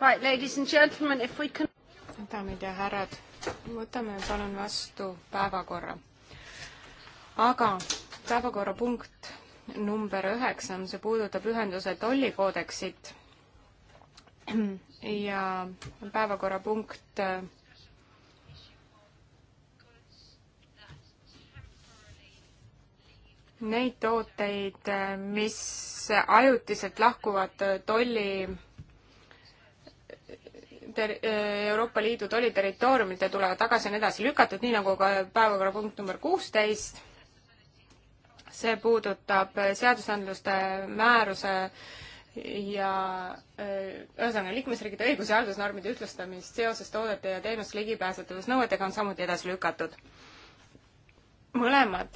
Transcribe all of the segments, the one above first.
Right, ladies and gentlemen, if we can... daamid ja härrad, võtame palun vastu päevakorra. aga päevakorrapunkt number üheksa, see puudutab ühenduse tollikoodeksit ja päevakorrapunkt neid tooteid, mis ajutiselt lahkuvad tolli ter-, Euroopa Liidu tolliterritooriumilt ja tulevad tagasi, on edasi lükatud, nii nagu ka päevakorrapunkt number kuusteist. see puudutab seadusandluste määruse ja ühesõnaga liikmesriikide õigus- ja haldusnormide ühtlustamist seoses toodete ja teenuste ligipääsetavusnõuetega on samuti edasi lükatud. mõlemad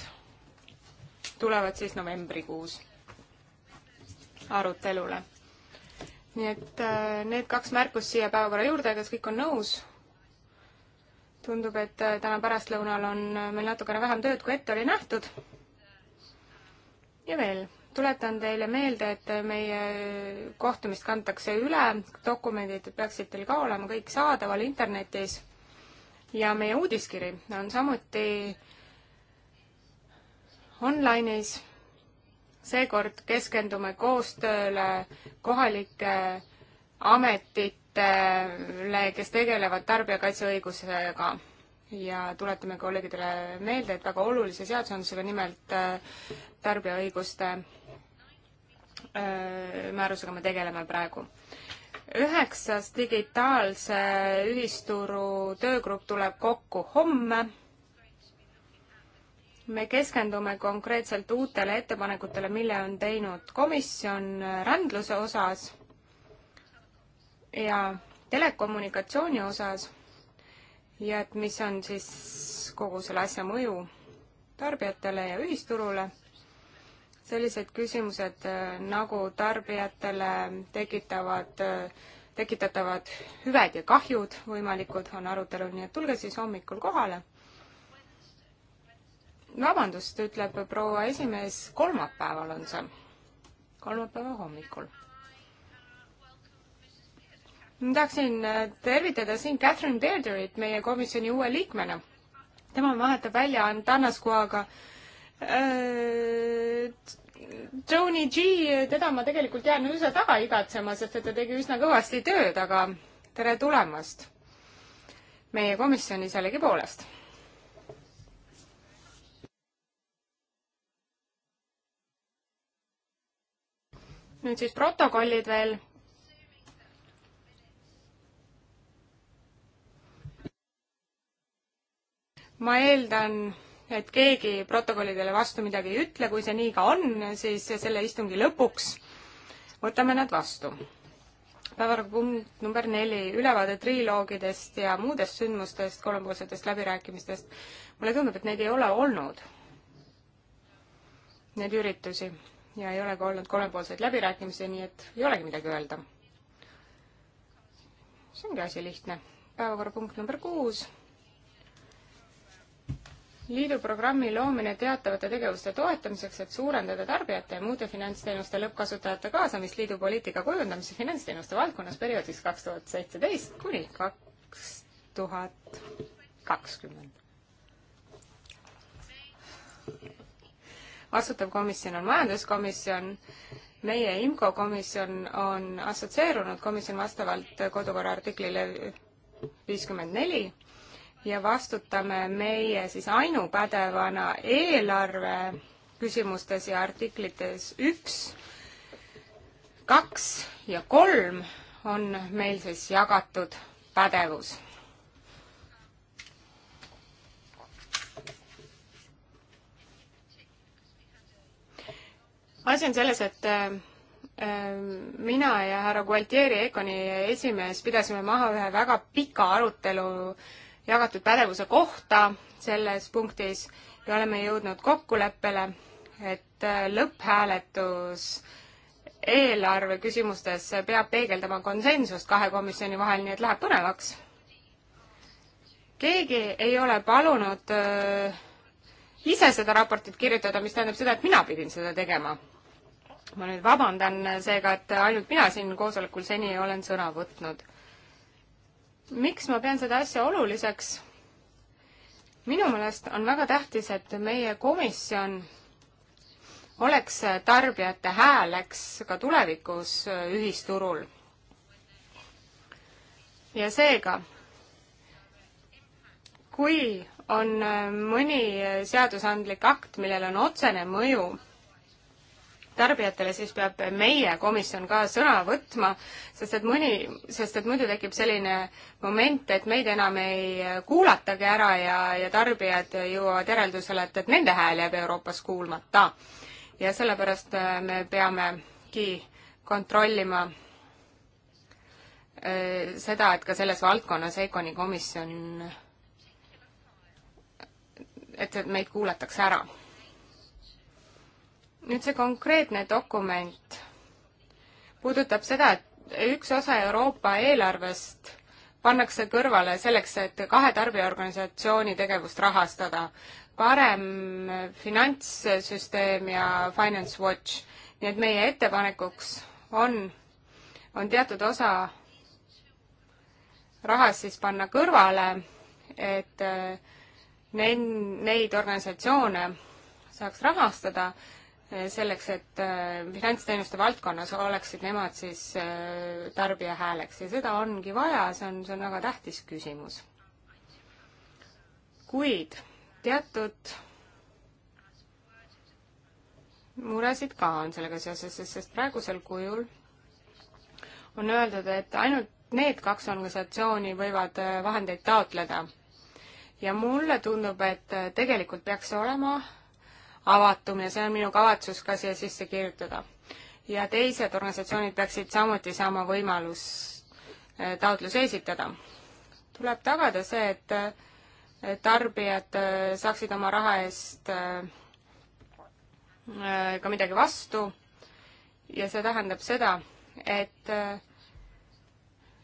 tulevad siis novembrikuus arutelule. nii et äh, need kaks märkust siia päevakorra juurde, kas kõik on nõus? tundub, et äh, täna pärastlõunal on äh, meil natukene vähem tööd, kui ette oli nähtud. ja veel, tuletan teile meelde, et meie kohtumist kantakse üle, dokumendid peaksid teil ka olema kõik saadaval internetis ja meie uudiskiri on samuti online'is. seekord keskendume koostööle kohalike ametitele, kes tegelevad tarbijakaitseõigusega ja tuletame kolleegidele meelde, et väga olulise seadusandlusega, nimelt äh, tarbijaõiguste äh, määrusega me tegeleme praegu. üheksas digitaalse ühisturu töögrupp tuleb kokku homme me keskendume konkreetselt uutele ettepanekutele, mille on teinud komisjon rändluse osas ja telekommunikatsiooni osas ja et mis on siis kogu selle asja mõju tarbijatele ja ühisturule. sellised küsimused äh, nagu tarbijatele tekitavad, äh, tekitatavad hüved ja kahjud võimalikud on arutelul, nii et tulge siis hommikul kohale vabandust, ütleb proua esimees, kolmapäeval on see, kolmapäeva hommikul. ma tahaksin äh, tervitada siin Catherine Dearderit, meie komisjoni uue liikmena. tema vahetab välja Antanas Kuaga äh, Tony G, teda ma tegelikult jään üsna taga igatsema, sest et ta tegi üsna kõvasti tööd, aga tere tulemast meie komisjoni sellegipoolest nüüd siis protokollid veel. ma eeldan, et keegi protokollidele vastu midagi ei ütle, kui see nii ka on, siis selle istungi lõpuks võtame nad vastu. päevakorrapunkt number neli, ülevaade triloogidest ja muudest sündmustest, kolmepoolsetest läbirääkimistest. mulle tundub, et neid ei ole olnud, neid üritusi ja ei ole ka olnud kolmepoolseid läbirääkimisi, nii et ei olegi midagi öelda. see ongi asi lihtne. päevakorrapunkt number kuus. liidu programmi loomine teatavate tegevuste toetamiseks, et suurendada tarbijate ja muude finantsteenuste lõppkasutajate kaasamist liidu poliitika kujundamise finantsteenuste valdkonnas perioodiks kaks tuhat seitseteist kuni kaks tuhat kakskümmend vastutav komisjon on majanduskomisjon, meie IMCO komisjon on assotsieerunud komisjon vastavalt kodukorra artiklile viiskümmend neli ja vastutame meie siis ainupädevana eelarve küsimustes ja artiklites üks, kaks ja kolm on meil siis jagatud pädevus asi on selles, et äh, äh, mina ja härra Gualtieri, EKONi esimees, pidasime maha ühe väga pika arutelu jagatud pädevuse kohta selles punktis ja oleme jõudnud kokkuleppele, et äh, lõpphääletus eelarve küsimustes peab peegeldama konsensust kahe komisjoni vahel, nii et läheb põnevaks. keegi ei ole palunud äh, ise seda raportit kirjutada, mis tähendab seda, et mina pidin seda tegema. ma nüüd vabandan seega, et ainult mina siin koosolekul seni olen sõna võtnud. miks ma pean seda asja oluliseks? minu meelest on väga tähtis, et meie komisjon oleks tarbijate hääleks ka tulevikus ühisturul. ja seega, kui on äh, mõni äh, seadusandlik akt, millel on otsene mõju tarbijatele, siis peab meie komisjon ka sõna võtma, sest et mõni, sest et muidu tekib selline moment, et meid enam ei äh, kuulatagi ära ja, ja tarbijad jõuavad järeldusele, et, et nende hääl jääb Euroopas kuulmata. ja sellepärast me peamegi kontrollima seda, et ka selles valdkonnas EKONi komisjon et meid kuulatakse ära. nüüd see konkreetne dokument puudutab seda, et üks osa Euroopa eelarvest pannakse kõrvale selleks, et kahe tarbijaorganisatsiooni tegevust rahastada. parem finantssüsteem ja Finance Watch. nii et meie ettepanekuks on, on teatud osa rahast siis panna kõrvale, et äh, nen-, neid organisatsioone saaks rahastada eh, selleks, et eh, finantsteenuste valdkonnas oleksid nemad siis eh, tarbija hääleks ja seda ongi vaja, see on, see on väga tähtis küsimus. kuid teatud muresid ka on sellega seoses, sest, sest praegusel kujul on öeldud, et ainult need kaks organisatsiooni võivad vahendeid taotleda ja mulle tundub, et äh, tegelikult peaks see olema avatum ja see on minu kavatsus ka siia sisse kirjutada. ja teised organisatsioonid peaksid samuti saama võimalus äh, taotluse esitada. tuleb tagada see, et äh, tarbijad saaksid oma raha eest ka midagi vastu ja see tähendab seda, et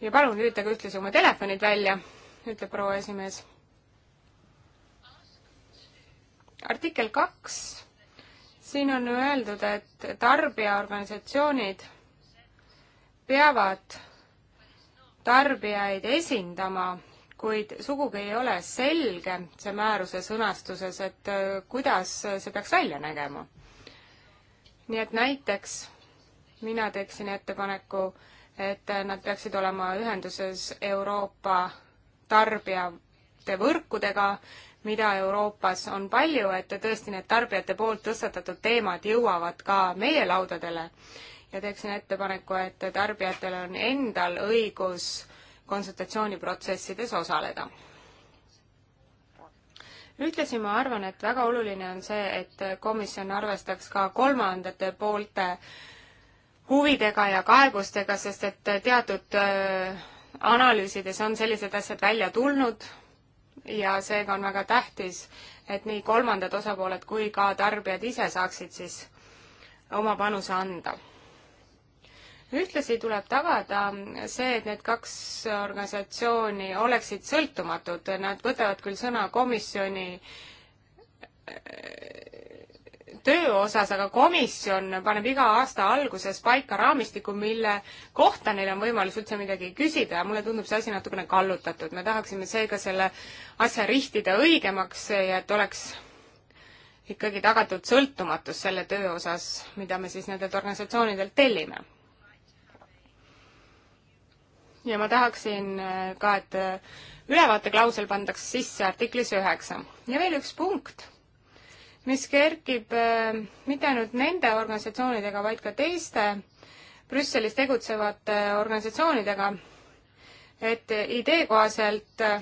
ja palun lülitage ühtlasi oma telefonid välja, ütleb proua esimees artikkel kaks, siin on öeldud, et tarbijaorganisatsioonid peavad tarbijaid esindama, kuid sugugi ei ole selge see määruse sõnastuses, et äh, kuidas see peaks välja nägema. nii et näiteks mina teeksin ettepaneku, et nad peaksid olema ühenduses Euroopa tarbijate võrkudega mida Euroopas on palju, et tõesti need tarbijate poolt tõstatatud teemad jõuavad ka meie laudadele. ja teeksin ettepaneku, et tarbijatel on endal õigus konsultatsiooniprotsessides osaleda. ühtlasi ma arvan, et väga oluline on see, et komisjon arvestaks ka kolmandate poolte huvidega ja kaebustega, sest et teatud äh, analüüsides on sellised asjad välja tulnud, ja seega on väga tähtis, et nii kolmandad osapooled kui ka tarbijad ise saaksid siis oma panuse anda. ühtlasi tuleb tagada see, et need kaks organisatsiooni oleksid sõltumatud, nad võtavad küll sõna komisjoni töö osas, aga komisjon paneb iga aasta alguses paika raamistiku, mille kohta neil on võimalus üldse midagi küsida ja mulle tundub see asi natukene kallutatud. me tahaksime seega selle asja rihtida õigemaks ja et oleks ikkagi tagatud sõltumatus selle töö osas, mida me siis nendelt organisatsioonidelt tellime. ja ma tahaksin äh, ka, et äh, ülevaateklausel pandaks sisse artiklis üheksa. ja veel üks punkt mis kerkib äh, mitte ainult nende organisatsioonidega, vaid ka teiste Brüsselis tegutsevate äh, organisatsioonidega, et idee kohaselt äh,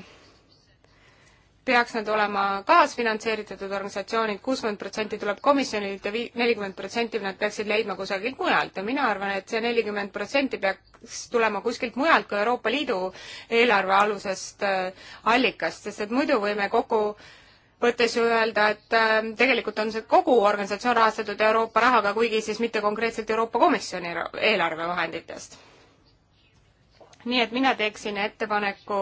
peaks nad olema kaasfinantseeritud organisatsioonid, kuuskümmend protsenti tuleb komisjonilt ja vii-, nelikümmend protsenti nad peaksid leidma kusagilt mujalt ja mina arvan, et see nelikümmend protsenti peaks tulema kuskilt mujalt kui Euroopa Liidu eelarve alusest allikast, sest et muidu võime kogu äh, võttes ju öelda, et ähm, tegelikult on see kogu organisatsioon rahastatud Euroopa rahaga, kuigi siis mitte konkreetselt Euroopa Komisjoni eelarvevahenditest. nii et mina teeksin ettepaneku,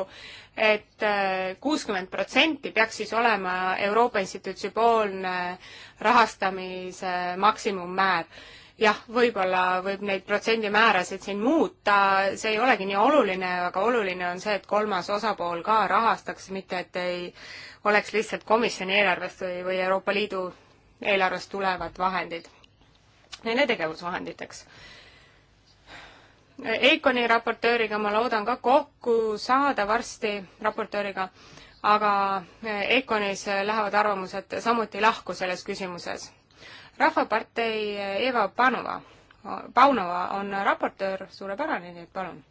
et äh, kuuskümmend protsenti peaks siis olema Euroopa institutsioonipoolne rahastamise maksimummäär jah, võib-olla võib neid protsendimäärasid siin muuta, see ei olegi nii oluline, aga oluline on see, et kolmas osapool ka rahastaks, mitte et ei oleks lihtsalt komisjoni eelarvest või, või Euroopa Liidu eelarvest tulevad vahendid nende tegevusvahenditeks. Eikoni raportööriga ma loodan ka kokku saada varsti raportööriga, aga Eikonis lähevad arvamused samuti lahku selles küsimuses. rahvapartei Eva Panova, Paunova on raportöör, suurepärane, nii et palun.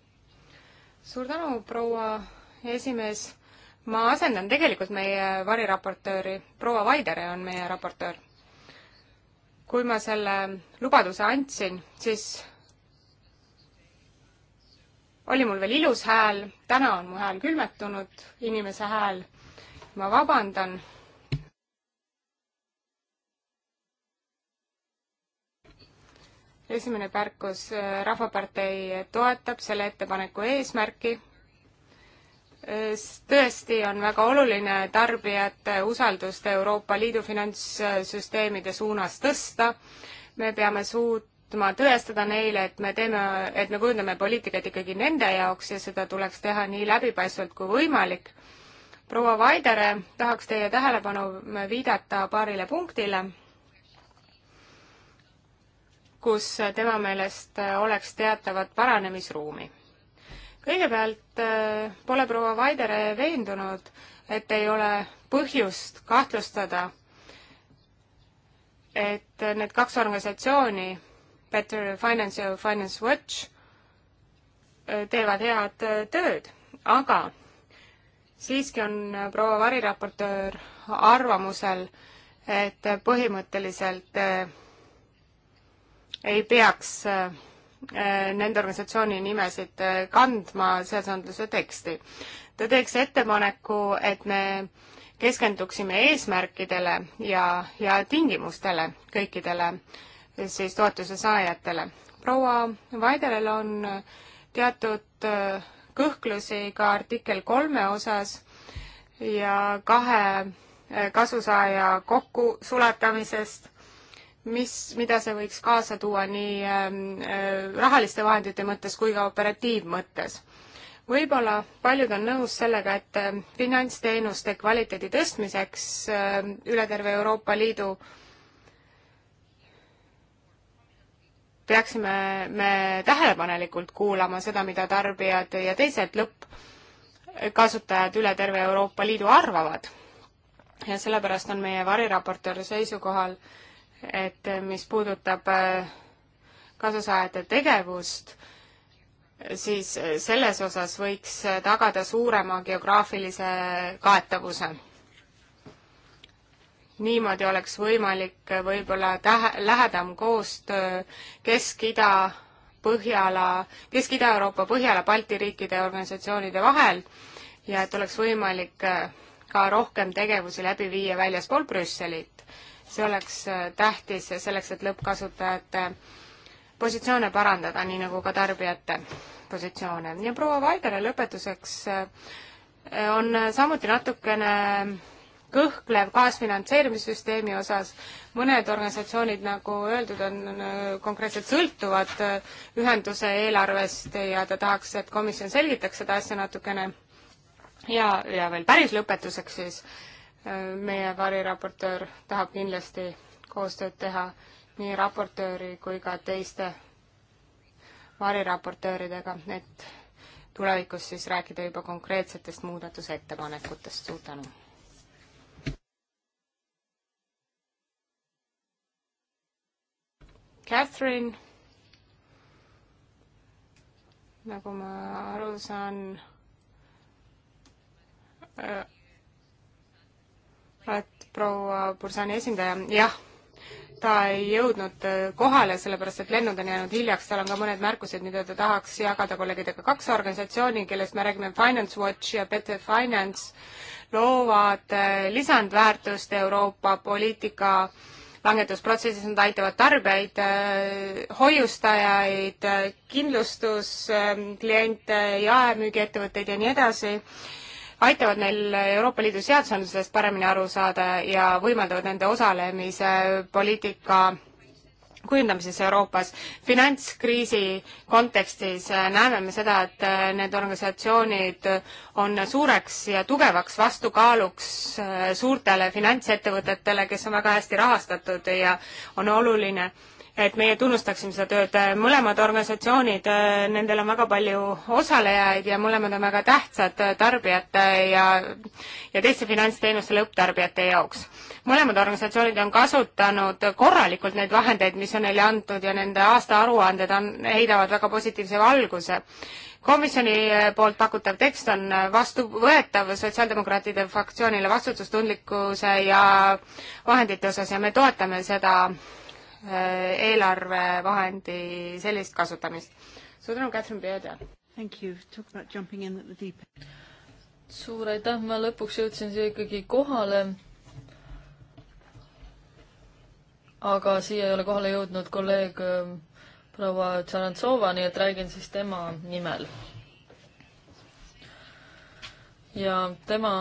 suur tänu, proua esimees ma asendan tegelikult meie variraportööri, proua Vaidere on meie raportöör. kui ma selle lubaduse andsin, siis oli mul veel ilus hääl, täna on mu hääl külmetunud, inimese hääl. ma vabandan. esimene märkus, Rahvapartei toetab selle ettepaneku eesmärki tõesti on väga oluline tarbijate usaldust Euroopa Liidu finantssüsteemide suunas tõsta. me peame suutma tõestada neile, et me teeme, et me kujundame poliitikat ikkagi nende jaoks ja seda tuleks teha nii läbipaistvalt kui võimalik. proua Vaidere, tahaks teie tähelepanu viidata paarile punktile, kus tema meelest oleks teatavat paranemisruumi kõigepealt äh, pole proua Vaidere veendunud, et ei ole põhjust kahtlustada, et need kaks organisatsiooni, Better Finance ja Finance Watch, äh, teevad head äh, tööd, aga siiski on proua variraportöör arvamusel, et põhimõtteliselt ei peaks äh, Äh, nende organisatsiooni nimesid äh, kandma seadusandluse teksti. ta teeks ettepaneku, et me keskenduksime eesmärkidele ja, ja tingimustele kõikidele äh, siis toetuse saajatele. proua Vaidelel on teatud kõhklusi ka artikkel kolme osas ja kahe kasusaaja kokku sulatamisest mis, mida see võiks kaasa tuua nii ähm, äh, rahaliste vahendite mõttes kui ka operatiivmõttes. võib-olla paljud on nõus sellega, et äh, finantsteenuste kvaliteedi tõstmiseks äh, üle terve Euroopa Liidu peaksime me tähelepanelikult kuulama seda, mida tarbijad ja teised lõppkasutajad üle terve Euroopa Liidu arvavad. ja sellepärast on meie variraportöör seisukohal äh, et mis puudutab äh, kasusaajate tegevust, siis äh, selles osas võiks äh, tagada suurema geograafilise kaetavuse. niimoodi oleks võimalik võib-olla tähe, lähedam koostöö Kesk-Ida, Põhjala, Kesk-Ida-Euroopa, Põhjala, Balti riikide organisatsioonide vahel ja et oleks võimalik ka rohkem tegevusi läbi viia väljaspool Brüsselit see oleks äh, tähtis selleks, et lõppkasutajate positsioone parandada, nii nagu ka tarbijate positsioone. ja proua Vaidele lõpetuseks äh, on samuti natukene kõhklev kaasfinantseerimissüsteemi osas. mõned organisatsioonid, nagu öeldud, on äh, konkreetselt sõltuvad ühenduse eelarvest ja ta tahaks, et komisjon selgitaks seda asja natukene. ja, ja veel päris lõpetuseks siis äh, meie variraportöör tahab kindlasti koostööd teha nii raportööri kui ka teiste variraportööridega, et tulevikus siis rääkida juba konkreetsetest muudatusettepanekutest, suur tänu! Catherine, nagu ma aru saan äh,, et proua Bursani esindaja, jah, ta ei jõudnud äh, kohale, sellepärast et lennud on jäänud hiljaks, tal on ka mõned märkused, mida ta tahaks jagada kolleegidega. kaks organisatsiooni, kellest me räägime, Finance Watch ja Better Finance, loovad äh, lisandväärtust Euroopa poliitika langetusprotsessis, nad aitavad tarbijaid, äh, hoiustajaid, kindlustuskliente, jaemüügiettevõtteid ja nii edasi aitavad neil Euroopa Liidu seadusandlusest paremini aru saada ja võimaldavad nende osalemise poliitika kujundamises Euroopas. finantskriisi kontekstis äh, näeme me seda, et äh, need organisatsioonid on suureks ja tugevaks vastukaaluks äh, suurtele finantsettevõtetele, kes on väga hästi rahastatud ja on oluline, et meie tunnustaksime seda tööd. mõlemad organisatsioonid, nendel on väga palju osalejaid ja mõlemad on väga tähtsad tarbijate ja, ja teiste finantsteenuste lõpptarbijate jaoks. mõlemad organisatsioonid on kasutanud korralikult neid vahendeid, mis on neile antud ja nende aastaaruanded on, heidavad väga positiivse valguse komisjoni poolt pakutav tekst on vastuvõetav sotsiaaldemokraatide fraktsioonile vastutustundlikkuse ja vahendite osas ja me toetame seda Äh, eelarvevahendi sellist kasutamist. suur tänu, Catherine Piedel! suur aitäh, ma lõpuks jõudsin siia ikkagi kohale. aga siia ei ole kohale jõudnud kolleeg ähm, proua Tšarantsova, nii et räägin siis tema nimel. ja tema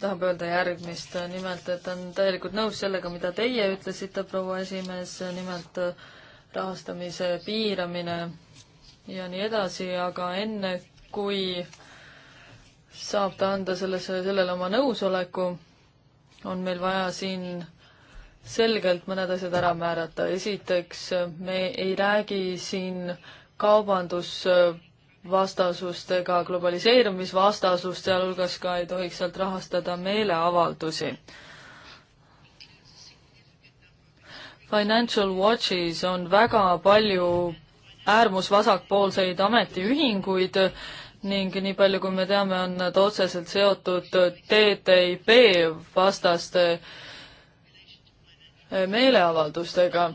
tahab öelda järgmist, nimelt, et on täielikult nõus sellega, mida teie ütlesite, proua esimees, nimelt rahastamise piiramine ja nii edasi, aga enne kui saab ta anda sellesse, sellele oma nõusoleku, on meil vaja siin selgelt mõned asjad ära määrata. esiteks, me ei räägi siin kaubandus vastasust ega globaliseerumisvastasust, sealhulgas ka ei tohiks sealt rahastada meeleavaldusi. Financial Watchis on väga palju äärmusvasakpoolseid ametiühinguid ning nii palju, kui me teame, on nad otseselt seotud TTIP vastaste meeleavaldustega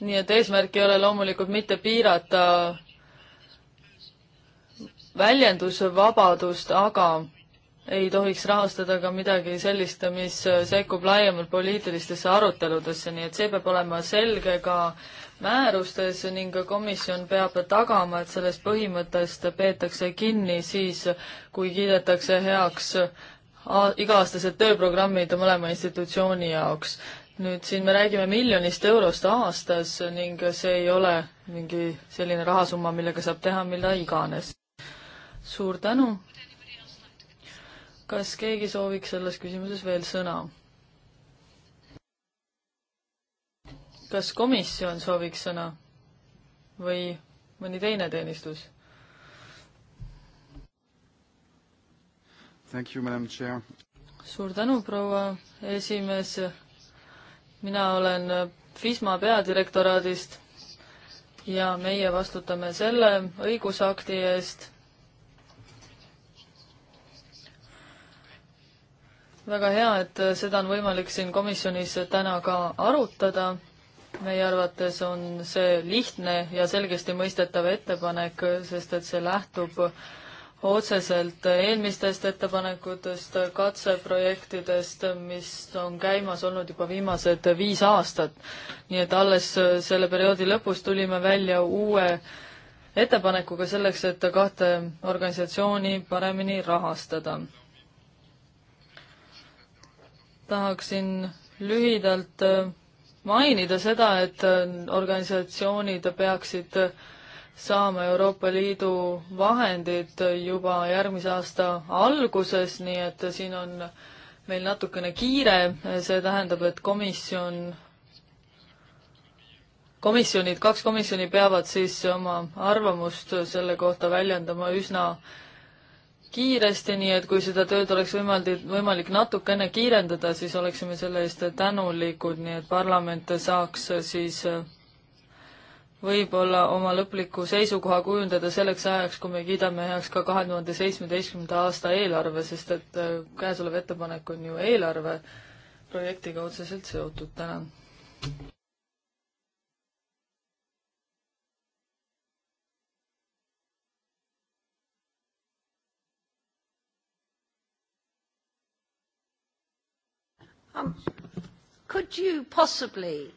nii et eesmärk ei ole loomulikult mitte piirata väljendusvabadust, aga ei tohiks rahastada ka midagi sellist, mis sekkub laiemalt poliitilistesse aruteludesse, nii et see peab olema selge ka määrustes ning komisjon peab tagama, et sellest põhimõttest peetakse kinni siis, kui kiidetakse heaks iga-aastased tööprogrammid mõlema institutsiooni jaoks nüüd siin me räägime miljonist eurost aastas ning see ei ole mingi selline rahasumma, millega saab teha mida iganes. suur tänu. kas keegi sooviks selles küsimuses veel sõna? kas komisjon sooviks sõna või mõni teine teenistus? suur tänu, proua esimees mina olen äh, FISMA peadirektoraadist ja meie vastutame selle õigusakti eest. väga hea, et äh, seda on võimalik siin komisjonis täna ka arutada. meie arvates on see lihtne ja selgesti mõistetav ettepanek, sest et see lähtub äh, otseselt eelmistest ettepanekutest, katseprojektidest, mis on käimas olnud juba viimased viis aastat. nii et alles selle perioodi lõpus tulime välja uue ettepanekuga selleks, et kahte organisatsiooni paremini rahastada. tahaksin lühidalt mainida seda, et organisatsioonid peaksid saama Euroopa Liidu vahendid juba järgmise aasta alguses, nii et siin on meil natukene kiire, see tähendab, et komisjon, komisjonid, kaks komisjoni peavad siis oma arvamust selle kohta väljendama üsna kiiresti, nii et kui seda tööd oleks võimalik, võimalik natukene kiirendada, siis oleksime selle eest tänulikud, nii et parlament saaks siis võib-olla oma lõpliku seisukoha kujundada selleks ajaks, kui me kiidame heaks ka kahe tuhande seitsmeteistkümnenda aasta eelarve, sest et äh, käesolev ettepanek on ju eelarve projektiga otseselt seotud. tänan. Um, could you possibly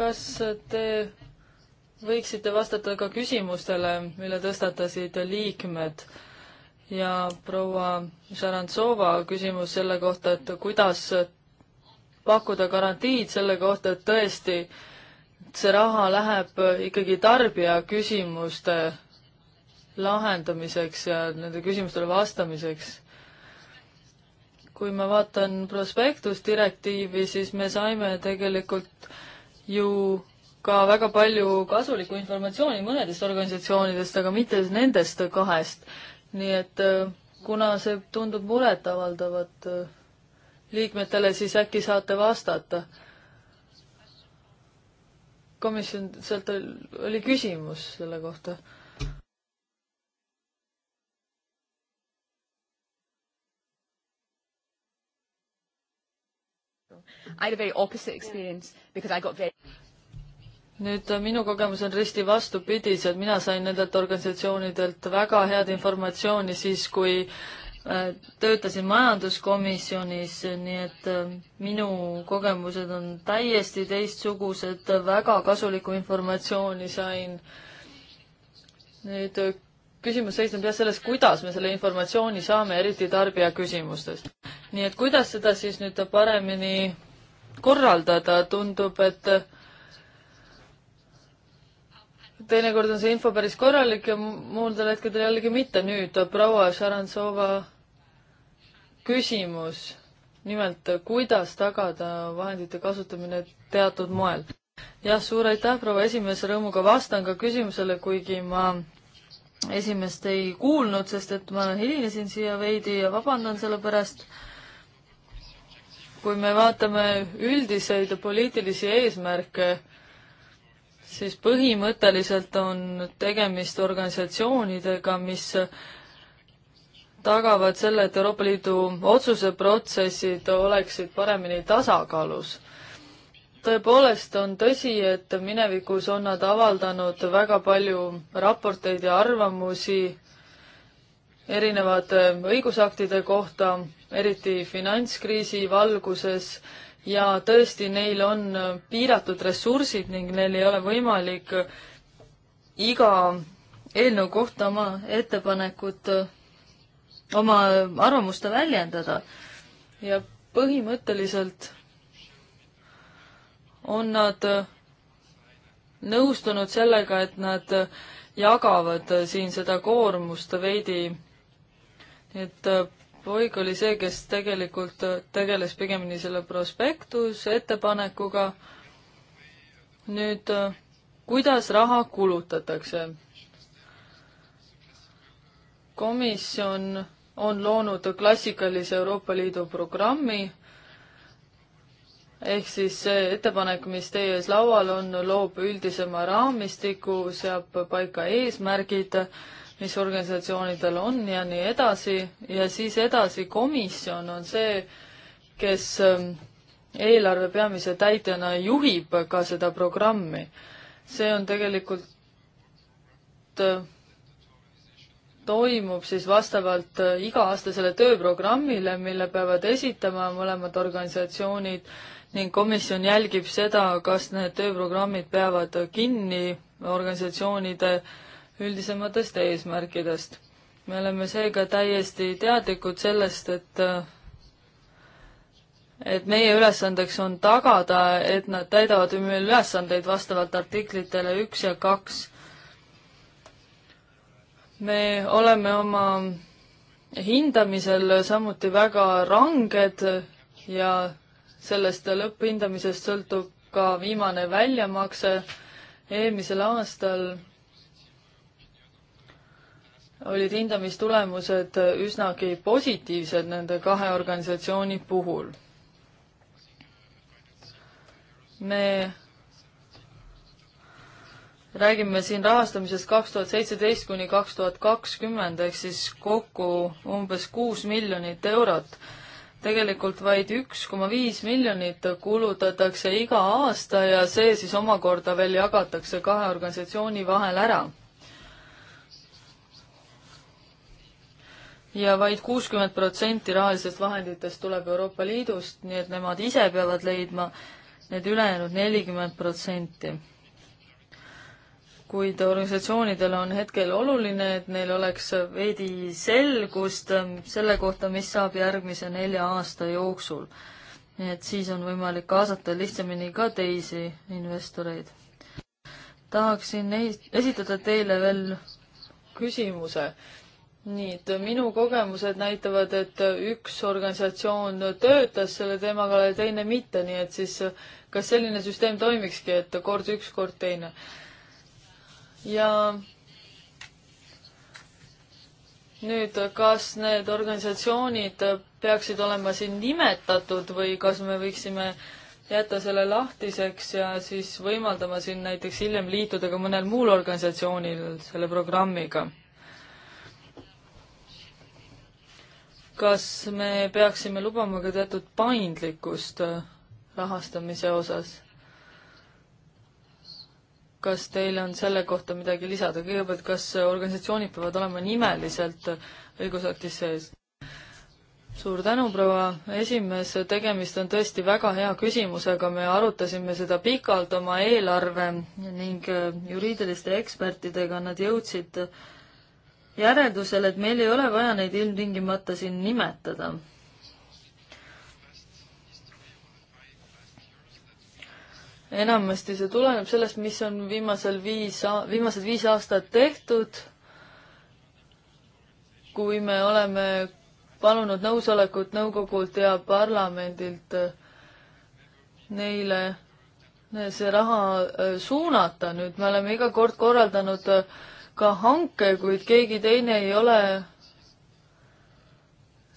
kas te võiksite vastata ka küsimustele, mille tõstatasid liikmed ja proua Šarantsova küsimus selle kohta, et kuidas pakkuda garantiid selle kohta, et tõesti see raha läheb ikkagi tarbija küsimuste lahendamiseks ja nende küsimustele vastamiseks. kui ma vaatan prospektusdirektiivi, siis me saime tegelikult äh, ju ka väga palju kasulikku informatsiooni mõnedest organisatsioonidest, aga mitte nendest kahest. nii et äh, kuna see tundub muletavaldavat äh, liikmetele, siis äkki saate vastata. komisjon, sealt oli küsimus selle kohta I had a very opposite experience because I got very nüüd äh, minu kogemus on risti vastupidised, mina sain nendelt organisatsioonidelt väga head informatsiooni siis, kui äh, töötasin majanduskomisjonis, nii et äh, minu kogemused on täiesti teistsugused, väga kasulikku informatsiooni sain. nüüd küsimus seisneb jah selles, kuidas me selle informatsiooni saame, eriti tarbija küsimustest. nii et kuidas seda siis nüüd paremini korraldada, tundub, et teinekord on see info päris korralik ja muudel hetkedel jällegi mitte. nüüd proua Šarantsova küsimus, nimelt kuidas tagada vahendite kasutamine teatud moel? jah, suur aitäh, proua esimees, rõõmuga vastan ka küsimusele, kuigi ma esimest ei kuulnud, sest et ma hilinesin siia veidi ja vabandan selle pärast kui me vaatame üldiseid poliitilisi eesmärke, siis põhimõtteliselt on tegemist organisatsioonidega, mis tagavad selle, et Euroopa Liidu otsuseprotsessid oleksid paremini tasakaalus. tõepoolest on tõsi, et minevikus on nad avaldanud väga palju raporteid ja arvamusi erinevate ähm, õigusaktide kohta, eriti finantskriisi valguses ja tõesti, neil on äh, piiratud ressursid ning neil ei ole võimalik äh, iga eelnõu kohta oma ettepanekut, äh, oma arvamust väljendada. ja põhimõtteliselt on nad nõustunud sellega, et nad jagavad siin seda koormust veidi et Poig äh, oli see, kes tegelikult äh, tegeles pigemini selle prospektuse ettepanekuga. nüüd, äh, kuidas raha kulutatakse? komisjon on loonud klassikalise Euroopa Liidu programmi ehk siis see ettepanek, mis teie ees laual on, loob üldisema raamistiku, seab paika eesmärgid mis organisatsioonidel on ja nii edasi ja siis edasi komisjon on see, kes ähm, eelarve peamise täitjana juhib ka seda programmi. see on tegelikult, äh, toimub siis vastavalt äh, iga-aastasele tööprogrammile, mille peavad esitama mõlemad organisatsioonid ning komisjon jälgib seda, kas need tööprogrammid peavad kinni organisatsioonide äh, üldisematest eesmärkidest. me oleme seega täiesti teadlikud sellest, et et meie ülesandeks on tagada, et nad täidavad meil ülesandeid vastavalt artiklitele üks ja kaks. me oleme oma hindamisel samuti väga ranged ja sellest lõpphindamisest sõltub ka viimane väljamakse eelmisel aastal olid hindamistulemused üsnagi positiivsed nende kahe organisatsiooni puhul. me räägime siin rahastamisest kaks tuhat seitseteist kuni kaks tuhat kakskümmend ehk siis kokku umbes kuus miljonit eurot. tegelikult vaid üks koma viis miljonit kulutatakse iga aasta ja see siis omakorda veel jagatakse kahe organisatsiooni vahel ära ja vaid kuuskümmend protsenti rahalisest vahenditest tuleb Euroopa Liidust, nii et nemad ise peavad leidma need ülejäänud nelikümmend protsenti. kuid organisatsioonidel on hetkel oluline, et neil oleks veidi selgust ähm, selle kohta, mis saab järgmise nelja aasta jooksul. nii et siis on võimalik kaasata lihtsamini ka teisi investoreid. tahaksin esitada teile veel küsimuse nii, et minu kogemused näitavad, et üks organisatsioon töötas selle teemaga ja teine mitte, nii et siis kas selline süsteem toimikski, et kord üks, kord teine. ja nüüd, kas need organisatsioonid peaksid olema siin nimetatud või kas me võiksime jätta selle lahtiseks ja siis võimaldama siin näiteks hiljem liituda ka mõnel muul organisatsioonil selle programmiga kas me peaksime lubama ka teatud paindlikkust äh, rahastamise osas? kas teil on selle kohta midagi lisada, kõigepealt, kas organisatsioonid peavad olema nimeliselt õigusaktis sees? suur tänu, proua esimees, tegemist on tõesti väga hea küsimusega, me arutasime seda pikalt oma eelarve ning äh, juriidiliste ekspertidega, nad jõudsid äh, järeldusel, et meil ei ole vaja neid ilmtingimata siin nimetada. enamasti see tuleneb sellest, mis on viimasel viis, viimased viis aastat tehtud, kui me oleme palunud nõusolekut nõukogult ja parlamendilt äh, neile see raha äh, suunata, nüüd me oleme iga kord korraldanud äh, ka hanke, kuid keegi teine ei ole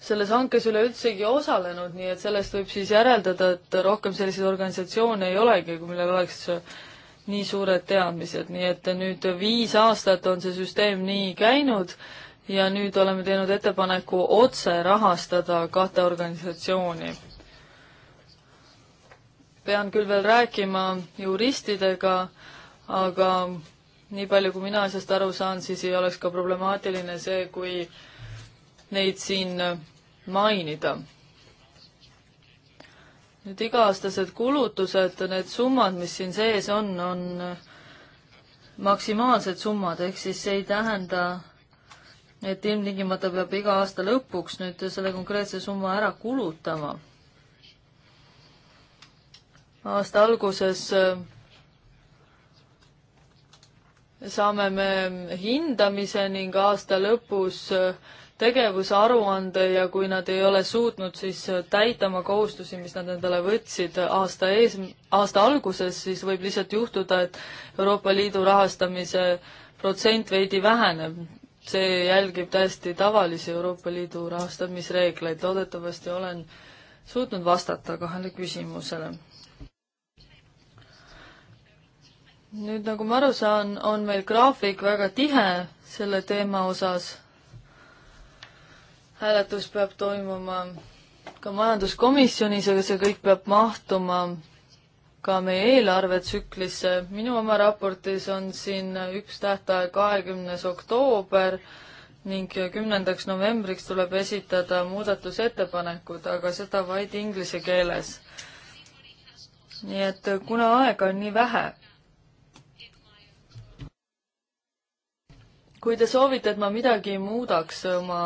selles hankes üleüldsegi osalenud, nii et sellest võib siis järeldada, et rohkem selliseid organisatsioone ei olegi, millel oleks nii suured teadmised, nii et nüüd viis aastat on see süsteem nii käinud ja nüüd oleme teinud ettepaneku otse rahastada kahte organisatsiooni. pean küll veel rääkima juristidega, aga nii palju, kui mina asjast aru saan, siis ei oleks ka problemaatiline see, kui neid siin mainida. nüüd iga-aastased kulutused, need summad, mis siin sees on, on maksimaalsed summad, ehk siis see ei tähenda, et ilmtingimata peab iga aasta lõpuks nüüd selle konkreetse summa ära kulutama. aasta alguses äh, saame me hindamise ning aasta lõpus äh, tegevusaruande ja kui nad ei ole suutnud siis äh, täita oma kohustusi, mis nad endale võtsid aasta ees, aasta alguses, siis võib lihtsalt juhtuda, et Euroopa Liidu rahastamise protsent veidi väheneb. see jälgib täiesti tavalisi Euroopa Liidu rahastamisreegleid, loodetavasti olen suutnud vastata kahele küsimusele nüüd, nagu ma aru saan, on meil graafik väga tihe selle teema osas. hääletus peab toimuma ka majanduskomisjonis, aga see kõik peab mahtuma ka meie eelarvetsüklisse. minu oma raportis on siin üks tähtaeg kahekümnes oktoober ning kümnendaks novembriks tuleb esitada muudatusettepanekud, aga seda vaid inglise keeles. nii et kuna aega on nii vähe kui te soovite, et ma midagi muudaks oma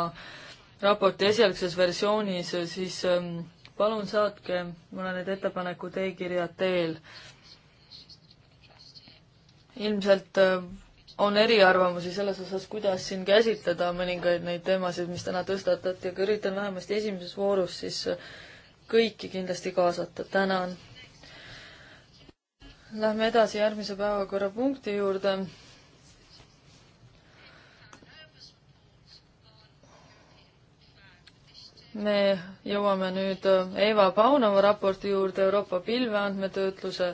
raporti esialgses versioonis, siis ähm, palun saatke mulle need ettepanekud e-kirja teel. ilmselt äh, on eriarvamusi selles osas, kuidas siin käsitleda mõningaid neid teemasid, mis täna tõstatati, aga üritan vähemasti esimeses voorus siis äh, kõiki kindlasti kaasata. tänan. Lähme edasi järgmise päevakorrapunkti juurde me jõuame nüüd äh, Eva Paunova raporti juurde, Euroopa pilveandmetöötluse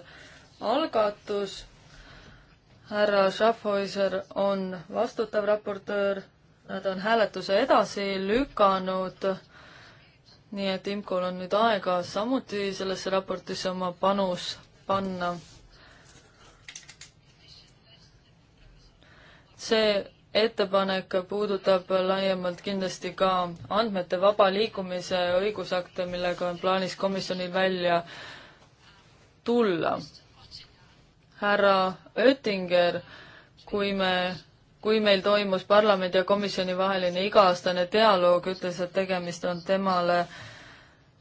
algatus. härra Schaffhäuser on vastutav raportöör, nad on hääletuse edasi lükanud, nii et IMCO-l on nüüd aega samuti sellesse raportisse oma panus panna. see ettepanek puudutab laiemalt kindlasti ka andmete vaba liikumise õigusakte, millega on plaanis komisjonil välja tulla. härra Oettinger, kui me, kui meil toimus parlamendi ja komisjoni vaheline iga-aastane dialoog, ütles, et tegemist on temale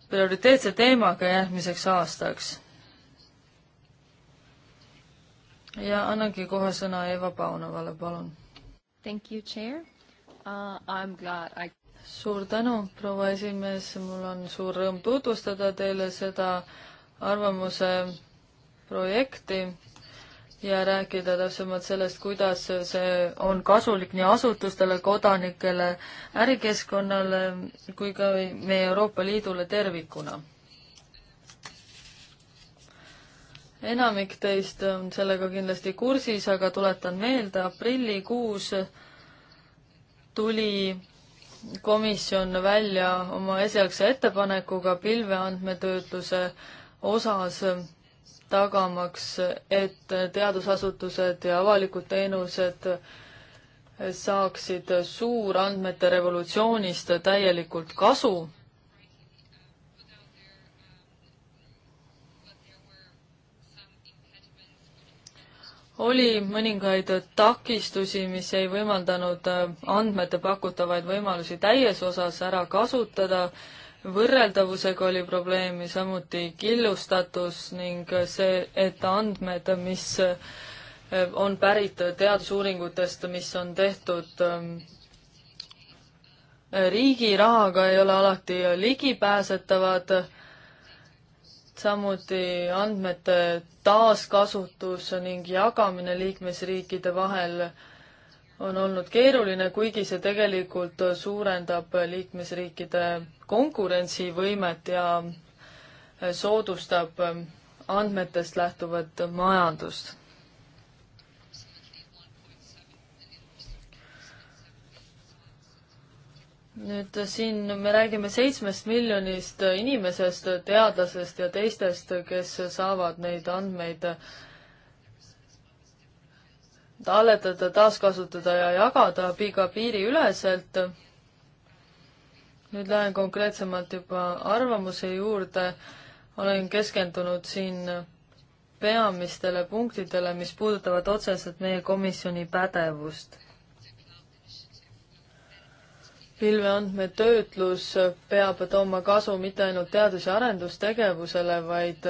prioriteetse teemaga järgmiseks aastaks. ja annangi kohe sõna Eva Paunovale, palun Thank you, chair uh,. I am glad I. suur tänu, proua esimees, mul on suur rõõm tutvustada teile seda arvamuse projekti ja rääkida täpsemalt sellest, kuidas see on kasulik nii asutustele, kodanikele, ärikeskkonnale kui ka meie Euroopa Liidule tervikuna. enamik teist on sellega kindlasti kursis, aga tuletan meelde, aprillikuus tuli komisjon välja oma esialgse ettepanekuga pilveandmetöötluse osas, tagamaks, et teadusasutused ja avalikud teenused saaksid suurandmete revolutsioonist täielikult kasu oli mõningaid takistusi, mis ei võimaldanud äh, andmete pakutavaid võimalusi täies osas ära kasutada, võrreldavusega oli probleemi, samuti killustatus ning see, et andmed, mis äh, on pärit teadusuuringutest, mis on tehtud ähm, riigi rahaga, ei ole alati ligipääsetavad samuti andmete taaskasutus ning jagamine liikmesriikide vahel on olnud keeruline, kuigi see tegelikult suurendab liikmesriikide konkurentsivõimet ja soodustab andmetest lähtuvat majandust nüüd siin me räägime seitsmest miljonist inimesest, teadlasest ja teistest, kes saavad neid andmeid talletada, taaskasutada ja jagada piga piiriüleselt. nüüd lähen konkreetsemalt juba arvamuse juurde. olen keskendunud siin peamistele punktidele, mis puudutavad otseselt meie komisjoni pädevust pilveandmetöötlus peab tooma kasu mitte ainult teadus- ja arendustegevusele, vaid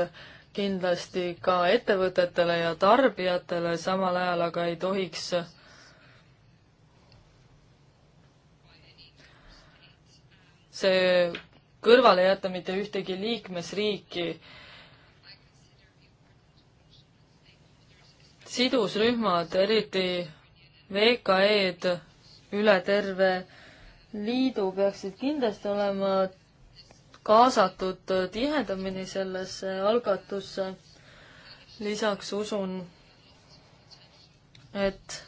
kindlasti ka ettevõtetele ja tarbijatele, samal ajal aga ei tohiks see kõrvale jätta mitte ühtegi liikmesriiki. sidusrühmad, eriti VKE-d üle terve Liidu peaksid kindlasti olema kaasatud tihedamini sellesse algatusse. lisaks usun, et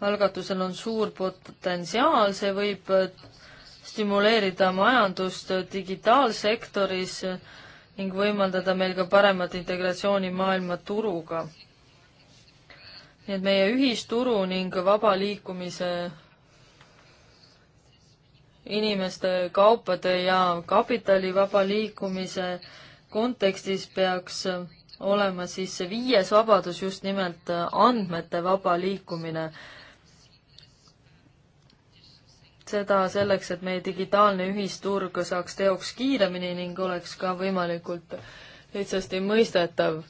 algatusel on suur potentsiaal, see võib stimuleerida majandust digitaalsektoris ning võimaldada meil ka paremat integratsiooni maailma turuga. nii et meie ühisturu ning vaba liikumise inimeste, kaupade ja kapitali vaba liikumise kontekstis peaks olema siis see viies vabadus just nimelt andmete vaba liikumine. seda selleks, et meie digitaalne ühisturg saaks teoks kiiremini ning oleks ka võimalikult lihtsasti mõistetav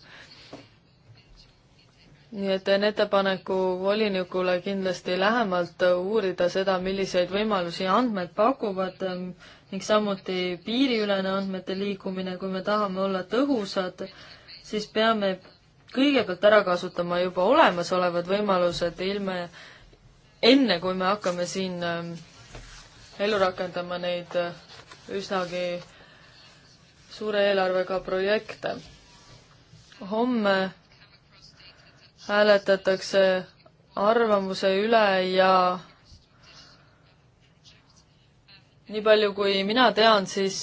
nii et teen ettepaneku volinikule kindlasti lähemalt uurida seda, milliseid võimalusi andmed pakuvad ähm, ning samuti piiriülene andmete liikumine, kui me tahame olla tõhusad, siis peame kõigepealt ära kasutama juba olemasolevad võimalused, ilma, enne kui me hakkame siin ähm, ellu rakendama neid äh, üsnagi suure eelarvega projekte. homme hääletatakse arvamuse üle ja nii palju, kui mina tean, siis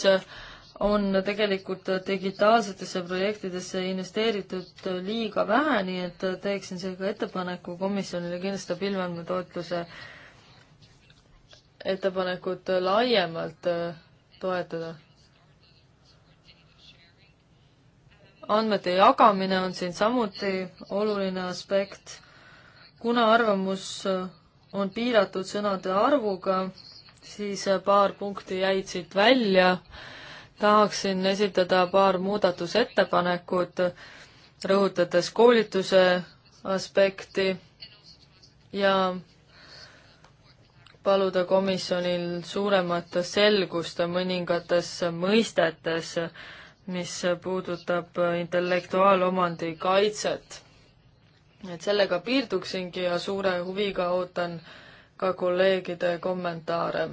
on tegelikult digitaalsetesse projektidesse investeeritud liiga vähe, nii et teeksin seega ettepaneku komisjonile kindlustab ilmeandmetoetluse ettepanekut laiemalt toetada andmete jagamine on siin samuti oluline aspekt. kuna arvamus on piiratud sõnade arvuga, siis paar punkti jäid siit välja. tahaksin esitada paar muudatusettepanekut, rõhutades koolituse aspekti ja paluda komisjonil suuremat selgust mõningates mõistetes mis puudutab intellektuaalomandi kaitset. et sellega piirduksingi ja suure huviga ootan ka kolleegide kommentaare.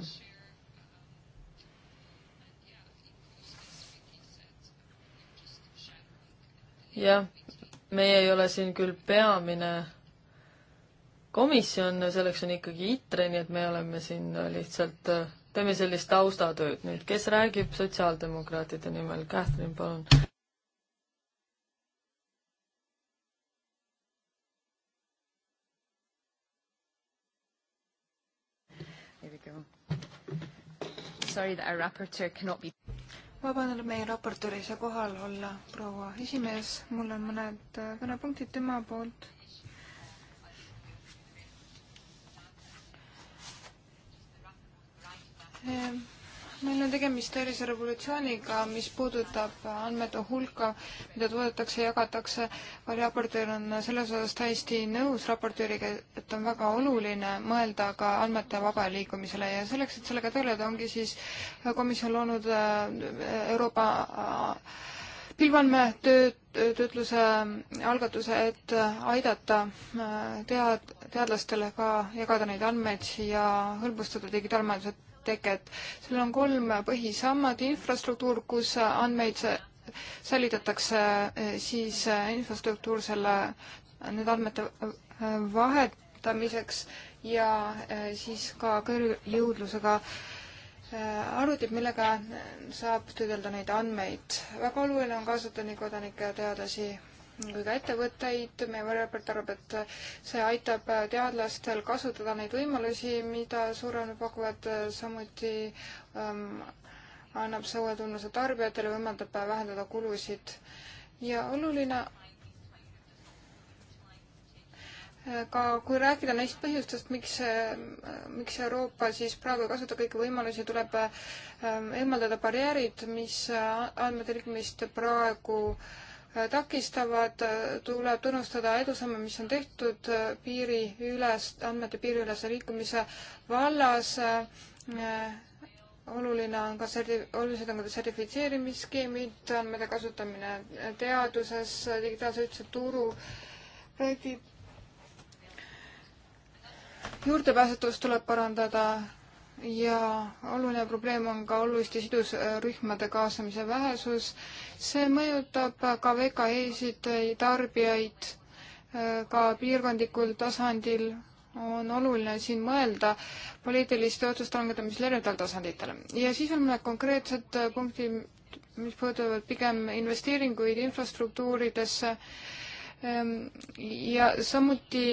jah, meie ei ole siin küll peamine komisjon, selleks on ikkagi ITRE, nii et me oleme siin lihtsalt teeme sellist taustatööd nüüd. kes räägib sotsiaaldemokraatide nimel? Catherine, palun. Sorry that our rapporteur cannot be vabandan, et meie raportöör ei saa kohal olla, proua esimees, mul on mõned äh, kõnepunktid tema poolt Ehm, meil on tegemist tõelise revolutsiooniga, mis puudutab andmete hulka, mida toodetakse, jagatakse. raportöör on selles osas täiesti nõus raportööriga, et on väga oluline mõelda ka andmete vaba liikumisele ja selleks, et sellega tegeleda, ongi siis komisjon loonud äh, Euroopa äh, pilvandmetöötluse algatuse, et äh, aidata tead-, teadlastele ka jagada neid andmeid ja hõlbustada digitaalmajanduse teket. seal on kolm põhisammad, infrastruktuur, kus andmeid säilitatakse eh, siis eh, infrastruktuur selle, eh, nende andmete vahetamiseks ja siis ka kõrgjõudlusega arvutid, millega saab töödelda neid andmeid. väga oluline on kaasata nii kodanikke ja teadlasi kui ka ettevõtteid. meie reporter arvab, et see aitab teadlastel kasutada neid võimalusi, mida suuremad pakuvad, samuti ähm, annab see uue tunnuse tarbijatele, võimaldab vähendada kulusid ja oluline ka kui rääkida neist põhjustest, miks, miks Euroopa siis praegu ei kasuta kõiki võimalusi, tuleb ähm, eemaldada barjäärid, mis andmete liikumist praegu äh, takistavad, tuleb tunnustada edusamme, mis on tehtud äh, piiriüles, andmete piiriülese liikumise vallas. Äh, oluline on ka serdi-, olulised on ka sertifitseerimisskeemid, andmete kasutamine teaduses, digitaalse ühtse turu projektid. juurdepääsetavust tuleb parandada ja oluline probleem on ka oluliste sidusrühmade kaasamise vähesus see mõjutab ka VKE-sid, tarbijaid, ka piirkondlikul tasandil on oluline siin mõelda poliitiliste otsuste langetamisel erinevatel tasanditel. ja siis on mõned konkreetsed punktid, mis puudutavad pigem investeeringuid infrastruktuuridesse ehm, ja samuti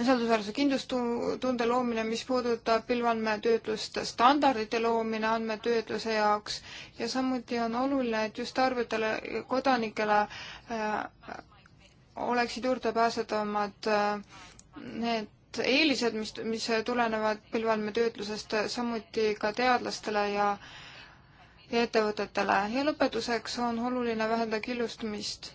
usaldusväärse kindlustunde loomine, mis puudutab pilveandmetöötlust, standardite loomine andmetöötluse jaoks ja samuti on oluline, et just tarbijatele ja kodanikele äh, oleksid juurdepääsetavamad äh, need eelised, mis, mis tulenevad pilveandmetöötlusest, samuti ka teadlastele ja ja ettevõtetele ja lõpetuseks on oluline vähendada killustumist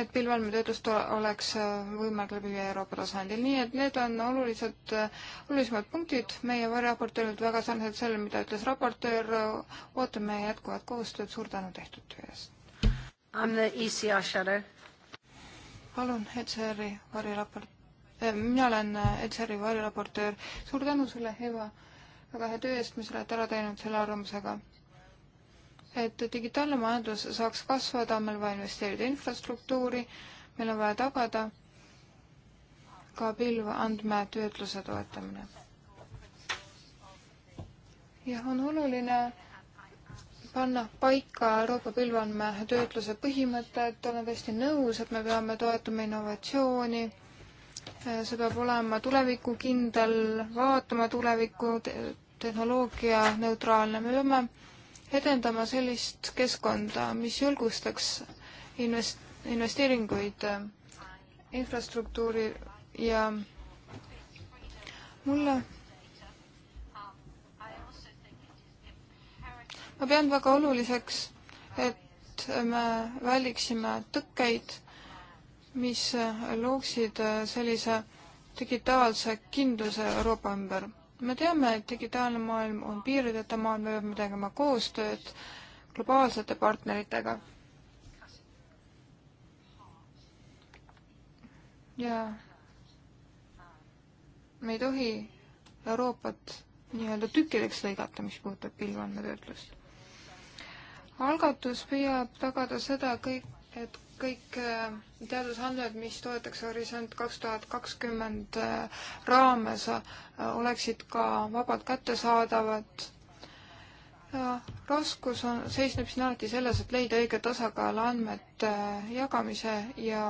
et pilveandmetöötlust oleks äh, võimalik läbi viia Euroopa tasandil. nii et need on olulised, äh, olulisemad punktid meie variraportöörilt, väga sarnased sellele, mida ütles raportöör. ootame jätkuvat koostööd, suur tänu tehtud töö eest. I m the ECR shadow. palun, ECR-i variraport eh,, mina olen ECR-i variraportöör. suur tänu sulle, Eva, väga hea töö eest, mis oled ära teinud selle arvamusega et digitaalne majandus saaks kasvada, on meil vaja investeerida infrastruktuuri, meil on vaja tagada ka pilveandmetöötluse toetamine. jah, on oluline panna paika Euroopa pilveandmetöötluse põhimõtted, olen täiesti nõus, et me peame toetama innovatsiooni, see peab olema tulevikukindel, vaatama tulevikku, tehnoloogia neutraalne, me peame edendama sellist keskkonda, mis julgustaks invest-, investeeringuid äh, infrastruktuuri ja mulle ma pean väga oluliseks, et me väliksime tõkkeid, mis looksid äh, sellise digitaalse kindluse Euroopa ümber me teame, et digitaalne maailm on piirideta maailm, me peame tegema koostööd globaalsete partneritega. ja me ei tohi Euroopat nii-öelda tükkideks lõigata, mis puudutab pilveandmetöötlust. algatus püüab tagada seda kõik, et kõik äh, teadusandmed, mis toetaks Horisont kaks tuhat kakskümmend äh, raames, äh, oleksid ka vabalt kättesaadavad. raskus on, seisneb siin alati selles, et leida õige tasakaal andmete jagamise ja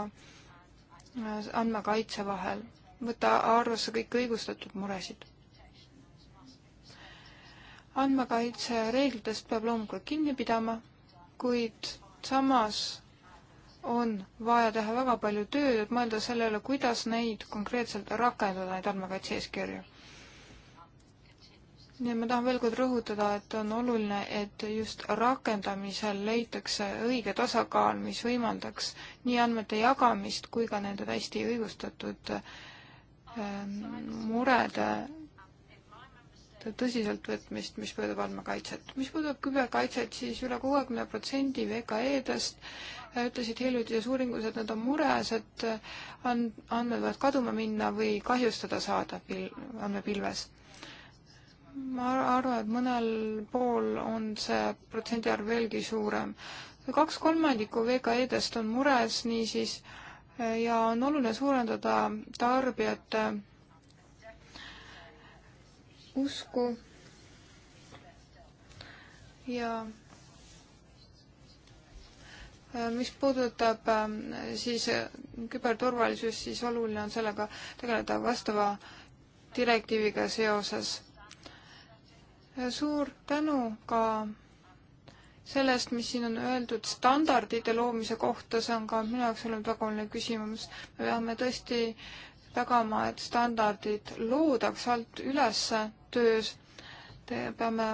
andmekaitse vahel, võtta arvesse kõiki õigustatud muresid andmekaitse reeglitest peab loomulikult kinni pidama, kuid samas on vaja teha väga palju tööd, et mõelda selle üle, kuidas neid konkreetselt rakendada, neid andmekaitse eeskirju. nii et ma tahan veel kord rõhutada, et on oluline, et just rakendamisel leitakse õige tasakaal, mis võimaldaks nii andmete jagamist kui ka nende täiesti õigustatud äh, murede tõsiseltvõtmist, mis puudutab andmekaitset. mis puudutab küberkaitset, siis üle kuuekümne protsendi VKE-dest äh, ütlesid hiljutises uuringus, et nad on mures, et äh, and-, andmed võivad kaduma minna või kahjustada saada pil-, andmepilves. ma arvan, et mõnel pool on see protsendiarv veelgi suurem. kaks kolmandikku VKE-dest on mures niisiis äh, ja on oluline suurendada tarbijate ta usku ja äh, mis puudutab ähm, siis äh, küberturvalisust, siis oluline on sellega tegeleda vastava direktiiviga seoses. suur tänu ka sellest, mis siin on öeldud standardide loomise kohta, see on ka minu jaoks olnud väga oluline küsimus. me peame tõesti tagama, et standardid loodaks alt üles töös Te. peame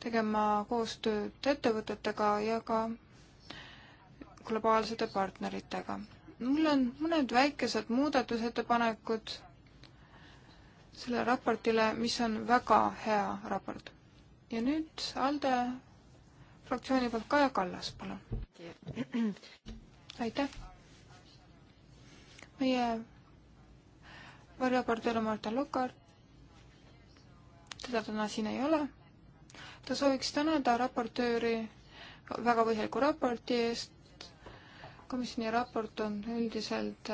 tegema koostööd ettevõtetega ja ka globaalsete partneritega. mul on mõned väikesed muudatusettepanekud sellele raportile, mis on väga hea raport. ja nüüd ALDE fraktsiooni poolt Kaja Kallas, palun. aitäh. meie varjapartöör Marta Lokar. teda täna siin ei ole. ta sooviks tänada raportööri väga põhjaliku raporti eest. komisjoni raport on üldiselt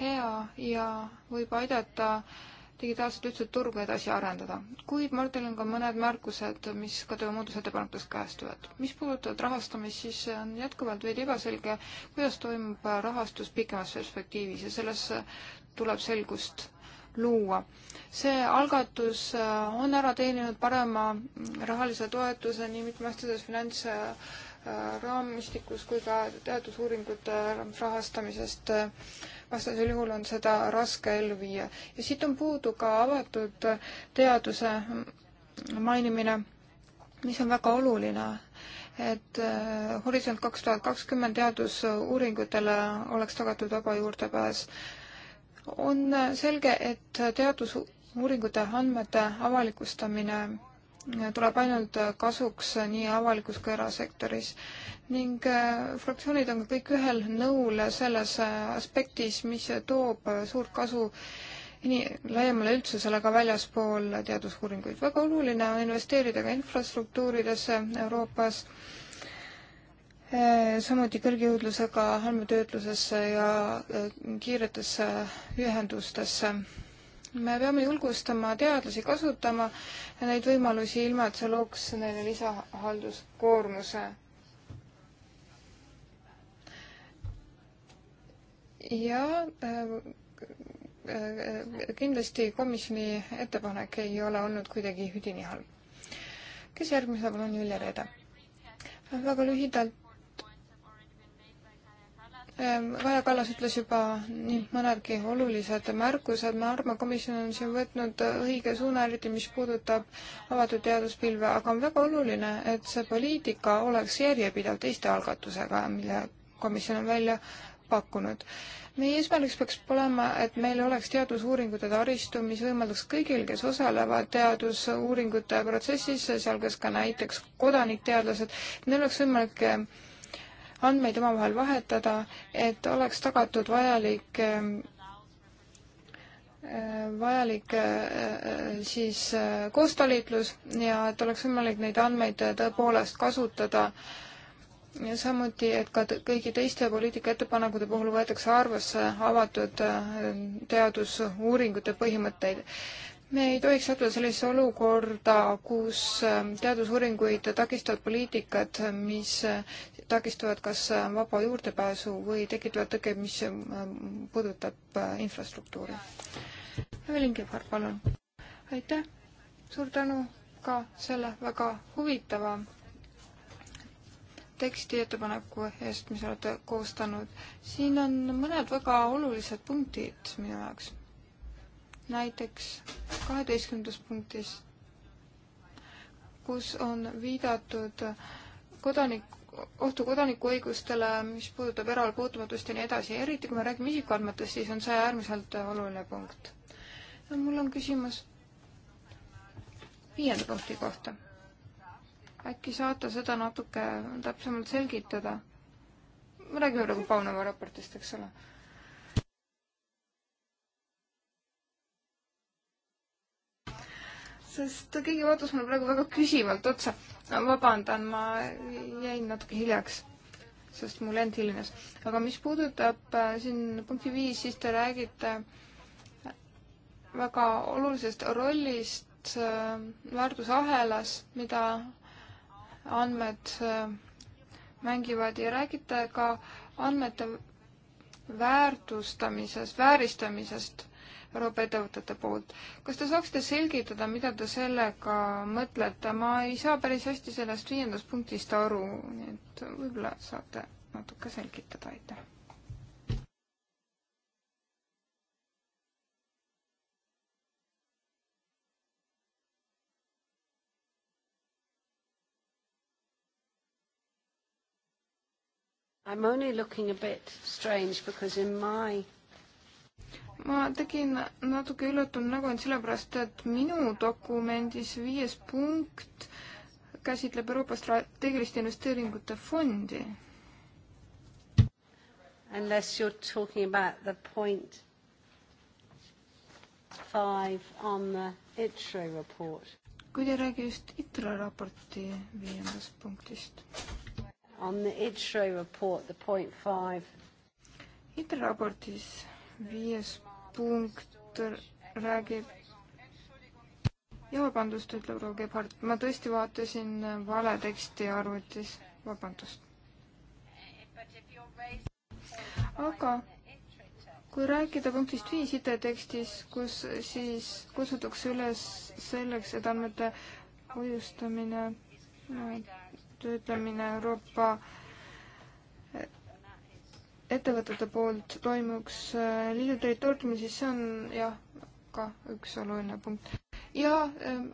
hea ja võib aidata digitaalset ühtset turgu edasi arendada. kuid Martinil on ka mõned märkused, mis ka tema muudatusettepanekutest kajastuvad. mis puudutavad rahastamist, siis on jätkuvalt veidi ebaselge, kuidas toimub rahastus pikemas perspektiivis ja selles tuleb selgust luua. see algatus äh, on ära teeninud parema rahalise toetuse nii mitmeaastases finantsraamistikus äh, kui ka teadusuuringute rahastamisest. vastasel juhul on seda raske ellu viia ja siit on puudu ka avatud teaduse mainimine, mis on väga oluline et äh, Horisont kaks tuhat kakskümmend teadusuuringutele oleks tagatud vaba juurdepääs on selge, et teadusuuringute andmete avalikustamine tuleb ainult kasuks nii avalikus kui erasektoris ning äh, fraktsioonid on kõik ühel nõul selles äh, aspektis, mis toob suurt kasu nii laiemale üldsusele ka väljaspool teadusuuringuid. väga oluline on investeerida ka infrastruktuuridesse Euroopas Äh, samuti kõrgjõudlusega andmetöötlusesse ja äh, kiiretesse ühendustesse. me peame julgustama teadlasi kasutama neid võimalusi, ilma et see looks neile lisahalduskoormuse. ja äh, kindlasti komisjoni ettepanek ei ole olnud kuidagi üdini halb. kes järgmisena, palun, Vilja Reede? väga lühidalt Ehm, Kaja Kallas ütles juba nii mõnedki olulised märkused, ma arvan, komisjon on siin võtnud õige suuna, eriti mis puudutab avatud teaduspilve, aga on väga oluline, et see poliitika oleks järjepidev teiste algatusega, mille komisjon on välja pakkunud. meie eesmärgiks peaks olema, et meil oleks teadusuuringute taristu, mis võimaldaks kõigil, kes osalevad teadusuuringute protsessis, sealhulgas ka näiteks kodanikteadlased, et neil oleks võimalik andmeid omavahel vahetada, et oleks tagatud vajalik ähm, äh, vajalik äh, äh, siis koostalitlus ja et oleks võimalik neid andmeid tõepoolest kasutada ja samuti, et ka kõigi teiste poliitikaettepanekute puhul võetakse arvesse avatud teadusuuringute põhimõtteid me ei tohiks sattuda sellisesse olukorda, kus ähm, teadusuuringuid takistavad poliitikad, mis äh, takistavad kas äh, vaba juurdepääsu või tekitavad tõke, mis ähm, puudutab äh, infrastruktuuri. Evelyn Kevhar, palun. aitäh, suur tänu ka selle väga huvitava teksti ettepaneku eest, mis olete koostanud. siin on mõned väga olulised punktid minu jaoks näiteks kaheteistkümnendas punktis, kus on viidatud kodanik, ohtu kodanikuõigustele, mis puudutab eralpuutumatust ja nii edasi, eriti kui me räägime isikuandmetest, siis on see äärmiselt oluline punkt. no mul on küsimus viienda punkti kohta. äkki saate seda natuke täpsemalt selgitada? me räägime praegu Paunova raportist, eks ole sest keegi vaatas mulle praegu väga küsivalt otsa. vabandan, ma jäin natuke hiljaks, sest mu lend hilines. aga mis puudutab äh, siin punkti viis, siis te räägite väga olulisest rollist äh, väärtusahelas, mida andmed äh, mängivad ja räägite ka andmete väärtustamisest, vääristamisest Euroopa ettevõtete poolt. kas te saaksite selgitada, mida te sellega mõtlete? ma ei saa päris hästi sellest viiendast punktist aru, nii et võib-olla saate natuke selgitada, aitäh. I am only looking a bit strange because in my ma tegin natuke üllatunud nägu ainult sellepärast, et minu dokumendis viies punkt käsitleb Euroopa strateegiliste investeeringute fondi. Unless you are talking about the point five on the ITRE report. kui te räägi just ITRE raporti viiendast punktist. On the ITRE report, the point five. ITRE raportis viies punkt räägib ja vabandust, ütleb proua Gebhard, ma tõesti vaatasin vale teksti arvutis, vabandust. aga kui rääkida punktist viis IT-tekstis, kus siis kutsutakse üles selleks, et andmete hoiustamine no,, töötlemine Euroopa äh, ettevõtete poolt toimuks äh, liidu territooriumil, siis see on jah, ka üks oluline punkt. ja ähm,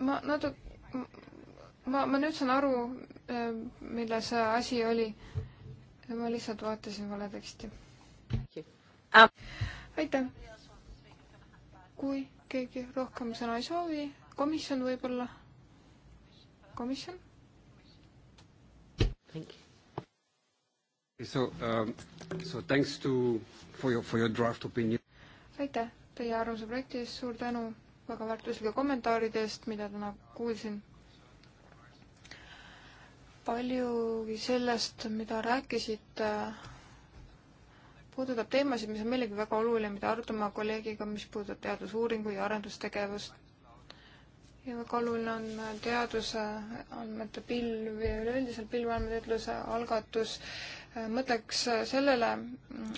ma natuke, ma, ma nüüd saan aru, ähm, milles asi oli. ma lihtsalt vaatasin vale teksti. aitäh. kui keegi rohkem sõna ei soovi, komisjon võib-olla? komisjon? Thank you. So, um, so thanks to, for your, for your draft opinion. aitäh teie arvamuse projekti eest, suur tänu väga väärtuslike kommentaaride eest, mida täna kuulsin. paljugi sellest, mida rääkisite, puudutab teemasid, mis on meilegi väga oluline, mida arutame kolleegiga, mis puudutab teadusuuringu ja arendustegevust ja väga oluline on teaduse andmete pilv ja üleüldiselt pilveandmetöötluse algatus. mõtleks sellele,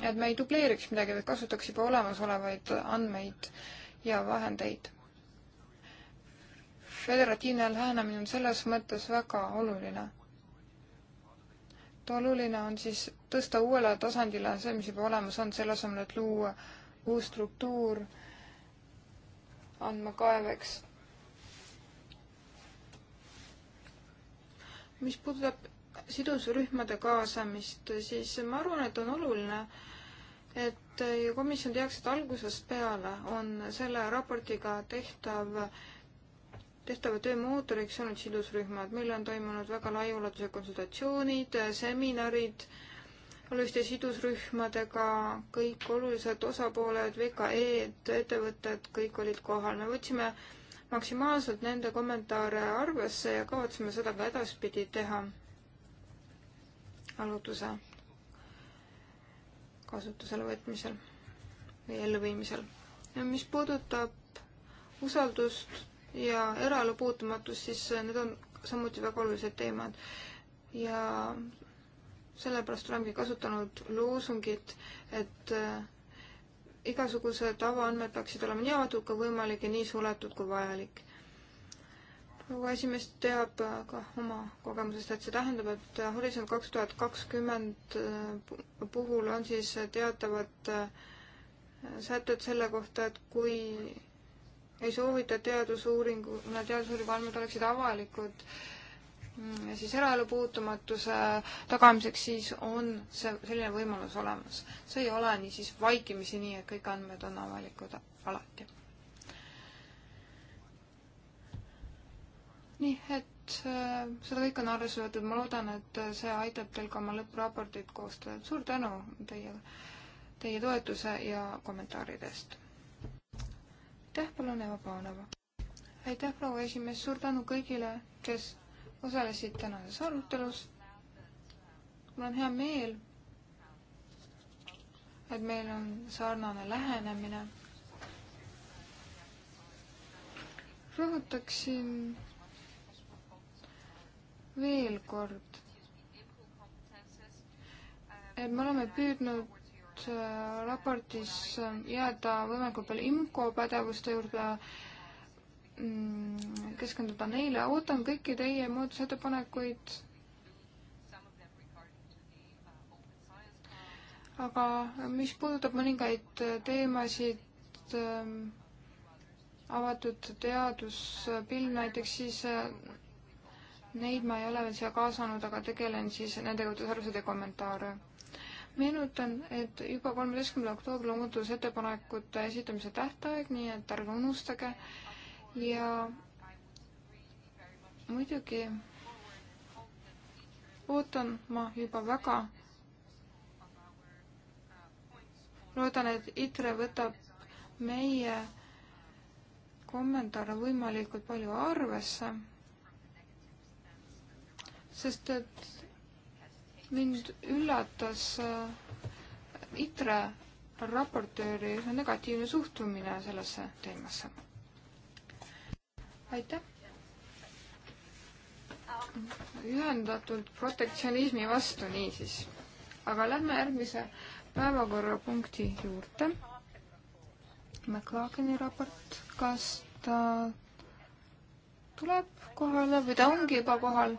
et me ei dubleeriks midagi, vaid kasutaks juba olemasolevaid andmeid ja vahendeid. föderatiivne lähenemine on selles mõttes väga oluline. et oluline on siis tõsta uuele tasandile see, mis juba olemas on, selle asemel, et luua uus struktuur andmekaeveks mis puudutab sidusrühmade kaasamist, siis ma arvan, et on oluline, et komisjon teaks, et algusest peale on selle raportiga tehtav, tehtava töö mootoriks olnud sidusrühmad, meil on toimunud väga laiaulatuslikud konsultatsioonid, seminarid, oluliste sidusrühmadega, kõik olulised osapooled, VKE-d, ettevõtted, kõik olid kohal, me võtsime maksimaalselt nende kommentaare arvesse ja kavatseme seda ka edaspidi teha arvutuse kasutusele võtmisel või elluviimisel. mis puudutab usaldust ja eraelu puutumatust, siis need on samuti väga olulised teemad ja sellepärast olemegi kasutanud loosungit, et äh, igasugused avaandmed peaksid olema nii avatud kui võimalik ja nii suletud kui vajalik. proua esimees teab ka oma kogemusest, et see tähendab, et Horisont kaks tuhat kakskümmend äh, puhul on siis teatavad äh, sätted selle kohta, et kui ei soovita teadusuuringu, teadusuuringu andmed oleksid avalikud, Mm, siis eraelu puutumatuse tagamiseks, siis on see, selline võimalus olemas. see ei ole niisiis vaikimisi nii, et kõik andmed on avalikud alati. nii et äh, seda kõike on arvesse võetud, ma loodan, et see aitab teil ka oma lõppraportit koostada. suur tänu teie, teie toetuse ja kommentaaride eest. aitäh, palun Eva Paunova. aitäh, proua esimees, suur tänu kõigile, kes osalesid tänases arutelus. mul on hea meel, et meil on sarnane lähenemine. rõhutaksin veel kord, et me oleme püüdnud äh, raportis äh, jääda võimalikult palju IMCO pädevuste juurde äh, Mm, keskenduda neile. ootan kõiki teie muudatusettepanekuid. aga mis puudutab mõningaid teemasid, ähm, avatud teaduspilv näiteks, siis äh, neid ma ei ole veel siia kaasanud, aga tegelen siis nende kohta arvamusi ja kommentaare meenutan, et juba kolmeteistkümnendal oktoobril on muudatusettepanekute esitamise tähtaeg, nii et ärge unustage äh, ja muidugi ootan ma juba väga. loodan, et ITRE võtab meie kommentaare võimalikult palju arvesse, sest et mind üllatas äh, ITRE raportööri negatiivne suhtumine sellesse teemasse aitäh! ühendatult protektsionismi vastu niisiis. aga lähme järgmise päevakorrapunkti juurde. McLageni raport, kas ta tuleb kohale või ta ongi juba kohal?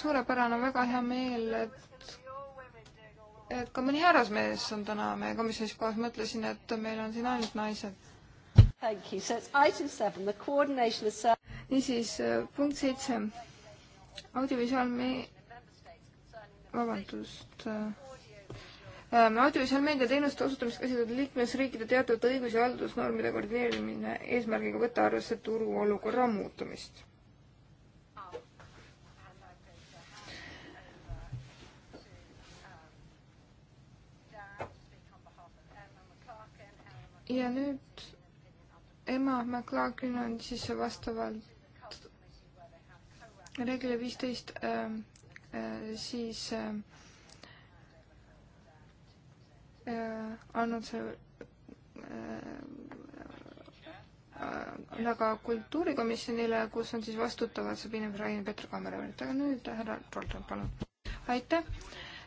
suurepärane, väga hea meel, et et ka mõni härrasmees on täna meie komisjonis kohas, mõtlesin, et meil on siin ainult naised niisiis äh, punkt seitse, audiovisuaalme-, vabandust äh, ähm,, audiovisuaalmeedia teenuste osutamist käsitlevad liikmesriikide teatud õigus- ja haldusnormide koordineerimine eesmärgiga võtta arvesse turuolukorra muutumist ja nüüd ema McLaughlin on siis vastavalt reeglile viisteist äh, äh, siis ähm, äh, andnud see üle äh, ka äh, kultuurikomisjonile, kus on siis vastutavad Sabine Frein ja Petra Kammerevert, aga nüüd härra Rolton, palun. aitäh,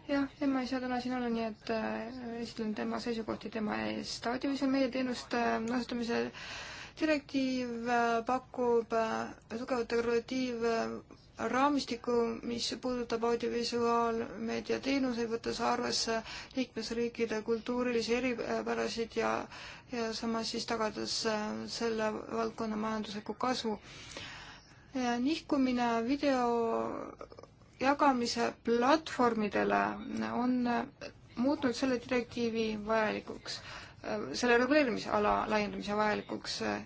jah, tema ei saa täna siin olla, nii et äh, esitlen tema seisukohti tema eest. audiovisuaalmeediateenuste äh, asutamise äh, direktiiv äh, pakub äh, tugevat regulatiivraamistikku, mis puudutab audiovisuaalmeedia teenuseid, võttes arvesse liikmesriikide kultuurilisi eripärasid ja, ja samas siis tagades äh, selle valdkonna majandusliku kasvu. nihkumine video jagamise platvormidele on muutnud selle direktiivi vajalikuks selle reguleerimisala laiendamise vajalikuks. Äh,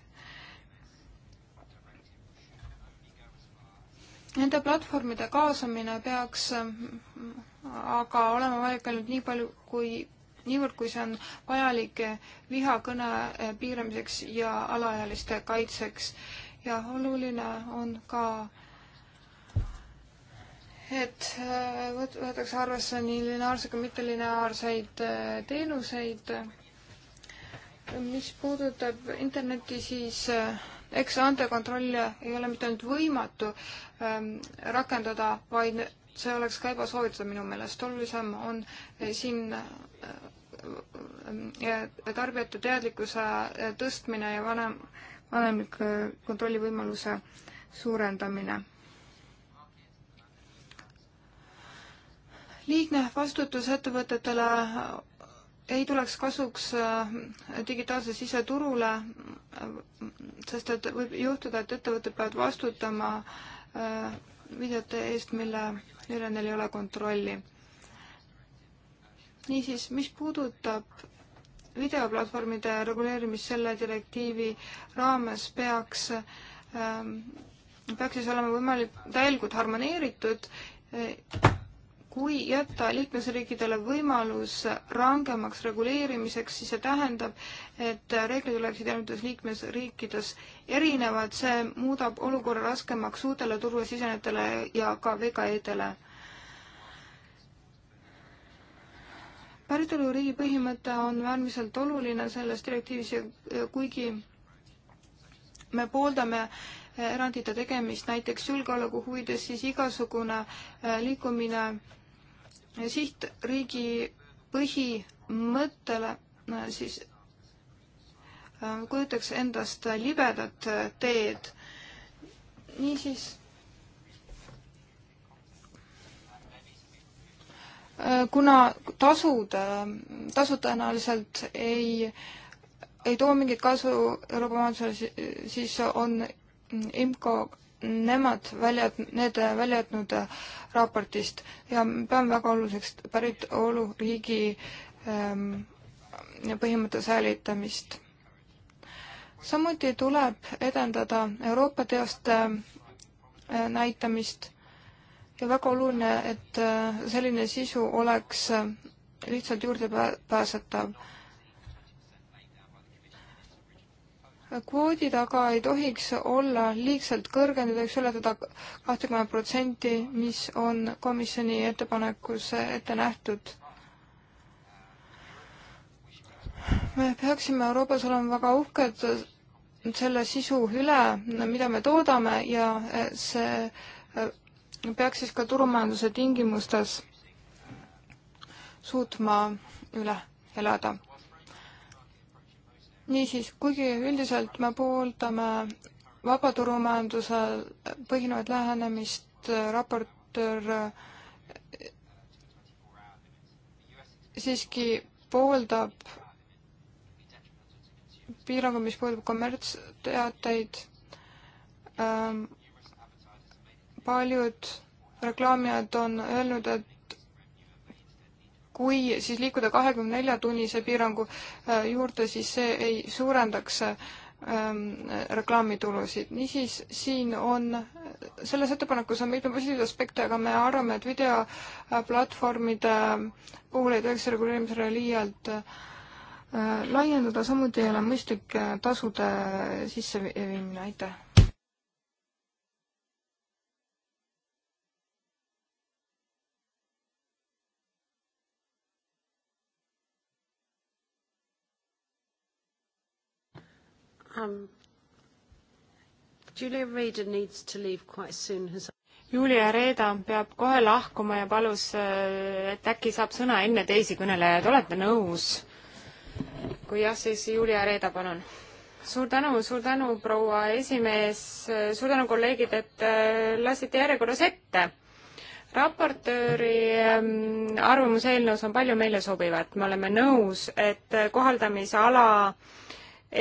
nende platvormide kaasamine peaks äh, aga olema vajalik ainult nii palju, kui, niivõrd, kui see on vajalik vihakõne äh, piiramiseks ja alaealiste kaitseks. ja oluline on ka, et võetakse arvesse nii lineaarseid kui mittelineaarseid teenuseid mis puudutab internetti, siis äh, eks andekontrolle äh, ei ole mitte ainult võimatu ähm, rakendada, vaid see oleks ka ebasoovitav minu meelest. olulisem on äh, siin äh, tarbijate teadlikkuse tõstmine ja vanem, vanemlike kontrolli võimaluse suurendamine. liigne vastutus ettevõtetele ei tuleks kasuks äh, digitaalse siseturule, äh, sest et võib juhtuda, et ettevõtted peavad vastutama videote äh, eest, mille üle neil ei ole kontrolli. niisiis, mis puudutab videoplatvormide reguleerimist selle direktiivi raames, peaks, peaks siis olema võimalik täielikult harmoneeritud kui jätta liikmesriikidele võimalus rangemaks reguleerimiseks, siis see tähendab, et reeglid oleksid erinevates liikmesriikides erinevad, see muudab olukorra raskemaks uutele turule sisenejatele ja ka VKE-dele. päritoluriigi põhimõte on äärmiselt oluline selles direktiivis ja kuigi me pooldame erandite tegemist näiteks julgeoleku huvides, siis igasugune äh, liikumine sihtriigi põhimõttele, äh, siis äh, kujutaks endast libedat äh, teed. niisiis kuna tasud, tasud tõenäoliselt ei, ei too mingit kasu Euroopa majandusele, siis on mm, IMCO nemad välja, need välja jätnud raportist ja me peame väga oluliseks päritoluriigi ähm, põhimõtte säilitamist. samuti tuleb edendada Euroopa teoste äh, näitamist ja väga oluline, et äh, selline sisu oleks äh, lihtsalt juurdepääsetav pää kvoodid aga ei tohiks olla liigselt kõrged, ei tohiks ületada kahtekümmet protsenti, mis on komisjoni ettepanekus ette nähtud. me peaksime Euroopas olema väga uhked selle sisu üle, mida me toodame ja see peaks siis ka turumajanduse tingimustes suutma üle elada niisiis, kuigi üldiselt me pooldame vabaturumajandusel põhinevat lähenemist, äh, raportöör äh, siiski pooldab piirangu, mis puudutab kommertsteateid ähm,. paljud reklaamijad on öelnud, et kui siis liikuda kahekümne nelja tunnise piirangu äh, juurde, siis see ei suurendaks äh, ähm, reklaamitulusid. niisiis, siin on, äh, selles ettepanekus on mitme positiivse aspekte, aga me arvame, et videoplatvormide puhul ei tohiks reguleerimisele liialt laiendada, samuti ei ole mõistlik tasude sisseviimine, aitäh. Um, Julia Reeda needs to leave quite soon. Has... Julia Reeda peab kohe lahkuma ja palus, äh, et äkki saab sõna enne teisi kõnelejaid, olete nõus? kui jah, siis Julia Reeda, palun. suur tänu, suur tänu, proua esimees, suur tänu, kolleegid, et äh, lasite järjekorras ette. raportööri ähm, arvamuseelnõus on palju meile sobivat, me oleme nõus, et kohaldamise ala äh,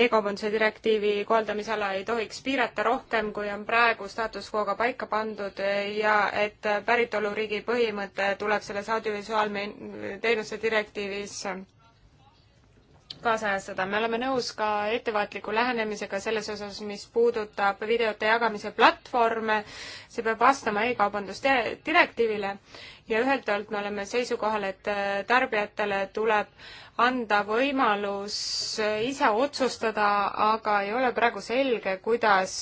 e-kaubanduse direktiivi kohaldamisala ei tohiks piirata rohkem, kui on praegu staatus quo'ga paika pandud ja et päritoluriigi põhimõte tuleb selles audiovisuaalteenuste direktiivis kaasajastada. me oleme nõus ka ettevaatliku lähenemisega selles osas, mis puudutab videote jagamise platvorme, see peab vastama e-kaubandusdirektiivile ja ühelt poolt me oleme seisukohal, et äh, tarbijatele tuleb anda võimalus äh, ise otsustada, aga ei ole praegu selge, kuidas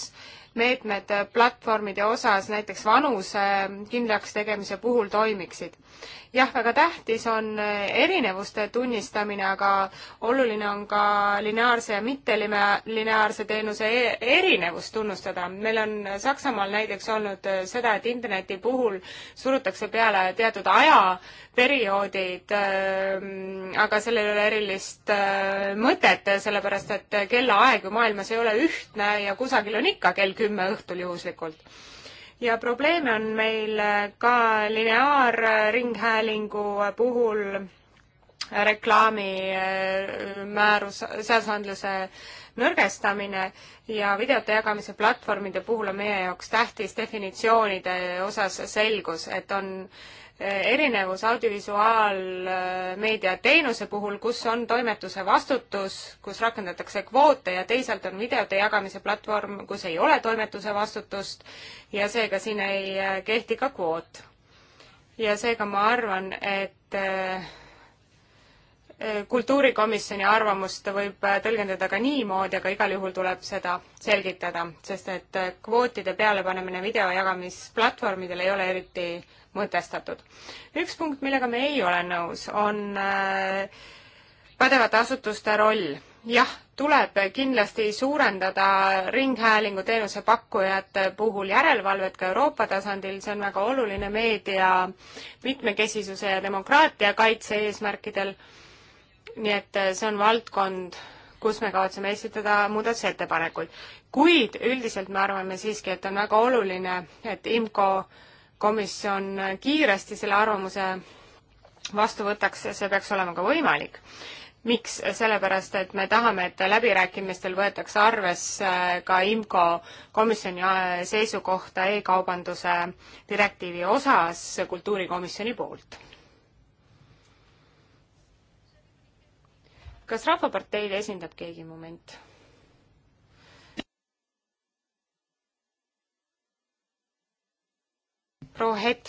meetmed platvormide osas näiteks vanuse äh, kindlaks tegemise puhul toimiksid jah, väga tähtis on eh, erinevuste tunnistamine, aga oluline on ka lineaarse ja mittelineaarse teenuse e-, erinevust tunnustada. meil on Saksamaal näiteks olnud eh, seda, et interneti puhul surutakse peale teatud ajaperioodid, ehm, aga sellel ei ole erilist eh, mõtet, sellepärast et kellaaeg ju maailmas ei ole ühtne ja kusagil on ikka kell kümme õhtul juhuslikult ja probleeme on meil äh, ka lineaarringhäälingu äh, puhul äh, reklaamimäärus, seadusandluse nõrgestamine ja videote jagamise platvormide puhul on meie jaoks tähtis definitsioonide osas selgus, et on äh, erinevus audiovisuaalmeedia teenuse puhul, kus on toimetuse vastutus, kus rakendatakse kvoote ja teisalt on videote jagamise platvorm, kus ei ole toimetuse vastutust ja seega siin ei äh, kehti ka kvoot. ja seega ma arvan, et äh, äh, kultuurikomisjoni arvamust võib tõlgendada ka niimoodi, aga igal juhul tuleb seda selgitada, sest et kvootide pealepanemine video jagamisplatvormidel ei ole eriti mõtestatud. üks punkt, millega me ei ole nõus, on äh, pädevate asutuste roll. jah, tuleb kindlasti suurendada ringhäälingu teenuse pakkujate puhul järelevalvet ka Euroopa tasandil, see on väga oluline meedia mitmekesisuse ja demokraatia kaitse eesmärkidel. nii et äh, see on valdkond, kus me kavatseme esitada muudatusettepanekuid. kuid üldiselt me arvame siiski, et on väga oluline, et IMCO komisjon kiiresti selle arvamuse vastu võtaks, see peaks olema ka võimalik. miks? sellepärast, et me tahame, et läbirääkimistel võetakse arvesse ka IMCO komisjoni äh, seisukohta e-kaubanduse direktiivi osas kultuurikomisjoni poolt. kas Rahvaparteid esindab keegi moment? proua Hett.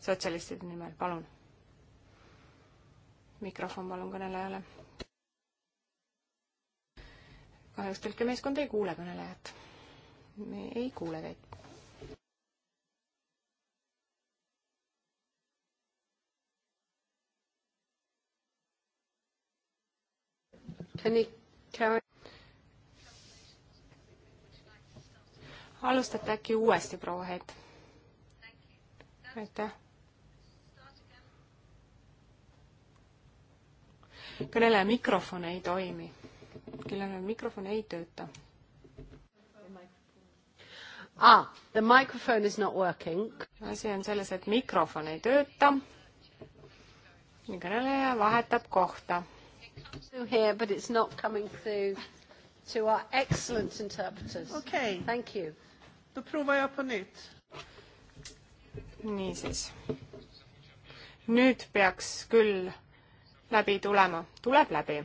sotsialistide nimel, palun. mikrofon palun kõnelejale. kahjuks tõlkemeeskond ei kuule kõnelejat. me ei kuule teid. Can you carry alustate äkki uuesti, proua Heit? aitäh. kõneleja mikrofon ei toimi. kellel on mikrofon, ei tööta. Ah, the microphone is not working. asi on selles, et mikrofon ei tööta. kõneleja vahetab kohta. Here, but it's not coming through to our excellent interpreters. Okay. Thank you. Då provar jag på nytt. niisiis. nüüd peaks küll läbi tulema, tuleb läbi,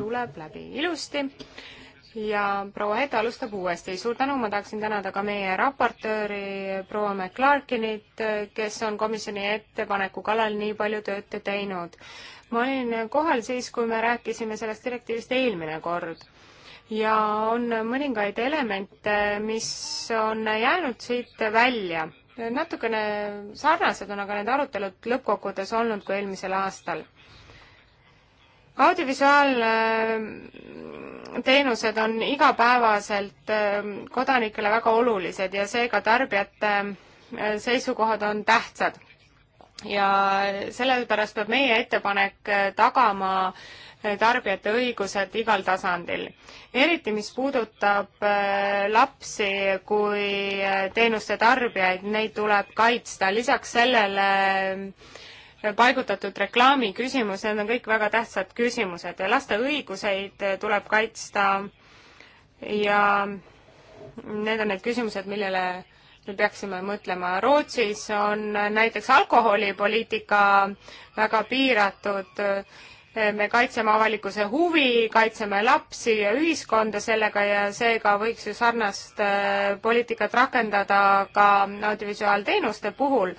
tuleb läbi ilusti ja proua Hede alustab uuesti. suur tänu, ma tahaksin tänada ka meie raportööri proua McClarkinit, kes on komisjoni ettepaneku kallal nii palju tööd teinud. ma olin kohal siis, kui me rääkisime sellest direktiivist eelmine kord ja on mõningaid elemente, mis on jäänud siit välja. natukene sarnased on aga need arutelud lõppkokkuvõttes olnud kui eelmisel aastal. audiovisuaalteenused on igapäevaselt ähm, kodanikele väga olulised ja seega tarbijate äh, seisukohad on tähtsad. ja sellepärast peab meie ettepanek äh, tagama äh, tarbijate õigused igal tasandil. eriti, mis puudutab äh, lapsi kui äh, teenuste tarbijaid, neid tuleb kaitsta, lisaks sellele äh, paigutatud reklaami küsimus, need on kõik väga tähtsad küsimused ja laste õiguseid tuleb kaitsta ja need on need küsimused, millele me peaksime mõtlema. Rootsis on näiteks alkoholipoliitika väga piiratud me kaitseme avalikkuse huvi, kaitseme lapsi ja ühiskonda sellega ja seega võiks ju sarnast äh, poliitikat rakendada ka audiovisuaalteenuste puhul.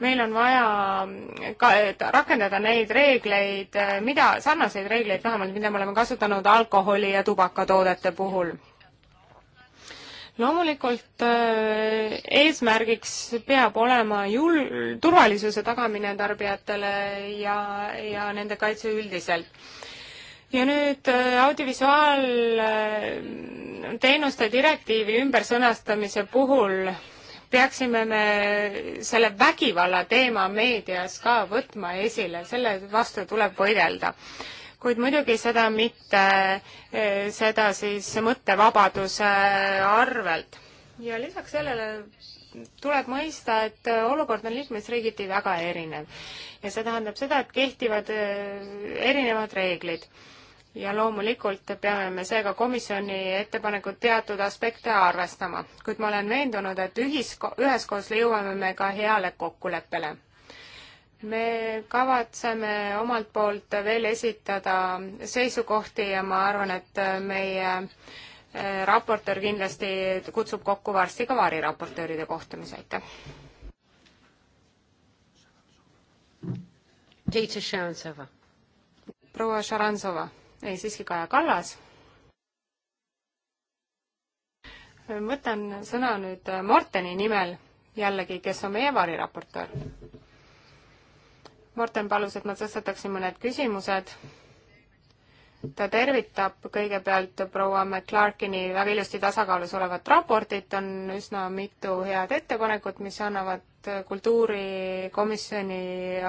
meil on vaja mm, ka rakendada neid reegleid, äh, mida, sarnaseid reegleid vähemalt, mida me oleme kasutanud alkoholi ja tubakatoodete puhul loomulikult äh, eesmärgiks peab olema jul-, turvalisuse tagamine tarbijatele ja, ja nende kaitse üldiselt. ja nüüd äh, audiovisuaalteenuste äh, direktiivi ümbersõnastamise puhul peaksime me selle vägivalla teema meedias ka võtma esile, selle vastu tuleb võidelda kuid muidugi seda mitte, eh, seda siis mõttevabaduse arvelt. ja lisaks sellele tuleb mõista, et olukord on liikmesriigiti väga erinev ja see tähendab seda, et kehtivad eh, erinevad reeglid. ja loomulikult peame me seega komisjoni ettepanekud teatud aspekte arvestama, kuid ma olen veendunud, et ühis, üheskoos jõuame me ka heale kokkuleppele me kavatseme omalt poolt veel esitada seisukohti ja ma arvan, et meie eh, raportöör kindlasti kutsub kokku varsti ka variraportööride kohtumise, aitäh. proua Šaransova, ei siiski Kaja Kallas. võtan sõna nüüd Morteni nimel jällegi, kes on meie variraportöör Morten palus, et ma tõstataksin mõned küsimused. ta tervitab kõigepealt proua McClarkini väga ilusti tasakaalus olevat raportit, on üsna mitu head ettepanekut, mis annavad kultuurikomisjoni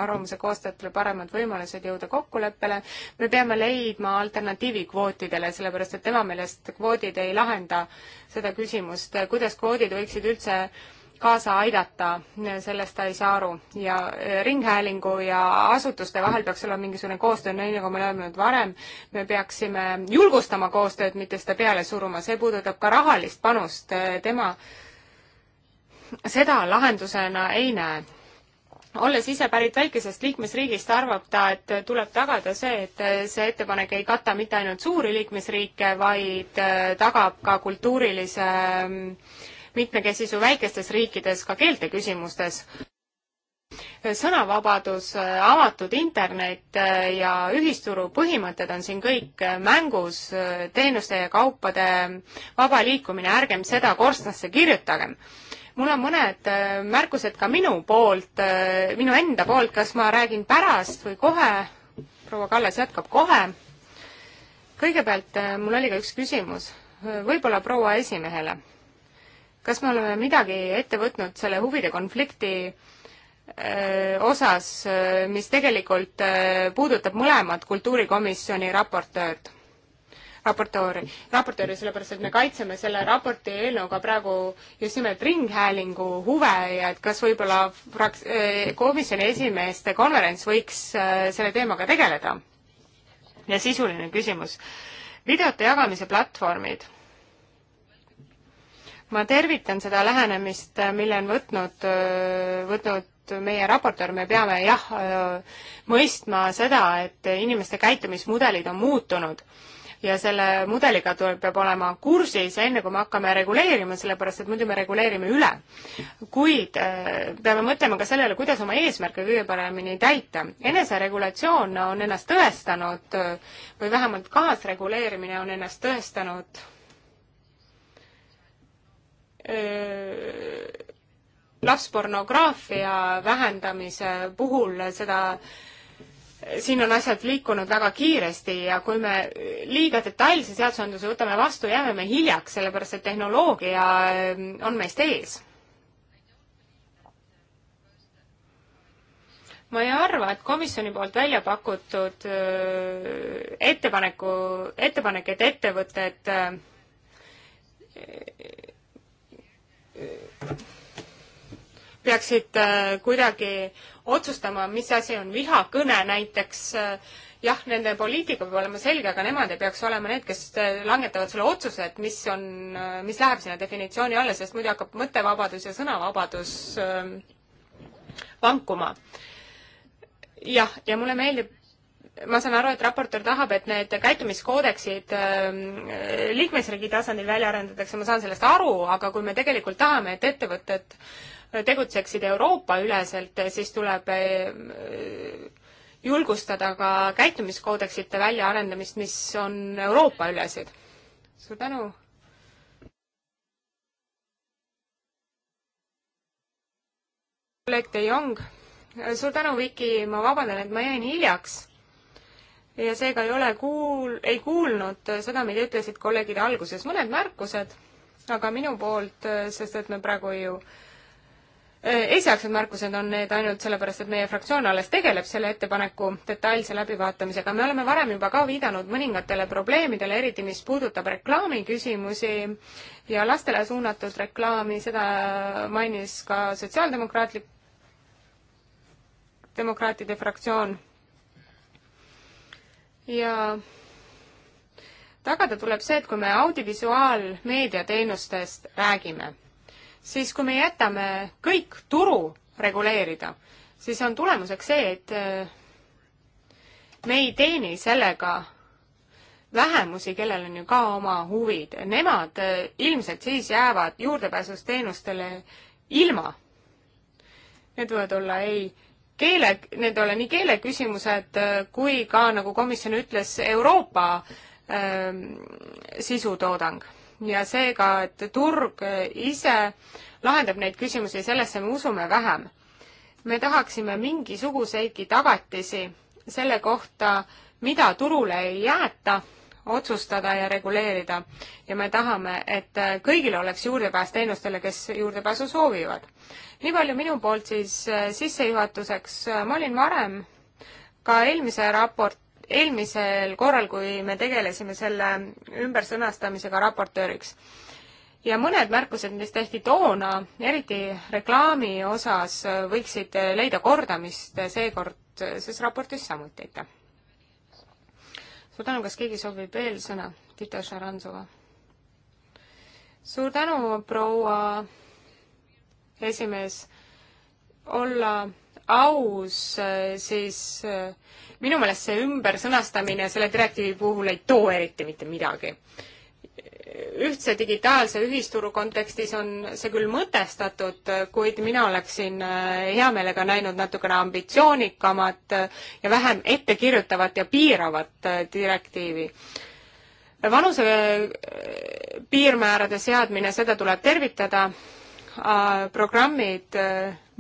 arvamuse koostajatele paremad võimalused jõuda kokkuleppele. me peame leidma alternatiivi kvootidele, sellepärast et tema meelest kvoodid ei lahenda seda küsimust, kuidas kvoodid võiksid üldse äh, kaasa aidata, sellest ta ei saa aru. ja e, Ringhäälingu ja asutuste vahel peaks olema mingisugune koostöö, nii nagu me oleme öelnud varem, me peaksime julgustama koostööd, mitte seda peale suruma, see puudutab ka rahalist panust, e, tema seda lahendusena ei näe olles ise pärit väikesest liikmesriigist, arvab ta, et tuleb tagada see, et see ettepanek ei kata mitte ainult suuri liikmesriike, vaid e, tagab ka kultuurilise äh, mitmekesisu väikestes riikides ka keelte küsimustes. sõnavabadus, avatud internet ja ühisturu põhimõtted on siin kõik mängus, teenuste ja kaupade vaba liikumine, ärgem seda korstnasse kirjutagem mul on mõned äh, märkused ka minu poolt, äh, minu enda poolt, kas ma räägin pärast või kohe, proua Kallas jätkab kohe. kõigepealt äh, mul oli ka üks küsimus, võib-olla proua esimehele kas me oleme midagi ette võtnud selle huvide konflikti osas, mis tegelikult puudutab mõlemat kultuurikomisjoni raportööd, raportööri, raportööri, sellepärast et me kaitseme selle raporti eelnõuga praegu just nimelt ringhäälingu huve ja et kas võib-olla fraks-, komisjoni esimeeste konverents võiks selle teemaga tegeleda? ja sisuline küsimus, videote jagamise platvormid ma tervitan seda lähenemist, mille on võtnud, võtnud meie raportöör, me peame jah, mõistma seda, et inimeste käitumismudelid on muutunud ja selle mudeliga tuleb, peab olema kursis, enne kui me hakkame reguleerima, sellepärast et muidu me reguleerime üle. kuid äh, peame mõtlema ka sellele, kuidas oma eesmärke kõige paremini täita. eneseregulatsioon on ennast tõestanud või vähemalt kaasreguleerimine on ennast tõestanud lapspornograafia vähendamise puhul seda siin on asjad liikunud väga kiiresti ja kui me liiga detailse seadusandluse võtame vastu, jääme me hiljaks, sellepärast et tehnoloogia on meist ees. ma ei arva, et komisjoni poolt välja pakutud ettepaneku, ettepanek, et ettevõtted et peaksid äh, kuidagi otsustama, mis asi on vihakõne näiteks, äh, jah, nende poliitika peab olema selge, aga nemad ei peaks olema need, kes äh, langetavad selle otsuse, et mis on, mis läheb sinna definitsiooni alla, sest muidu hakkab mõttevabadus ja sõnavabadus ähm, vankuma. jah, ja mulle meeldib ma saan aru, et raportöör tahab, et need käitumiskoodeksid ähm, liikmesriigi tasandil välja arendatakse, ma saan sellest aru, aga kui me tegelikult tahame, et ettevõtted tegutseksid Euroopa-üleselt, siis tuleb äh, julgustada ka käitumiskoodeksite väljaarendamist, mis on Euroopa-ülesed. suur tänu! kolleeg De Jong, suur tänu, Viki, ma vabandan, et ma jäin hiljaks ja seega ei ole kuul-, ei kuulnud seda, mida ütlesid kolleegid alguses. mõned märkused, aga minu poolt, äh, sest et me praegu ju äh, esialgsed märkused on need ainult sellepärast, et meie fraktsioon alles tegeleb selle ettepaneku detailse läbivaatamisega. me oleme varem juba ka viidanud mõningatele probleemidele, eriti mis puudutab reklaamiküsimusi ja lastele suunatud reklaami, seda mainis ka sotsiaaldemokraatlik, demokraatide fraktsioon ja tagada tuleb see, et kui me audivisuaalmeedia teenustest räägime, siis kui me jätame kõik turu reguleerida, siis on tulemuseks see, et äh, me ei teeni sellega vähemusi, kellel on ju ka oma huvid, nemad äh, ilmselt siis jäävad juurdepääsust teenustele ilma. Need võivad olla ei keele, need ole nii keeleküsimused äh, kui ka, nagu komisjon ütles, Euroopa ähm, sisutoodang. ja seega, et turg äh, ise lahendab neid küsimusi, sellesse me usume vähem. me tahaksime mingisuguseidki tagatisi selle kohta, mida turule ei jäeta otsustada ja reguleerida. ja me tahame, et äh, kõigil oleks juurdepääs teenustele, kes juurdepääsu soovivad. nii palju minu poolt siis äh, sissejuhatuseks, äh, ma olin varem ka eelmise raport, eelmisel korral, kui me tegelesime selle ümbersõnastamisega raportööriks. ja mõned märkused, mis tehti toona, eriti reklaami osas, võiksid leida kordamist seekord ses raportis samuti, aitäh! suur tänu, kas keegi soovib veel sõna? Tita Šarantsova. suur tänu, proua esimees, olla aus, siis äh, minu meelest see ümbersõnastamine selle direktiivi puhul ei too eriti mitte midagi ühtse digitaalse ühisturu kontekstis on see küll mõtestatud, kuid mina oleksin äh, hea meelega näinud natukene ambitsioonikamat äh, ja vähem ettekirjutavat ja piiravat äh, direktiivi vanuse piirmäärade seadmine, seda tuleb tervitada, programmid,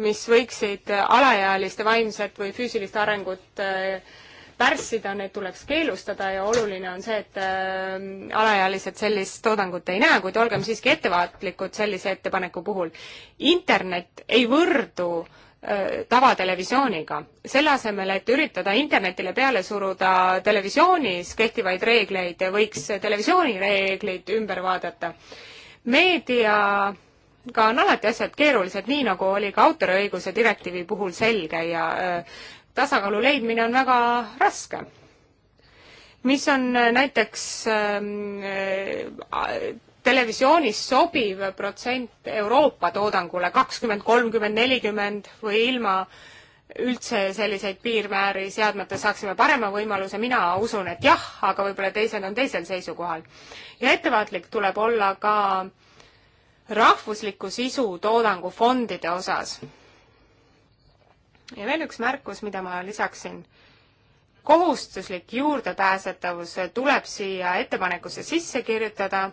mis võiksid alaealiste vaimset või füüsilist arengut pärssida, need tuleks keelustada ja oluline on see, et äh, alaealised sellist toodangut ei näe, kuid olgem siiski ettevaatlikud sellise ettepaneku puhul. internet ei võrdu äh, tavatelevisiooniga. selle asemel, et üritada internetile peale suruda televisioonis kehtivaid reegleid, võiks televisiooni reegleid ümber vaadata. meediaga on alati asjad keerulised, nii nagu oli ka autoriõiguse direktiivi puhul selge ja äh, tasakaalu leidmine on väga raske. mis on äh, näiteks ähm, äh, televisioonis sobiv protsent Euroopa toodangule, kakskümmend, kolmkümmend, nelikümmend või ilma üldse selliseid piirmääri seadmata saaksime parema võimaluse, mina usun, et jah, aga võib-olla teised on teisel seisukohal. ja ettevaatlik tuleb olla ka rahvusliku sisu toodangu fondide osas ja veel üks märkus, mida ma lisaksin. kohustuslik juurdepääsetavus tuleb siia ettepanekusse sisse kirjutada.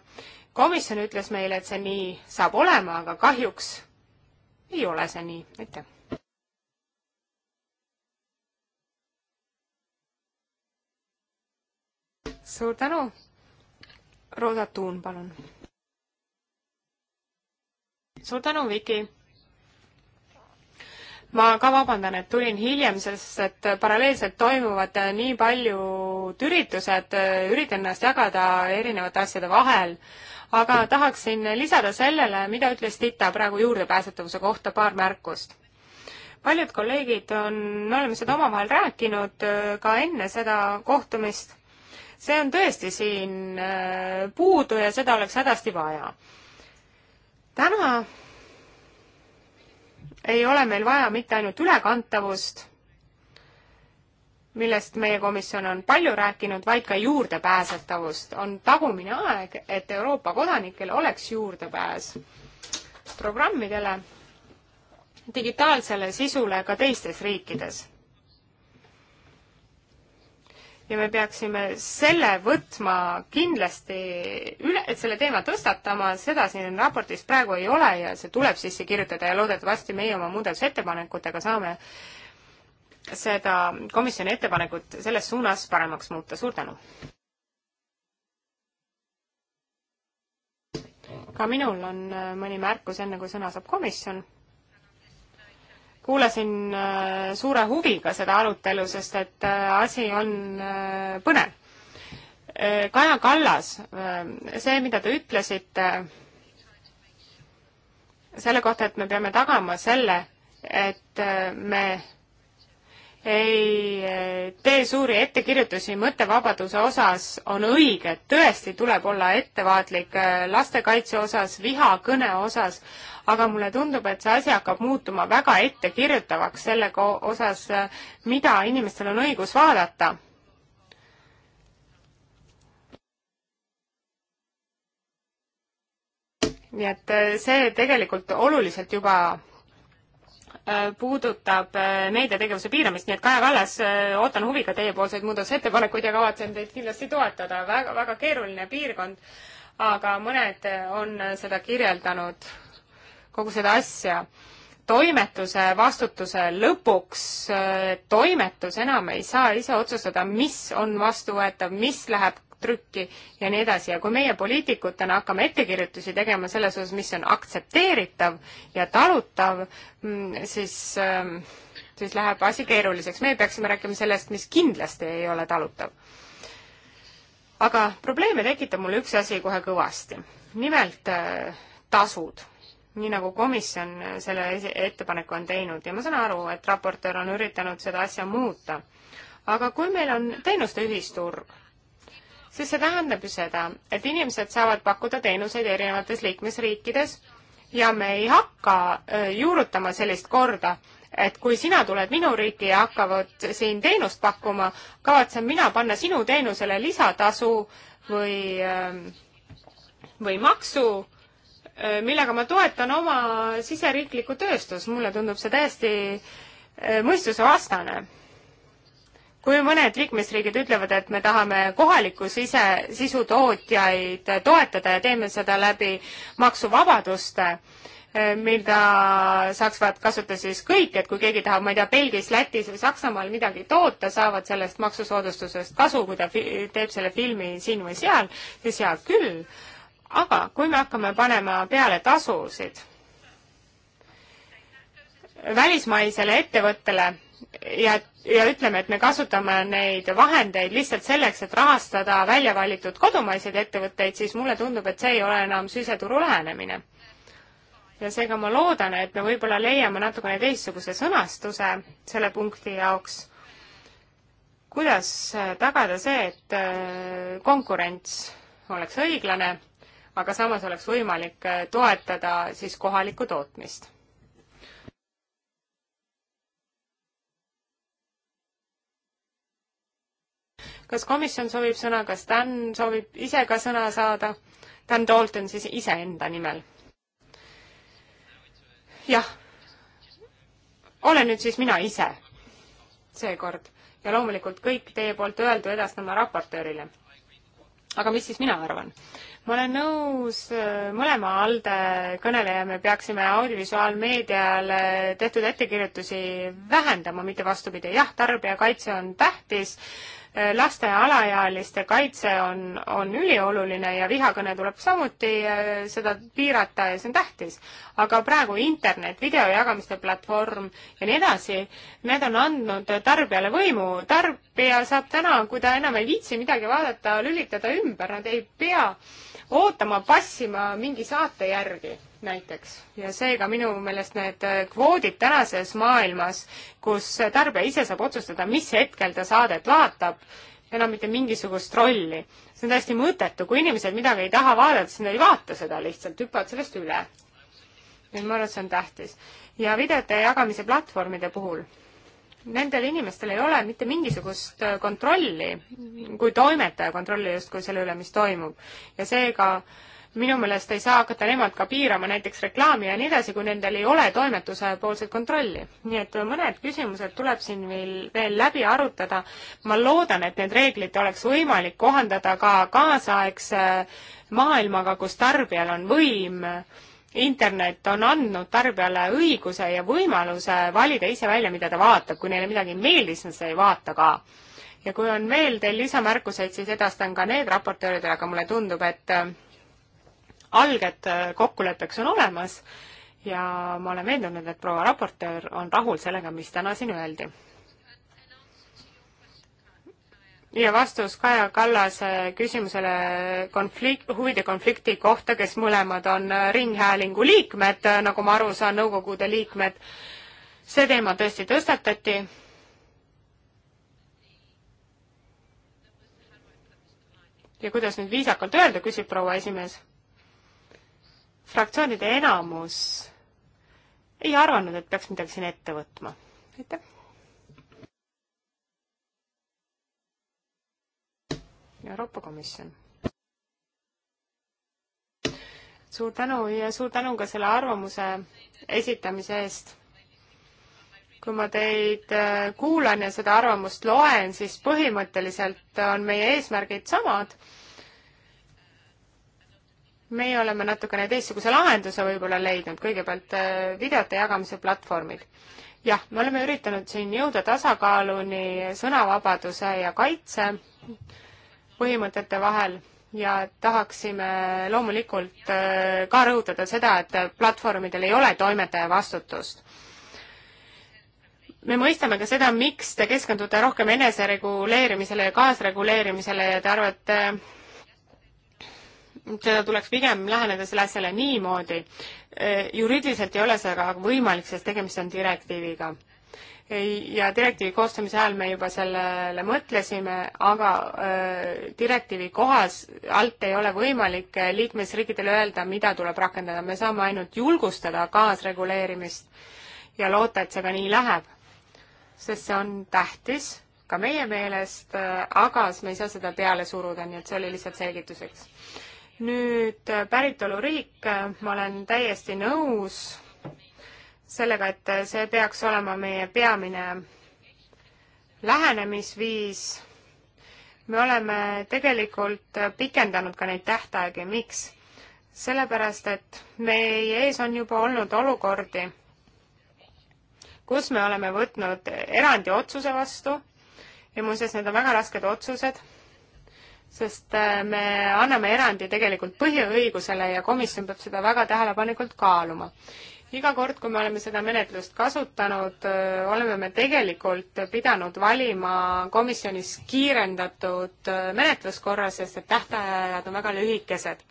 komisjon ütles meile, et see nii saab olema, aga kahjuks ei ole see nii. aitäh! suur tänu! Roosa Tuun, palun! suur tänu, Viki! ma ka vabandan, et tulin hiljem, sest et paralleelselt toimuvad nii paljud üritused, üritan ennast jagada erinevate asjade vahel, aga tahaksin lisada sellele, mida ütles Tita praegu juurdepääsetavuse kohta, paar märkust. paljud kolleegid on, me oleme seda omavahel rääkinud äh, ka enne seda kohtumist, see on tõesti siin äh, puudu ja seda oleks hädasti vaja. täna ei ole meil vaja mitte ainult ülekantavust, millest meie komisjon on palju rääkinud, vaid ka juurdepääsetavust. on tagumine aeg, et Euroopa kodanikel oleks juurdepääs programmidele, digitaalsele sisule ka teistes riikides ja me peaksime selle võtma kindlasti üle, et selle teema tõstatama, seda siin raportis praegu ei ole ja see tuleb sisse kirjutada ja loodetavasti meie oma muudatusettepanekutega saame seda komisjoni ettepanekut selles suunas paremaks muuta, suur tänu! ka minul on äh, mõni märkus, enne kui sõna saab komisjon kuulasin äh, suure huviga seda arutelu, sest et äh, asi on äh, põnev. Kaja Kallas, see, mida te ütlesite selle kohta, et me peame tagama selle, et me ei eh, tee suuri ettekirjutusi mõttevabaduse osas, on õige, et tõesti tuleb olla ettevaatlik eh, lastekaitse osas, vihakõne osas, aga mulle tundub, et see asi hakkab muutuma väga ettekirjutavaks selle osas, eh, mida inimestel on õigus vaadata. nii et see tegelikult oluliselt juba Äh, puudutab äh, meediategevuse piiramist, nii et Kaja Kallas, äh, ootan huviga teiepoolseid muudatusettepanekuid ja kavatsen teid kindlasti toetada, väga, väga keeruline piirkond, aga mõned on seda kirjeldanud, kogu seda asja. toimetuse vastutuse lõpuks, toimetus enam ei saa ise otsustada, mis on vastuvõetav, mis läheb trükki ja nii edasi ja kui meie poliitikutena hakkame ettekirjutusi tegema selles osas, mis on aktsepteeritav ja talutav, mm, siis, ähm, siis läheb asi keeruliseks. meie peaksime rääkima sellest, mis kindlasti ei ole talutav. aga probleeme tekitab mulle üks asi kohe kõvasti. nimelt äh, tasud nii nagu komisjon äh, selle ettepaneku on teinud ja ma saan aru, et raportöör on üritanud seda asja muuta. aga kui meil on teenuste ühisturg, siis see tähendab ju seda, et inimesed saavad pakkuda teenuseid erinevates liikmesriikides ja me ei hakka juurutama sellist korda, et kui sina tuled minu riiki ja hakkavad siin teenust pakkuma, kavatsen mina panna sinu teenusele lisatasu või, või maksu, millega ma toetan oma siseriiklikku tööstust. mulle tundub see täiesti mõistusevastane kui mõned liikmesriigid ütlevad, et me tahame kohalikku sise, sisutootjaid toetada ja teeme seda läbi maksuvabaduste, eh, mida saaksid kasutada siis kõik, et kui keegi tahab, ma ei tea, Belgis, Lätis või Saksamaal midagi toota, saavad sellest maksusoodustusest kasu, kui ta teeb selle filmi siin või seal, siis hea küll, aga kui me hakkame panema peale tasusid välismaisele ettevõttele, ja, ja ütleme, et me kasutame neid vahendeid lihtsalt selleks, et rahastada välja valitud kodumaiseid ettevõtteid, siis mulle tundub, et see ei ole enam siseturu lähenemine. ja seega ma loodan, et me võib-olla leiame natukene teistsuguse sõnastuse selle punkti jaoks. kuidas tagada see, et äh, konkurents oleks õiglane, aga samas oleks võimalik äh, toetada siis kohalikku tootmist? kas komisjon soovib sõna, kas Dan soovib ise ka sõna saada? Dan Dalton siis iseenda nimel. jah. olen nüüd siis mina ise seekord ja loomulikult kõik teie poolt öeldu edastama raportöörile. aga mis siis mina arvan? ma olen nõus äh, mõlema ALDE kõneleja, me peaksime audiovisuaalmeediale tehtud ettekirjutusi vähendama, mitte vastupidi. jah, tarbijakaitse on tähtis laste ja alaealiste kaitse on, on ülioluline ja vihakõne tuleb samuti eh, seda piirata ja see on tähtis. aga praegu internet, videojagamiste platvorm ja nii edasi, need on andnud tarbijale võimu. tarbija saab täna, kui ta enam ei viitsi midagi vaadata, lülitada ümber, nad ei pea äh, ootama, passima mingi saate järgi näiteks. ja seega minu meelest need äh, kvoodid tänases maailmas, kus tarbija ise saab otsustada, mis hetkel ta saadet vaatab, enam mitte mingisugust rolli. see on täiesti mõttetu, kui inimesed midagi ei taha vaadata, siis nad ei vaata seda lihtsalt, hüppavad sellest üle. nii et ma arvan, et see on tähtis. ja videote jagamise platvormide puhul nendel inimestel ei ole mitte mingisugust äh, kontrolli, kui toimetaja kontrolli justkui selle üle, mis toimub. ja seega minu meelest ei saa hakata nemad ka piirama näiteks reklaami ja nii edasi, kui nendel ei ole toimetuse poolset kontrolli. nii et mõned küsimused tuleb siin veel, veel läbi arutada. ma loodan, et need reeglid oleks võimalik kohandada ka kaasaegse maailmaga, kus tarbijal on võim äh, internet on andnud tarbijale õiguse ja võimaluse valida ise välja, mida ta vaatab, kui neile midagi ei meeldi, siis nad seda ei vaata ka. ja kui on veel teil lisamärkuseid, siis edastan ka need raportööridele, aga mulle tundub, et äh, alged äh, kokkuleppeks on olemas ja ma olen veendunud, et proua raportöör on rahul sellega, mis täna siin öeldi ja vastus Kaja Kallase küsimusele konflikt, huvide konflikti kohta, kes mõlemad on äh, Ringhäälingu liikmed, äh, nagu ma aru saan, nõukogude liikmed. see teema tõesti tõstatati. ja kuidas nüüd viisakalt öelda, küsib proua esimees. fraktsioonide enamus ei arvanud, et peaks midagi siin ette võtma. aitäh Euroopa Komisjon. suur tänu ja suur tänu ka selle arvamuse esitamise eest. kui ma teid äh, kuulan ja seda arvamust loen, siis põhimõtteliselt on meie eesmärgid samad. meie oleme natukene teistsuguse lahenduse võib-olla leidnud, kõigepealt äh, videote jagamise platvormid jah, me oleme üritanud siin jõuda tasakaaluni sõnavabaduse ja kaitse põhimõtete vahel ja tahaksime loomulikult äh, ka rõhutada seda, et platvormidel ei ole toimetaja vastutust. me mõistame ka seda, miks te keskendute rohkem enesereguleerimisele ja kaasreguleerimisele ja te arvate, seda tuleks pigem läheneda selle asjale niimoodi. Äh, juriidiliselt ei ole see aga võimalik, sest tegemist on direktiiviga ja direktiivi koostamise ajal me juba sellele mõtlesime, aga direktiivi kohas alt ei ole võimalik äh, liikmesriikidele öelda, mida tuleb rakendada, me saame ainult julgustada kaasreguleerimist ja loota, et see ka nii läheb. sest see on tähtis ka meie meelest, äh, aga me ei saa seda peale suruda, nii et see oli lihtsalt selgituseks. nüüd päritoluriik, äh, ma olen täiesti nõus sellega, et see peaks olema meie peamine lähenemisviis. me oleme tegelikult pikendanud ka neid tähtaegi, miks? sellepärast, et meie ees on juba olnud olukordi, kus me oleme võtnud erandi otsuse vastu ja muuseas, need on väga rasked otsused, sest äh, me anname erandi tegelikult põhiõigusele ja komisjon peab seda väga tähelepanelikult kaaluma iga kord, kui me oleme seda menetlust kasutanud, oleme me tegelikult pidanud valima komisjonis kiirendatud menetluskorra, sest et tähtajad on väga lühikesed.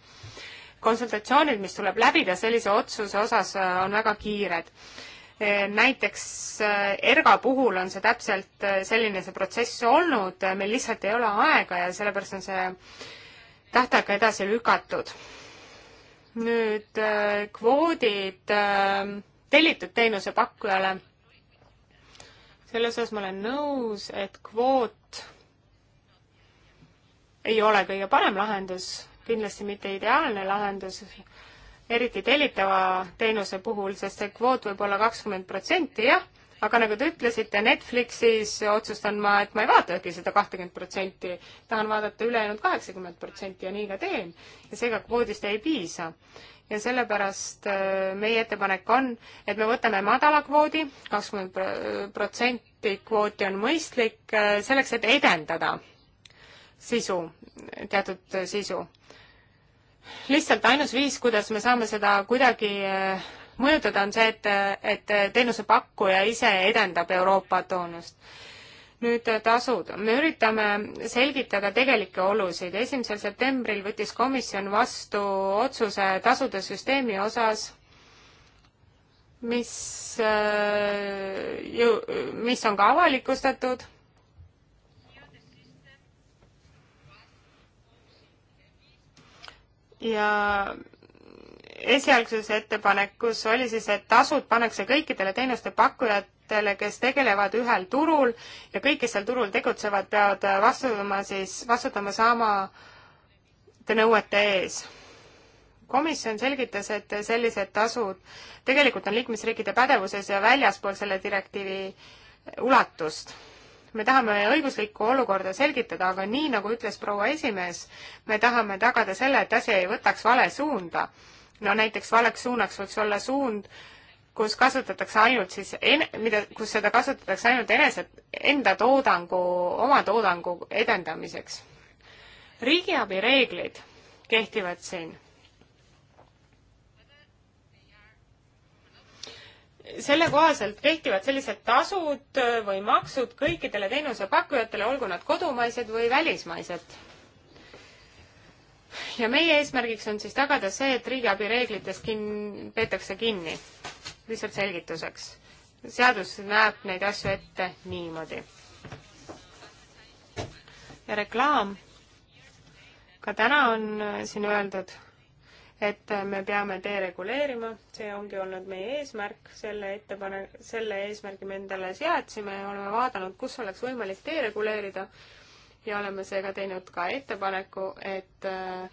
konsultatsioonid, mis tuleb läbida sellise otsuse osas, on väga kiired näiteks ERGA puhul on see täpselt selline see protsess olnud, meil lihtsalt ei ole aega ja sellepärast on see tähtaeg edasi lükatud nüüd äh, kvoodid äh, tellitud teenusepakkujale. selles osas ma olen nõus, et kvoot ei ole kõige parem lahendus, kindlasti mitte ideaalne lahendus, eriti tellitava teenuse puhul, sest see kvoot võib olla kakskümmend protsenti, jah aga nagu te ütlesite, Netflixis otsustan ma, et ma ei vaatagi seda kahtekümmet protsenti, tahan vaadata ülejäänud kaheksakümmend protsenti ja nii ka teen. ja seega kvoodist ei piisa. ja sellepärast äh, meie ettepanek on, et me võtame madala kvoodi, kakskümmend protsenti kvooti on mõistlik, äh, selleks, et edendada sisu, teatud äh, sisu lihtsalt ainus viis, kuidas me saame seda kuidagi mõjutada, on see, et, et teenusepakkuja ise edendab Euroopa toonust. nüüd tasud. me üritame selgitada tegelikke olusid. esimesel septembril võttis komisjon vastu otsuse tasude süsteemi osas, mis äh, ju, mis on ka avalikustatud ja esialgses ettepanekus oli siis, et tasud pannakse kõikidele teenuste pakkujatele, kes tegelevad ühel turul ja kõik, kes seal turul tegutsevad, peavad vastutama siis, vastutama samade nõuete ees. komisjon selgitas, et sellised tasud tegelikult on liikmesriikide pädevuses ja väljaspool selle direktiivi ulatust me tahame õiguslikku olukorda selgitada, aga nii, nagu ütles proua esimees, me tahame tagada selle, et asi ei võtaks vale suunda no näiteks valeks suunaks võiks olla suund, kus kasutatakse ainult siis, mida, kus seda kasutatakse ainult enese, enda toodangu, oma toodangu edendamiseks. riigiabi reeglid kehtivad siin. selle kohaselt kehtivad sellised tasud või maksud kõikidele teenusepakkujatele, olgu nad kodumaised või välismaised ja meie eesmärgiks on siis tagada see, et riigiabi reeglitest kin-, peetakse kinni. lihtsalt selgituseks. seadus näeb neid asju ette niimoodi. ja reklaam. ka täna on äh, siin öeldud, et äh, me peame dereguleerima, see ongi olnud meie eesmärk, selle ettepane-, selle eesmärgi me endale seadsime ja oleme vaadanud, kus oleks võimalik dereguleerida ja oleme seega teinud ka ettepaneku, et äh,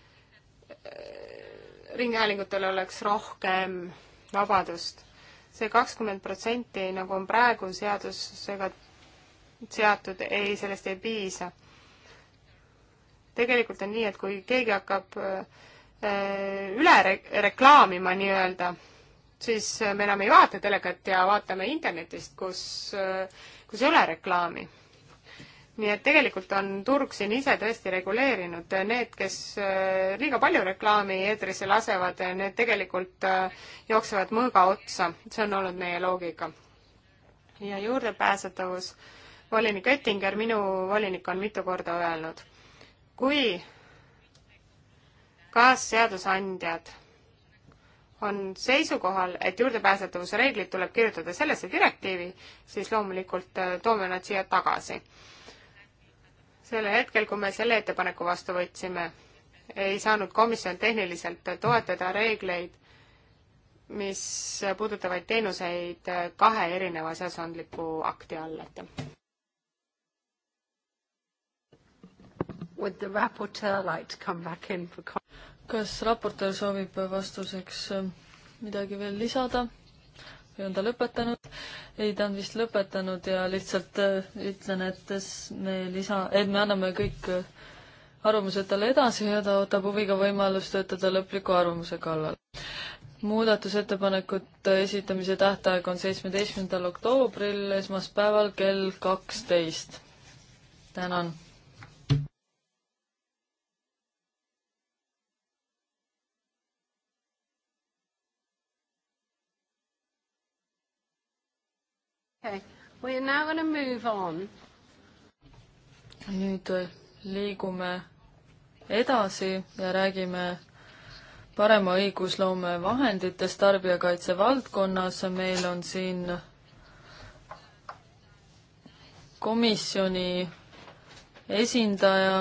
ringhäälingutel oleks rohkem vabadust see. see kakskümmend protsenti, nagu on praegu seadusega seatud, ei, sellest ei piisa. tegelikult on nii, et kui keegi hakkab äh, üle re-, reklaamima nii-öelda, siis me enam ei vaata telekat ja vaatame internetist, kus, äh, kus ei ole reklaami nii et tegelikult on turg siin ise tõesti reguleerinud, need, kes äh, liiga palju reklaami eetrisse lasevad, äh, need tegelikult äh, jooksevad mõõga otsa, see on olnud meie loogika. ja juurdepääsetavus, volinik Oettinger, minu volinik on mitu korda öelnud, kui kaasseadusandjad on seisukohal, et juurdepääsetavuse reeglid tuleb kirjutada sellesse direktiivi, siis loomulikult toome nad siia tagasi sellel hetkel, kui me selle ettepaneku vastu võtsime, ei saanud komisjon tehniliselt toetada reegleid, mis puudutavaid teenuseid kahe erineva seadusandliku akti all, et. Would the rapporteur like to come back in for kas raportöör soovib vastuseks midagi veel lisada? või on ta lõpetanud? ei, ta on vist lõpetanud ja lihtsalt äh, ütlen, et me lisa, et me anname kõik äh, arvamused talle edasi ja ta ootab huviga võimalust töötada lõpliku arvamuse kallal. muudatusettepanekute esitamise tähtaeg on seitsmeteistkümnendal oktoobril esmaspäeval kell kaksteist. tänan okay.. We are now gonna move on. nüüd äh, liigume edasi ja räägime parema õigusloome vahenditest tarbijakaitse valdkonnas. meil on siin komisjoni esindaja,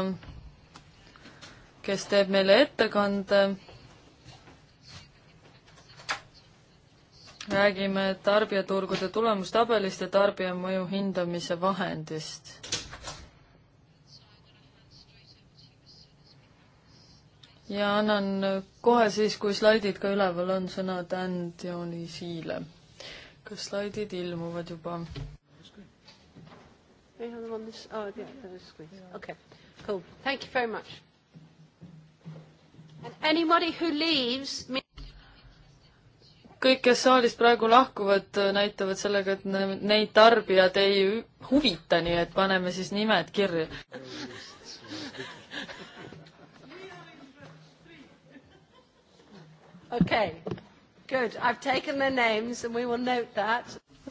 kes teeb meile ettekande räägime tarbijaturgude tulemustabelist ja tarbija mõju hindamise vahendist. ja annan kohe siis, kui slaidid ka üleval on, sõna Dan Dionisiile. kas slaidid ilmuvad juba? They have them on this. Oh, yeah, they're squeezed. Yeah. Okay, cool. Thank you very much. And anybody who leaves kõik, kes saalist praegu lahkuvad, näitavad sellega, et neid tarbijad ei huvita, nii et paneme siis nimed kirja. okei okay., good, I have taken their names and we will note that.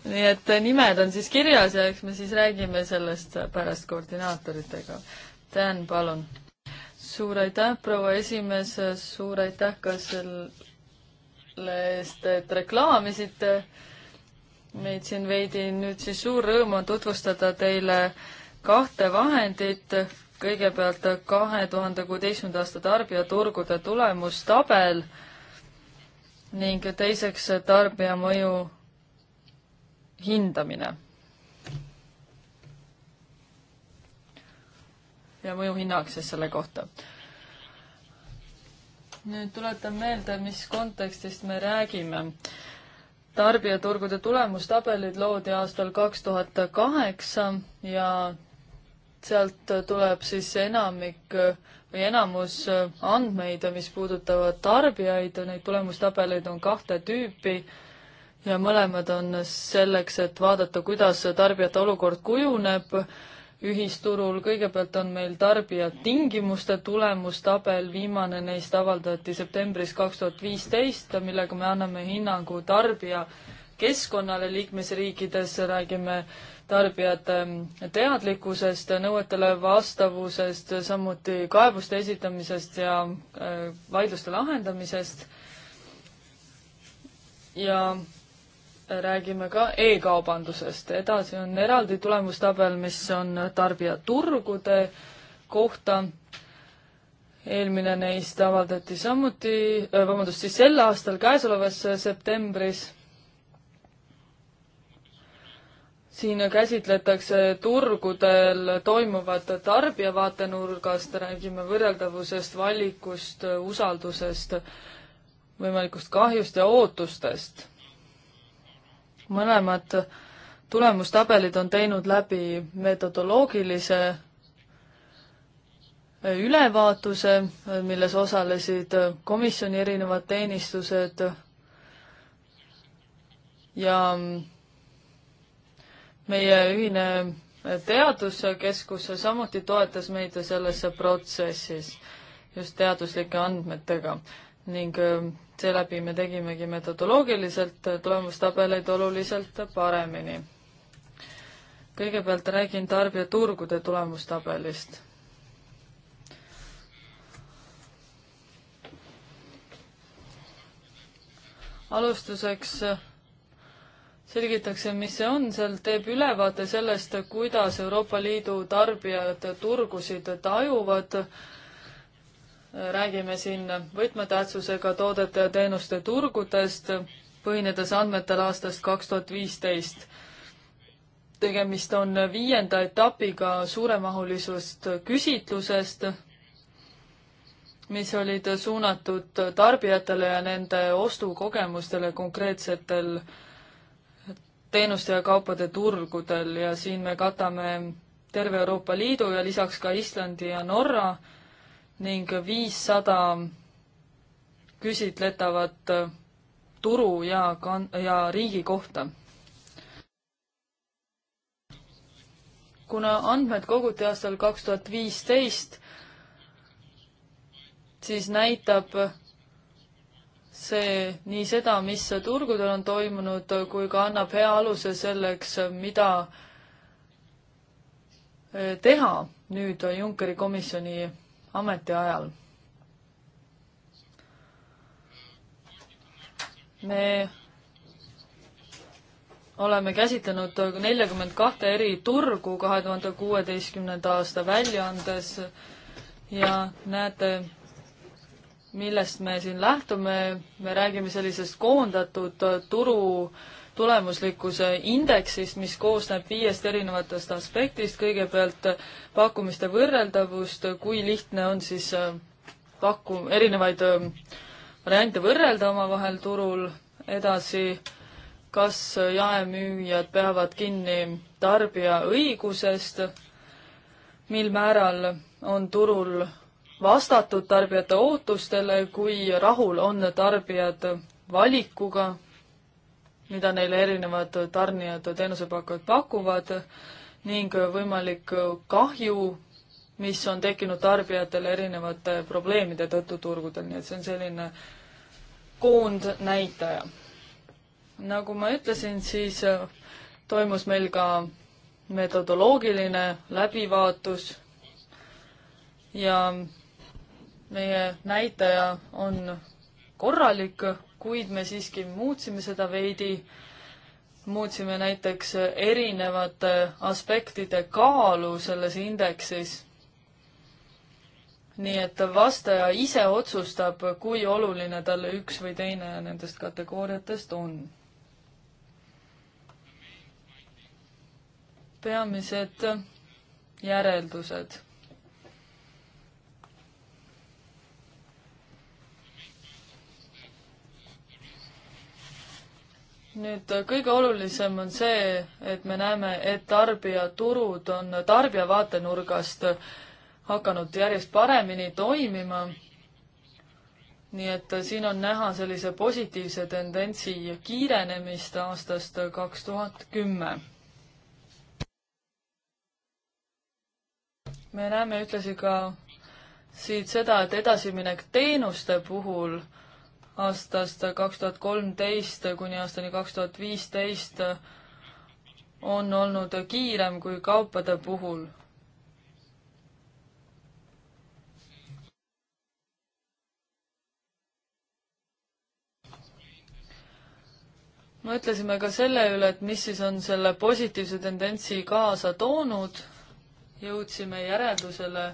nii et nimed on siis kirjas ja eks me siis räägime sellest pärast koordinaatoritega. Dan, palun. suur aitäh, proua esimees, suur aitäh ka sel-, selle eest, et reklaamisite meid siin veidi. nüüd siis suur rõõm on tutvustada teile kahte vahendit. kõigepealt kahe tuhande kuueteistkümnenda aasta tarbijaturgude tulemustabel ning teiseks tarbija mõju hindamine. ja mõjuhinnang siis selle kohta nüüd tuletan meelde, mis kontekstist me räägime. tarbijaturgude tulemustabelid loodi aastal kaks tuhat kaheksa ja sealt tuleb siis enamik või enamus andmeid, mis puudutavad tarbijaid, neid tulemustabeleid on kahte tüüpi ja mõlemad on selleks, et vaadata, kuidas tarbijate olukord kujuneb ühisturul, kõigepealt on meil tarbijatingimuste tulemustabel, viimane neist avaldati septembris kaks tuhat viisteist, millega me anname hinnangu tarbija keskkonnale liikmesriikides, räägime tarbijate ähm, teadlikkusest, nõuetele vastavusest, samuti kaebuste esitamisest ja äh, vaidluste lahendamisest ja räägime ka e-kaubandusest. edasi on eraldi tulemustabel, mis on tarbijaturgude kohta. eelmine neist avaldati samuti, äh, vabandust, siis sel aastal, käesolevas septembris. siin käsitletakse turgudel toimuvat tarbija vaatenurgast, räägime võrreldavusest, valikust, usaldusest, võimalikust kahjust ja ootustest mõlemad tulemustabelid on teinud läbi metodoloogilise ülevaatuse, milles osalesid komisjoni erinevad teenistused ja meie ühine teaduskeskus samuti toetas meid selles protsessis just teaduslike andmetega ning seeläbi me tegimegi metodoloogiliselt toimustabeleid oluliselt paremini. kõigepealt räägin tarbijaturgude tulemustabelist. alustuseks selgitakse, mis see on, seal teeb ülevaate sellest, kuidas Euroopa Liidu tarbijad turgusid tajuvad ta räägime siin võtmetähtsusega toodete ja teenuste turgudest, põhinedes andmetel aastast kaks tuhat viisteist. tegemist on viienda etapiga suuremahulisust küsitlusest, mis olid suunatud tarbijatele ja nende ostukogemustele konkreetsetel teenuste ja kaupade turgudel ja siin me katame terve Euroopa Liidu ja lisaks ka Islandi ja Norra ning viissada küsitletavat turu ja kan-, ja riigi kohta. kuna andmed koguti aastal kaks tuhat viisteist, siis näitab see nii seda, mis turgudel on toimunud, kui ka annab hea aluse selleks, mida eh, teha nüüd Junckeri komisjoni ametiajal. me oleme käsitlenud neljakümmend kahte eri turgu kahe tuhande kuueteistkümnenda aasta väljaandes ja näete, millest me siin lähtume, me räägime sellisest koondatud turu äh, tulemuslikkuse indeksist, mis koosneb viiest erinevatest aspektist, kõigepealt pakkumiste võrreldavust, kui lihtne on siis äh, pakku-, erinevaid äh, variante võrrelda omavahel turul, edasi kas jaemüüjad peavad kinni tarbija õigusest, mil määral on turul vastatud tarbijate ootustele, kui rahul on tarbijad valikuga mida neile erinevad tarnijad, teenusepakkujad pakuvad ning võimalik kahju, mis on tekkinud tarbijatele erinevate probleemide tõttu turgudel, nii et see on selline koondnäitaja. nagu ma ütlesin, siis äh, toimus meil ka metodoloogiline läbivaatus ja meie näitaja on korralik kuid me siiski muutsime seda veidi, muutsime näiteks erinevate aspektide kaalu selles indeksis nii et vastaja ise otsustab, kui oluline talle üks või teine nendest kategooriatest on. peamised järeldused. nüüd äh, kõige olulisem on see, et me näeme, et tarbijaturud on tarbija vaatenurgast hakanud järjest paremini toimima. nii et äh, siin on näha sellise positiivse tendentsi kiirenemist aastast äh, kaks tuhat kümme. me näeme ühtlasi ka siit seda, et edasiminek teenuste puhul aastast kaks tuhat kolmteist kuni aastani kaks tuhat viisteist on olnud kiirem kui kaupade puhul. mõtlesime ka selle üle, et mis siis on selle positiivse tendentsi kaasa toonud. jõudsime järeldusele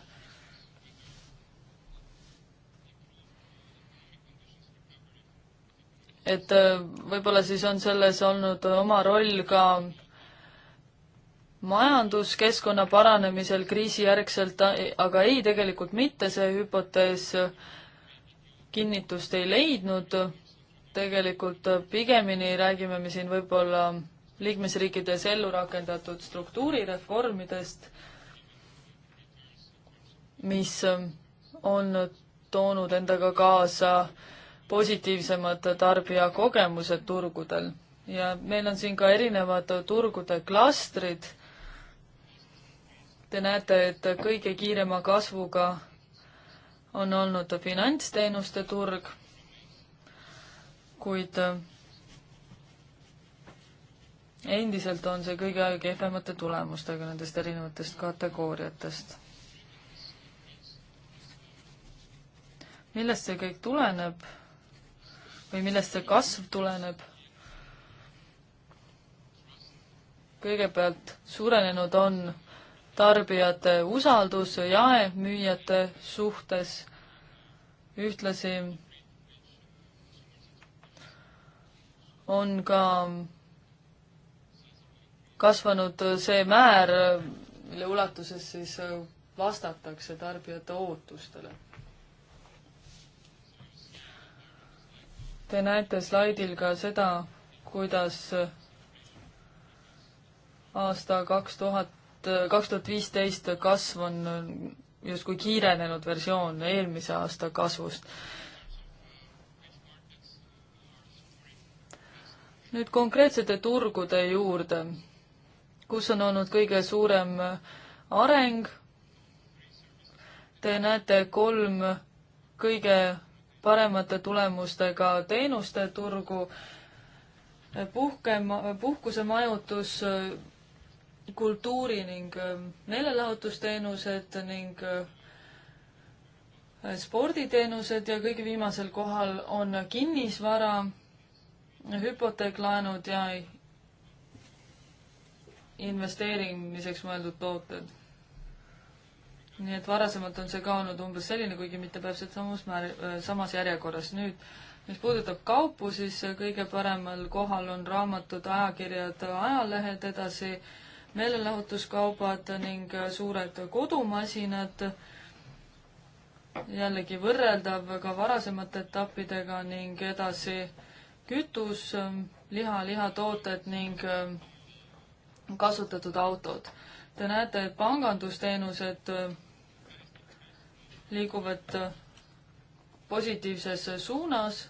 et äh, võib-olla siis on selles olnud oma roll ka majanduskeskkonna paranemisel kriisijärgselt, aga ei, tegelikult mitte, see hüpotees kinnitust ei leidnud. tegelikult äh, pigemini räägime me siin võib-olla liikmesriikides ellu rakendatud struktuurireformidest, mis äh, on toonud endaga kaasa äh, positiivsemad tarbijakogemused turgudel. ja meil on siin ka erinevad turgude klastrid. Te näete, et kõige kiirema kasvuga on olnud finantsteenuste turg, kuid endiselt on see kõige kehvemate tulemustega nendest erinevatest kategooriatest. millest see kõik tuleneb? või millest see kasv tuleneb? kõigepealt suurenenud on tarbijate usaldus jaemüüjate suhtes, ühtlasi on ka kasvanud see määr, mille ulatuses siis vastatakse tarbijate ootustele Te näete slaidil ka seda, kuidas aasta kaks tuhat, kaks tuhat viisteist kasv on justkui kiirenenud versioon eelmise aasta kasvust. nüüd konkreetsete turgude juurde, kus on olnud kõige suurem areng. Te näete kolm kõige paremate tulemustega teenuste turgu, puhke, puhkusemajutus, kultuuri ning äh, meelelahutusteenused ning äh, sporditeenused ja kõige viimasel kohal on kinnisvara, hüpoteeklaenud ja investeerimiseks mõeldud tooted nii et varasemalt on see ka olnud umbes selline, kuigi mitte täpselt samas määr-, äh, samas järjekorras. nüüd, mis puudutab kaupu, siis äh, kõige paremal kohal on raamatud, ajakirjad, äh, ajalehed, edasi meelelahutuskaubad ning suured kodumasinad, jällegi võrreldav ka varasemate etappidega ning edasi kütus, ähm, liha, lihatooted ning ähm, kasutatud autod te näete, et pangandusteenused liiguvad positiivses suunas.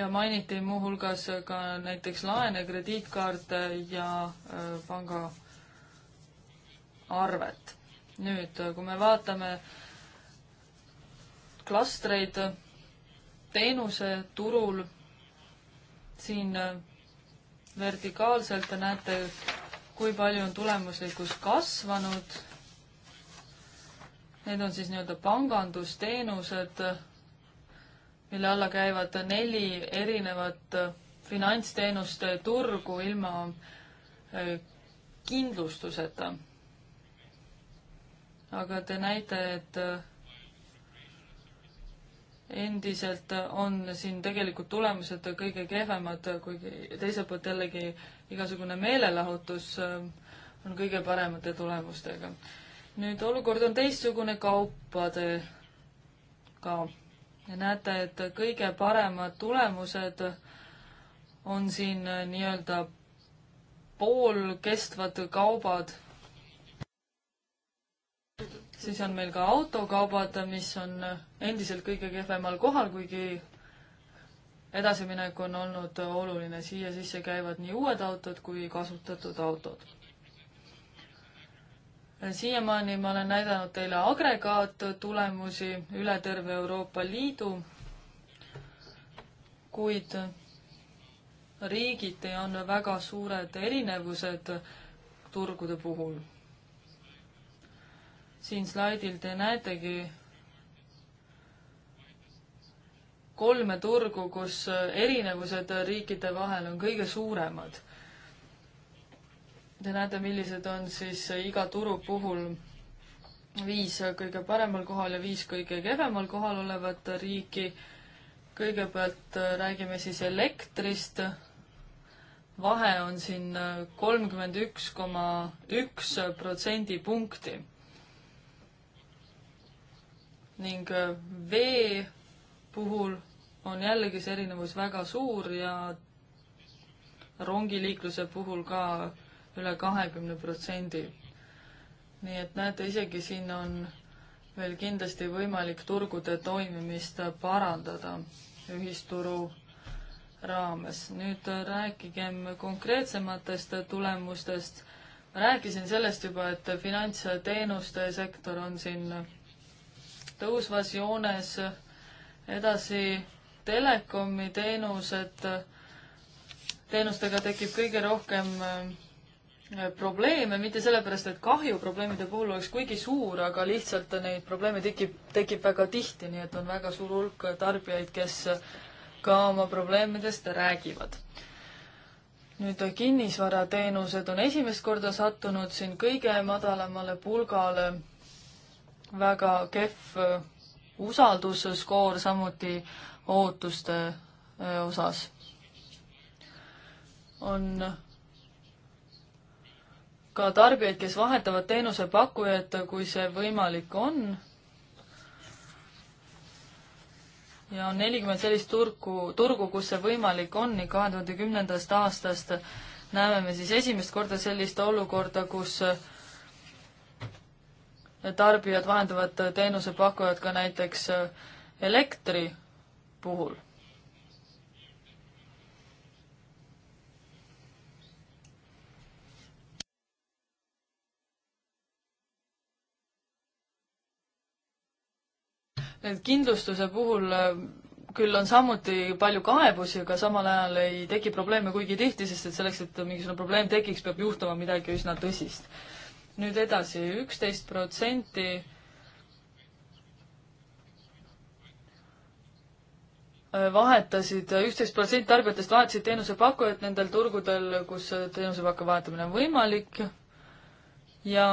ja mainiti muuhulgas ka näiteks laene, krediitkaarte ja äh, pangaarvet. nüüd, kui me vaatame klastreid teenuseturul, siin äh, vertikaalselt te näete, kui palju on tulemuslikkus kasvanud Need on siis nii-öelda pangandusteenused, mille alla käivad neli erinevat finantsteenuste turgu ilma äh, kindlustuseta. aga te näite, et äh, endiselt on siin tegelikult tulemused kõige kehvemad, kuigi teiselt poolt jällegi igasugune meelelahutus äh, on kõige paremate tulemustega nüüd olukord on teistsugune kaupadega ka.. ja näete, et kõige paremad tulemused on siin äh, nii-öelda poolkestvad kaubad. siis on meil ka autokaubad, mis on äh, endiselt kõige kehvemal kohal, kuigi edasiminek on olnud äh, oluline, siia sisse käivad nii uued autod kui kasutatud autod siiamaani ma olen näidanud teile agregaattulemusi üle terve Euroopa Liidu, kuid riigiti on väga suured erinevused turgude puhul. siin slaidil te näetegi kolme turgu, kus erinevused riikide vahel on kõige suuremad Te näete, millised on siis iga turu puhul viis kõige paremal kohal ja viis kõige kehvemal kohal olevat riiki. kõigepealt räägime siis elektrist. vahe on siin kolmkümmend üks koma üks protsendipunkti ning vee puhul on jällegi see erinevus väga suur ja rongiliikluse puhul ka üle kahekümne protsendi. nii et näete, isegi siin on veel kindlasti võimalik turgude toimimist parandada ühisturu raames. nüüd rääkigem konkreetsematest tulemustest. rääkisin sellest juba, et finantsteenuste sektor on siin tõusvas joones. edasi telekomi teenused, teenustega tekib kõige rohkem probleeme, mitte sellepärast, et kahju probleemide puhul oleks kuigi suur, aga lihtsalt neid probleeme tekib, tekib väga tihti, nii et on väga suur hulk tarbijaid, kes ka oma probleemidest räägivad. nüüd kinnisvarateenused on esimest korda sattunud siin kõige madalamale pulgale, väga kehv äh, usaldusskoor samuti ootuste äh, osas on ka tarbijaid, kes vahetavad teenusepakkujat, kui see võimalik on. ja on nelikümmend sellist turgu, turgu, kus see võimalik on ning kahe tuhande kümnendast aastast näeme me siis esimest korda sellist olukorda, kus tarbijad vahendavad teenusepakkujad ka näiteks elektri puhul et kindlustuse puhul äh, küll on samuti palju kaebusi, aga samal ajal ei teki probleeme kuigi tihti, sest et selleks, et mingisugune probleem tekiks, peab juhtuma midagi üsna tõsist. nüüd edasi, üksteist protsenti vahetasid, üksteist protsenti tarbijatest vahetasid teenusepakkujat nendel turgudel, kus teenusepakkuja vahetamine on võimalik ja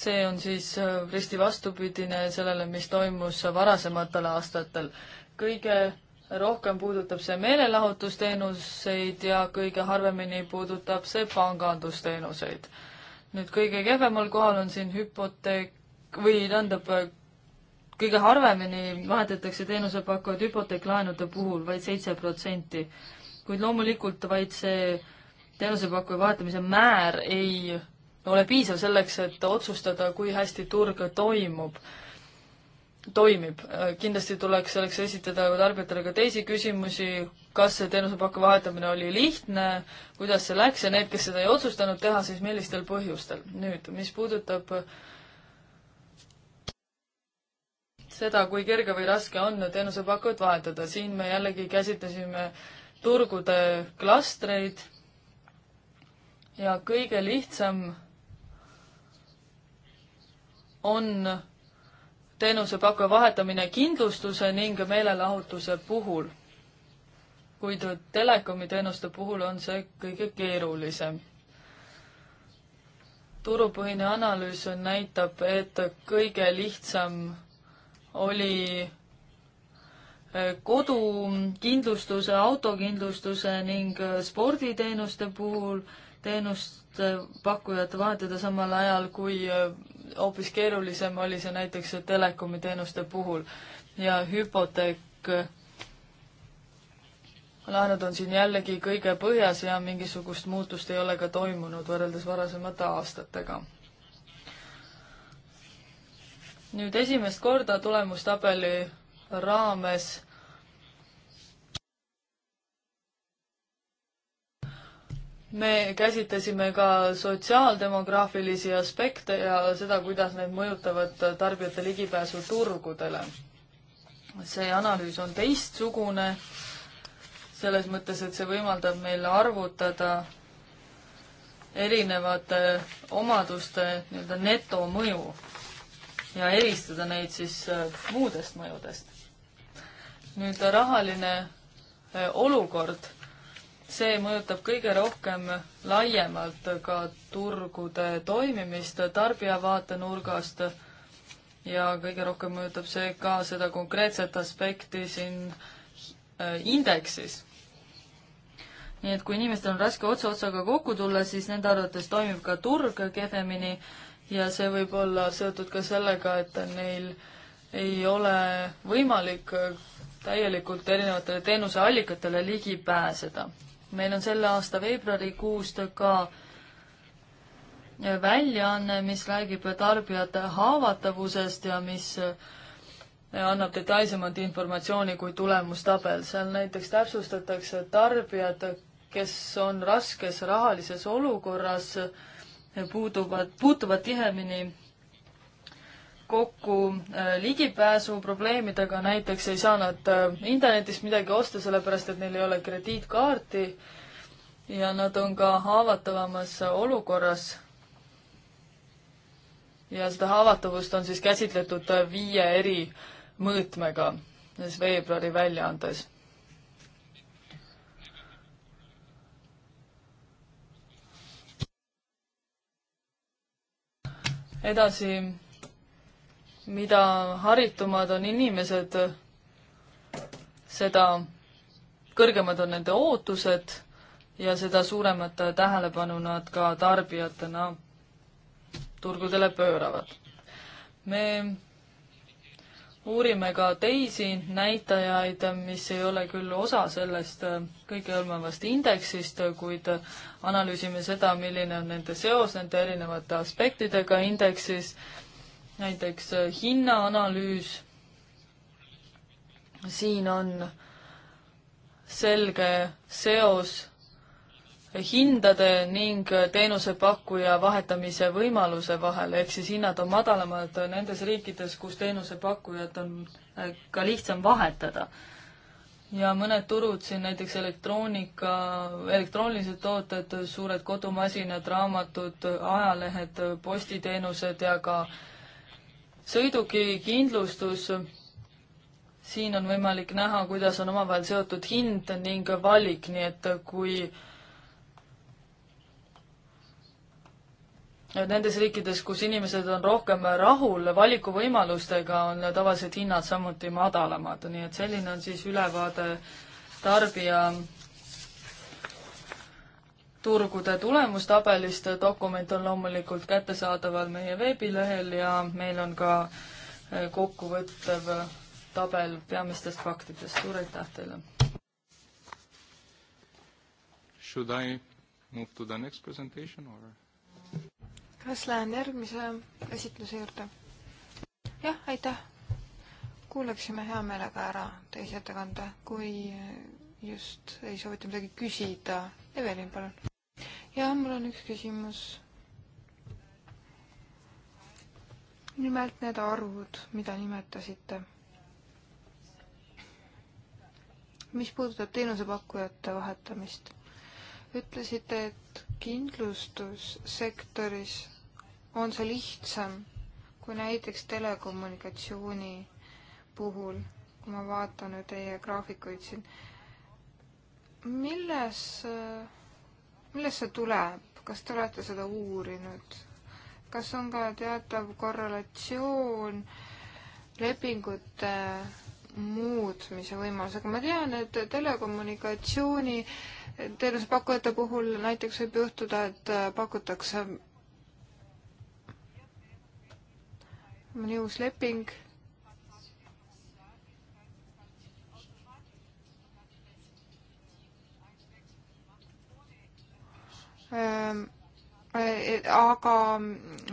see on siis äh, risti vastupidine sellele, mis toimus varasematel aastatel. kõige rohkem puudutab see meelelahutusteenuseid ja kõige harvemini puudutab see pangandusteenuseid. nüüd kõige kehvemal kohal on siin hüpoteek või tähendab, äh, kõige harvemini vahetatakse teenusepakkujad hüpoteeklaenude puhul vaid seitse protsenti, kuid loomulikult vaid see teenusepakkuja vahetamise määr ei ole piisav selleks, et otsustada, kui hästi turg toimub, toimib. kindlasti tuleks selleks esitada tarbijatele ka teisi küsimusi, kas see teenusepakku vahetamine oli lihtne, kuidas see läks ja need, kes seda ei otsustanud teha, siis millistel põhjustel. nüüd, mis puudutab seda, kui kerge või raske on teenusepakkujat vahetada, siin me jällegi käsitlesime turgude klastreid ja kõige lihtsam on teenusepakkuja vahetamine kindlustuse ning meelelahutuse puhul. kuid telekomi teenuste puhul on see kõige keerulisem. turupõhine analüüs näitab, et kõige lihtsam oli eh, kodukindlustuse, autokindlustuse ning eh, sporditeenuste puhul teenuste eh, pakkujat vahetada samal ajal, kui hoopis keerulisem oli see näiteks telekomi teenuste puhul ja hüpoteek laenud on siin jällegi kõige põhjas ja mingisugust muutust ei ole ka toimunud võrreldes varasemate aastatega. nüüd esimest korda tulemustabeli raames me käsitlesime ka sotsiaaldemograafilisi aspekte ja seda, kuidas need mõjutavad tarbijate ligipääsu turgudele. see analüüs on teistsugune selles mõttes, et see võimaldab meil arvutada erinevate omaduste nii-öelda netomõju ja eristada neid siis äh, muudest mõjudest. nüüd rahaline äh, olukord see mõjutab kõige rohkem laiemalt ka turgude toimimist tarbija vaatenurgast ja kõige rohkem mõjutab see ka seda konkreetset aspekti siin äh, indeksis. nii et kui inimestel on raske ots otsaga kokku tulla, siis nende arvates toimib ka turg kehvemini ja see võib olla seotud ka sellega, et neil ei ole võimalik täielikult erinevatele teenuseallikatele ligi pääseda meil on selle aasta veebruarikuust ka väljaanne, mis räägib tarbijate haavatavusest ja mis annab detailsemat informatsiooni kui tulemustabel. seal näiteks täpsustatakse tarbijad, kes on raskes rahalises olukorras, puuduvad, puutuvad tihemini kokku äh, ligipääsu probleemidega, näiteks ei saa nad äh, internetist midagi osta, sellepärast et neil ei ole krediitkaarti ja nad on ka haavatavamas äh, olukorras. ja seda haavatavust on siis käsitletud viie eri mõõtmega, siis veebruari väljaandes edasi mida haritumad on inimesed, seda kõrgemad on nende ootused ja seda suuremat tähelepanu nad ka tarbijatena turgudele pööravad. me uurime ka teisi näitajaid, mis ei ole küll osa sellest kõigehõlmavast indeksist, kuid analüüsime seda, milline on nende seos nende erinevate aspektidega indeksis näiteks äh, hinnaanalüüs, siin on selge seos hindade ning äh, teenusepakkuja vahetamise võimaluse vahel, ehk siis hinnad on madalamad nendes riikides, kus teenusepakkujat on äh, ka lihtsam vahetada. ja mõned turud siin, näiteks elektroonika, elektroonilised tooted, suured kodumasinad, raamatud, ajalehed, postiteenused ja ka äh, sõiduki kindlustus, siin on võimalik näha, kuidas on omavahel seotud hind ning valik, nii et kui et nendes riikides, kus inimesed on rohkem rahul valikuvõimalustega, on tavaliselt hinnad samuti madalamad, nii et selline on siis ülevaade tarbija turgude tulemustabelist, dokument on loomulikult kättesaadaval meie veebilehel ja meil on ka eh, kokkuvõttev tabel peamistest faktidest, suur aitäh teile! Should I move to the next presentation or? kas lähen järgmise esitluse juurde? jah, aitäh! kuulaksime hea meelega ära teise ettekande, kui just ei soovita midagi küsida Evelin, palun. jah, mul on üks küsimus. nimelt need arvud, mida nimetasite. mis puudutab teenusepakkujate vahetamist. ütlesite, et kindlustussektoris on see lihtsam kui näiteks telekommunikatsiooni puhul, kui ma vaatan nüüd teie graafikuid siin milles, millest see tuleb, kas te olete seda uurinud? kas on ka teatav korrelatsioon lepingute muutmise võimalusega, ma tean, et telekommunikatsiooni teenusepakkujate puhul näiteks võib juhtuda, et pakutakse mõni uus leping Ehm, eh, eh, aga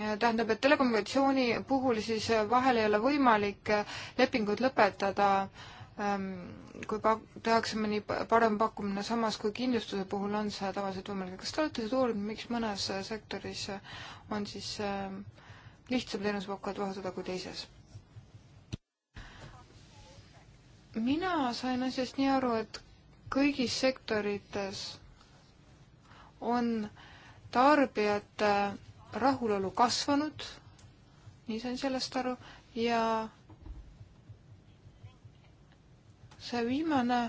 eh, tähendab, et telekommunikatsiooni puhul siis vahel ei ole võimalik lepingut lõpetada, ehm, kui pak-, tehakse mõni parem pakkumine, samas kui kindlustuse puhul on see tavaliselt võimalik. kas te olete seda uurinud, miks mõnes sektoris on siis lihtsam teenusepakkujat vahetada kui teises? mina sain asjast nii aru, et kõigis sektorites on tarbijate rahulolu kasvanud, nii sain sellest aru, ja see viimane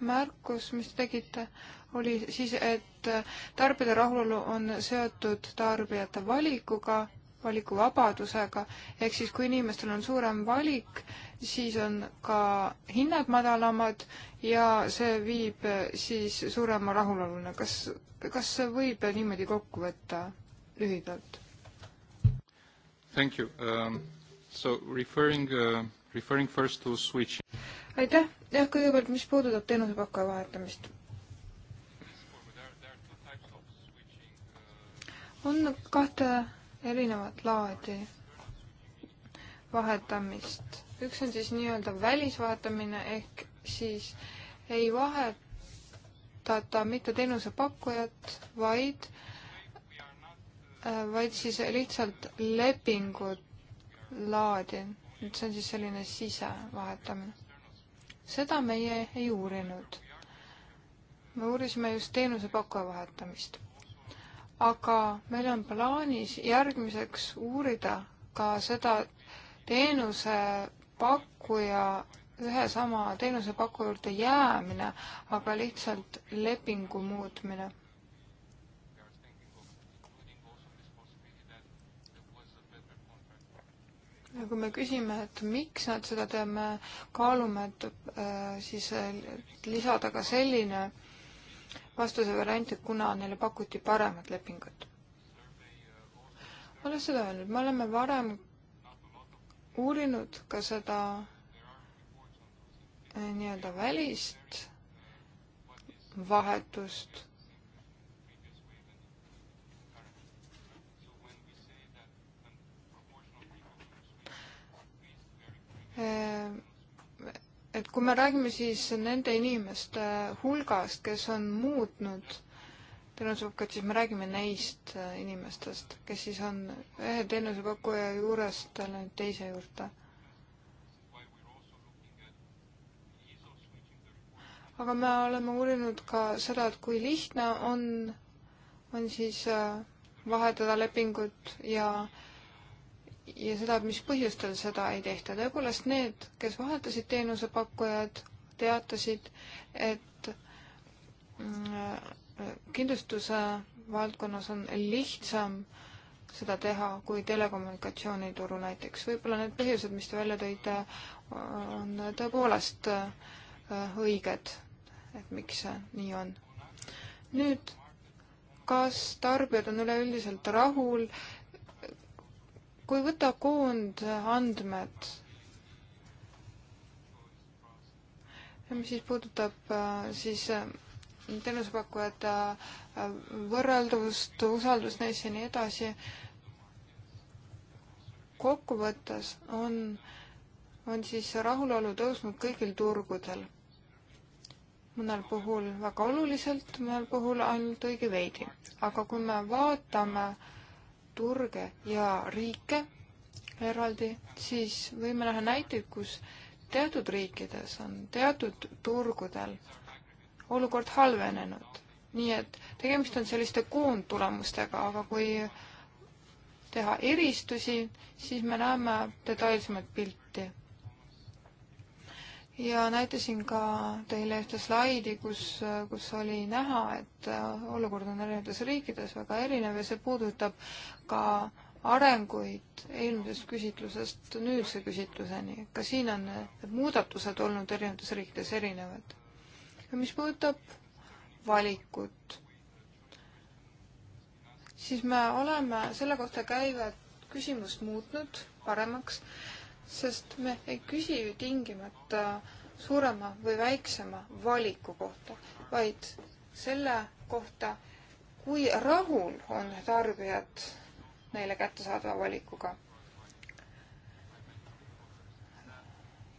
märkus, mis te tegite, oli siis, et tarbijate rahulolu on seotud tarbijate valikuga valikuvabadusega, ehk siis kui inimestel on suurem valik, siis on ka hinnad madalamad ja see viib eh, siis suurema rahuloluna. kas, kas võib niimoodi kokku võtta lühidalt? Thank you um,. So referring uh, referring first to switch. aitäh, jah, kõigepealt, mis puudutab teenusepakkuja vahetamist uh, on kahte erinevat laadi vahetamist. üks on siis nii-öelda välisvahetamine ehk siis ei vahetata mitte teenusepakkujat, vaid, äh, vaid siis lihtsalt lepingut laadi. et see on siis selline sisevahetamine. seda meie ei uurinud. me uurisime just teenusepakkuja vahetamist aga meil on plaanis järgmiseks uurida ka seda teenusepakkuja, ühe sama teenusepakkuja juurde jäämine, aga lihtsalt lepingu muutmine ja kui me küsime, et miks nad seda teevad, me kaalume, et äh, siis äh, lisada ka selline vastuse variante, kuna neile pakuti paremat lepingut. olles seda öelnud, me oleme varem uurinud ka seda eh, nii-öelda välist vahetust eh, et kui me räägime siis nende inimeste hulgast, kes on muutnud teenusepakkujaid, siis me räägime neist äh, inimestest, kes siis on ühe teenusepakkuja juurest läinud teise juurde. aga me oleme uurinud ka seda, et kui lihtne on, on siis äh, vahetada lepingut ja äh, ja seda, mis põhjustel seda ei tehta. tõepoolest need, kes vahetasid teenusepakkujad, teatasid, et mm, kindlustuse valdkonnas on lihtsam seda teha kui telekommunikatsioonituru näiteks. võib-olla need põhjused, mis te välja tõite, on tõepoolest äh, õiged, et miks see nii on. nüüd, kas tarbijad on üleüldiselt rahul kui võtta koondandmed, mis siis puudutab äh, siis äh, teenusepakkujate äh, võrreldavust, usaldust neisse ja nii edasi, kokkuvõttes on, on siis rahulolu tõusnud kõigil turgudel. mõnel puhul väga oluliselt, mõnel puhul ainult õige veidi. aga kui me vaatame äh, turge ja riike eraldi, siis võime näha näiteid, kus teatud riikides on teatud turgudel olukord halvenenud. nii et tegemist on selliste koondtulemustega, aga kui teha eristusi, siis me näeme detailsemat pilti ja näitasin ka teile ühte slaidi, kus, kus oli näha, et äh, olukord on erinevates riikides väga erinev ja see puudutab ka arenguid eelmisest küsitlusest nüüdse küsitluseni. ka siin on need muudatused olnud erinevates riikides erinevad. ja mis puudutab valikut, siis me oleme selle kohta käivat küsimust muutnud paremaks sest me ei küsi ju tingimata suurema või väiksema valiku kohta, vaid selle kohta, kui rahul on tarbijad neile kättesaadava valikuga.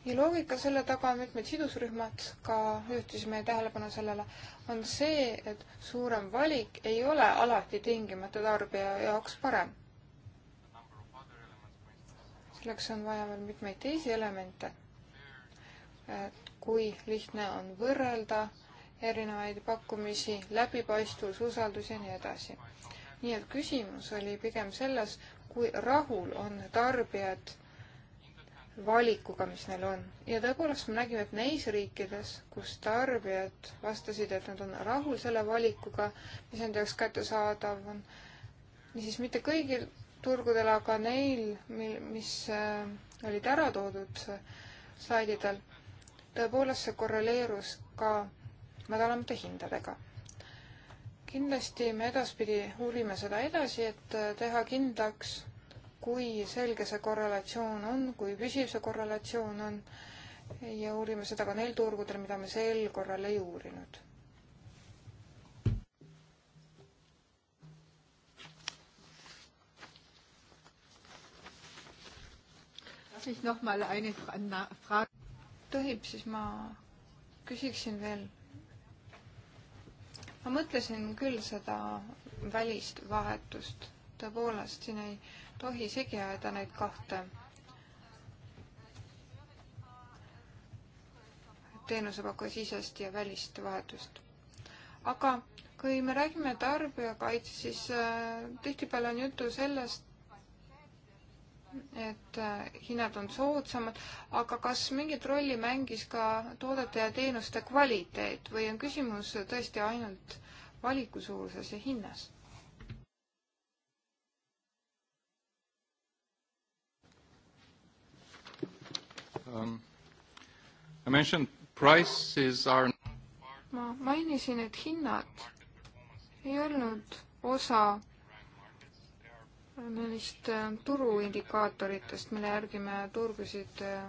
ja loogika selle taga, mitmed sidusrühmad ka juhtisid meie tähelepanu sellele, on see, et suurem valik ei ole alati tingimata tarbija jaoks parem selleks on vaja veel mitmeid teisi elemente. et kui lihtne on võrrelda erinevaid pakkumisi, läbipaistvus, usaldus ja nii edasi. nii et küsimus oli pigem selles, kui rahul on tarbijad valikuga, mis neil on. ja tõepoolest me nägime, et neis riikides, kus tarbijad vastasid, et nad on rahul selle valikuga, mis nende jaoks kättesaadav on, niisiis mitte kõigil turgudel, aga neil, mil, mis äh, olid ära toodud slaididel, tõepoolest see korreleerus ka madalamate hindadega. kindlasti me edaspidi uurime seda edasi, et äh, teha kindlaks, kui selge see korrelatsioon on, kui püsiv see korrelatsioon on ja uurime seda ka neil turgudel, mida me sel korral ei uurinud herzlich nochmal eine Frage. tohib, siis ma küsiksin veel. ma mõtlesin küll seda välist vahetust, tõepoolest siin ei tohi segi ajada neid kahte teenusepakkuja sisest ja välist vahetust. aga kui me räägime tarbijakaitse, siis äh, tihtipeale on juttu sellest, et äh, hinnad on soodsamad, aga kas mingit rolli mängis ka toodete ja teenuste kvaliteet või on küsimus tõesti ainult valiku suuruses ja hinnas? Um, I mentioned prices are ma mainisin, et hinnad ei olnud osa neist äh, turuindikaatoritest, mille järgi me turgusid äh,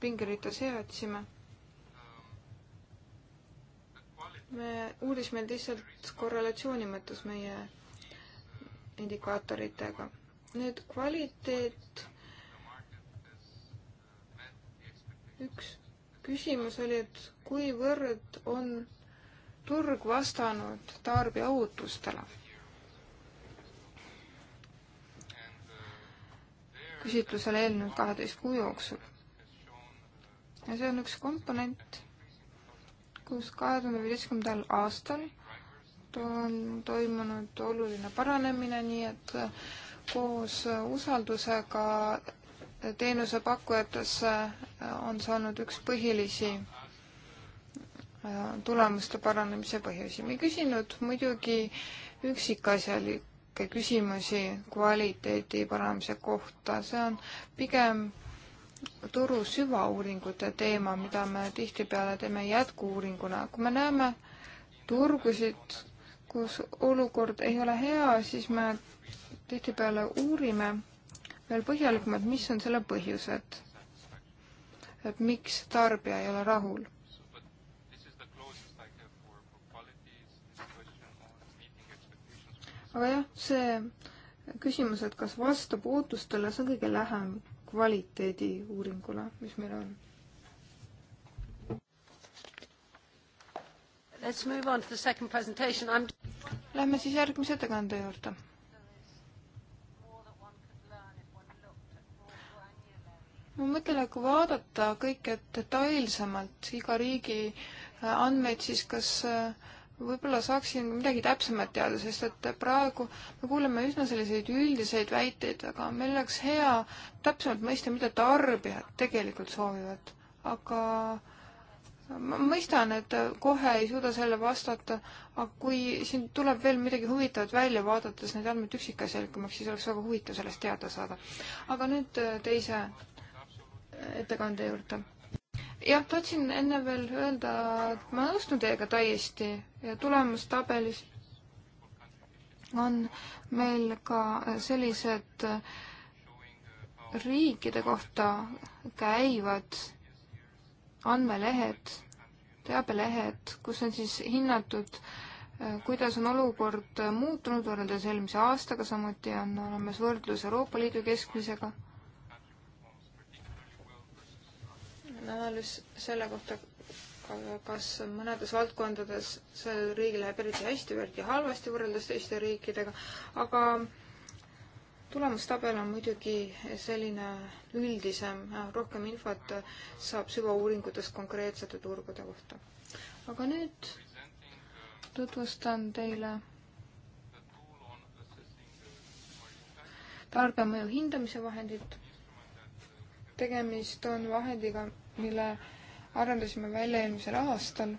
pingerites seadsime. me uurisime lihtsalt korrelatsiooni mõttes meie indikaatoritega. nüüd kvaliteet. üks küsimus oli, et kuivõrd on turg vastanud tarbija ootustele küsitlusele eelnenud kaheteist kuu jooksul. ja see on üks komponent, kus kahe tuhande viieteistkümnendal aastal on toimunud oluline paranemine, nii et koos usaldusega teenusepakkujatesse on saanud üks põhilisi äh, tulemuste paranemise põhjusi. me ei küsinud muidugi üksikasjalik kõikvõimalikke küsimusi kvaliteedi paranemise kohta, see on pigem turu süvauuringute teema, mida me tihtipeale teeme jätku-uuringuna. kui me näeme turgusid, kus olukord ei ole hea, siis me tihtipeale uurime veel põhjalikumalt, mis on selle põhjused, et miks tarbija ei ole rahul aga jah, see küsimus, et kas vastab ootustele, see on kõige lähem kvaliteediuuringule, mis meil on. Let's move on to the second presentation. I'm... Lähme siis järgmise ettekande juurde. ma mõtlen, et kui vaadata kõike detailsemalt, iga riigi andmeid, siis kas äh, võib-olla saaksin midagi täpsemat teada, sest et praegu me kuuleme üsna selliseid üldiseid väiteid, aga meil oleks hea täpsemalt mõista, mida tarbijad tegelikult soovivad. aga ma mõistan, et kohe ei suuda selle vastata, aga kui siin tuleb veel midagi huvitavat välja, vaadates neid andmeid üksikasjalikumaks, siis oleks väga huvitav sellest teada saada. aga nüüd teise ettekande juurde jah, tahtsin enne veel öelda, et ma nõustun teiega täiesti ja tulemustabelis on meil ka sellised riikide kohta käivad andmelehed, teabelehed, kus on siis hinnatud, eh, kuidas on olukord muutunud võrreldes eelmise aastaga, samuti on olemas võrdlus Euroopa Liidu keskmisega analüüs selle kohta, kas mõnedes valdkondades sellel riigil läheb eriti hästi või eriti halvasti võrreldes teiste riikidega, aga tulemustabel on muidugi selline üldisem, rohkem infot saab süvauuringutest konkreetsete turgude kohta. aga nüüd tutvustan teile tarbijamõju hindamise vahendit. tegemist on vahendiga, mille arendasime välja eelmisel aastal.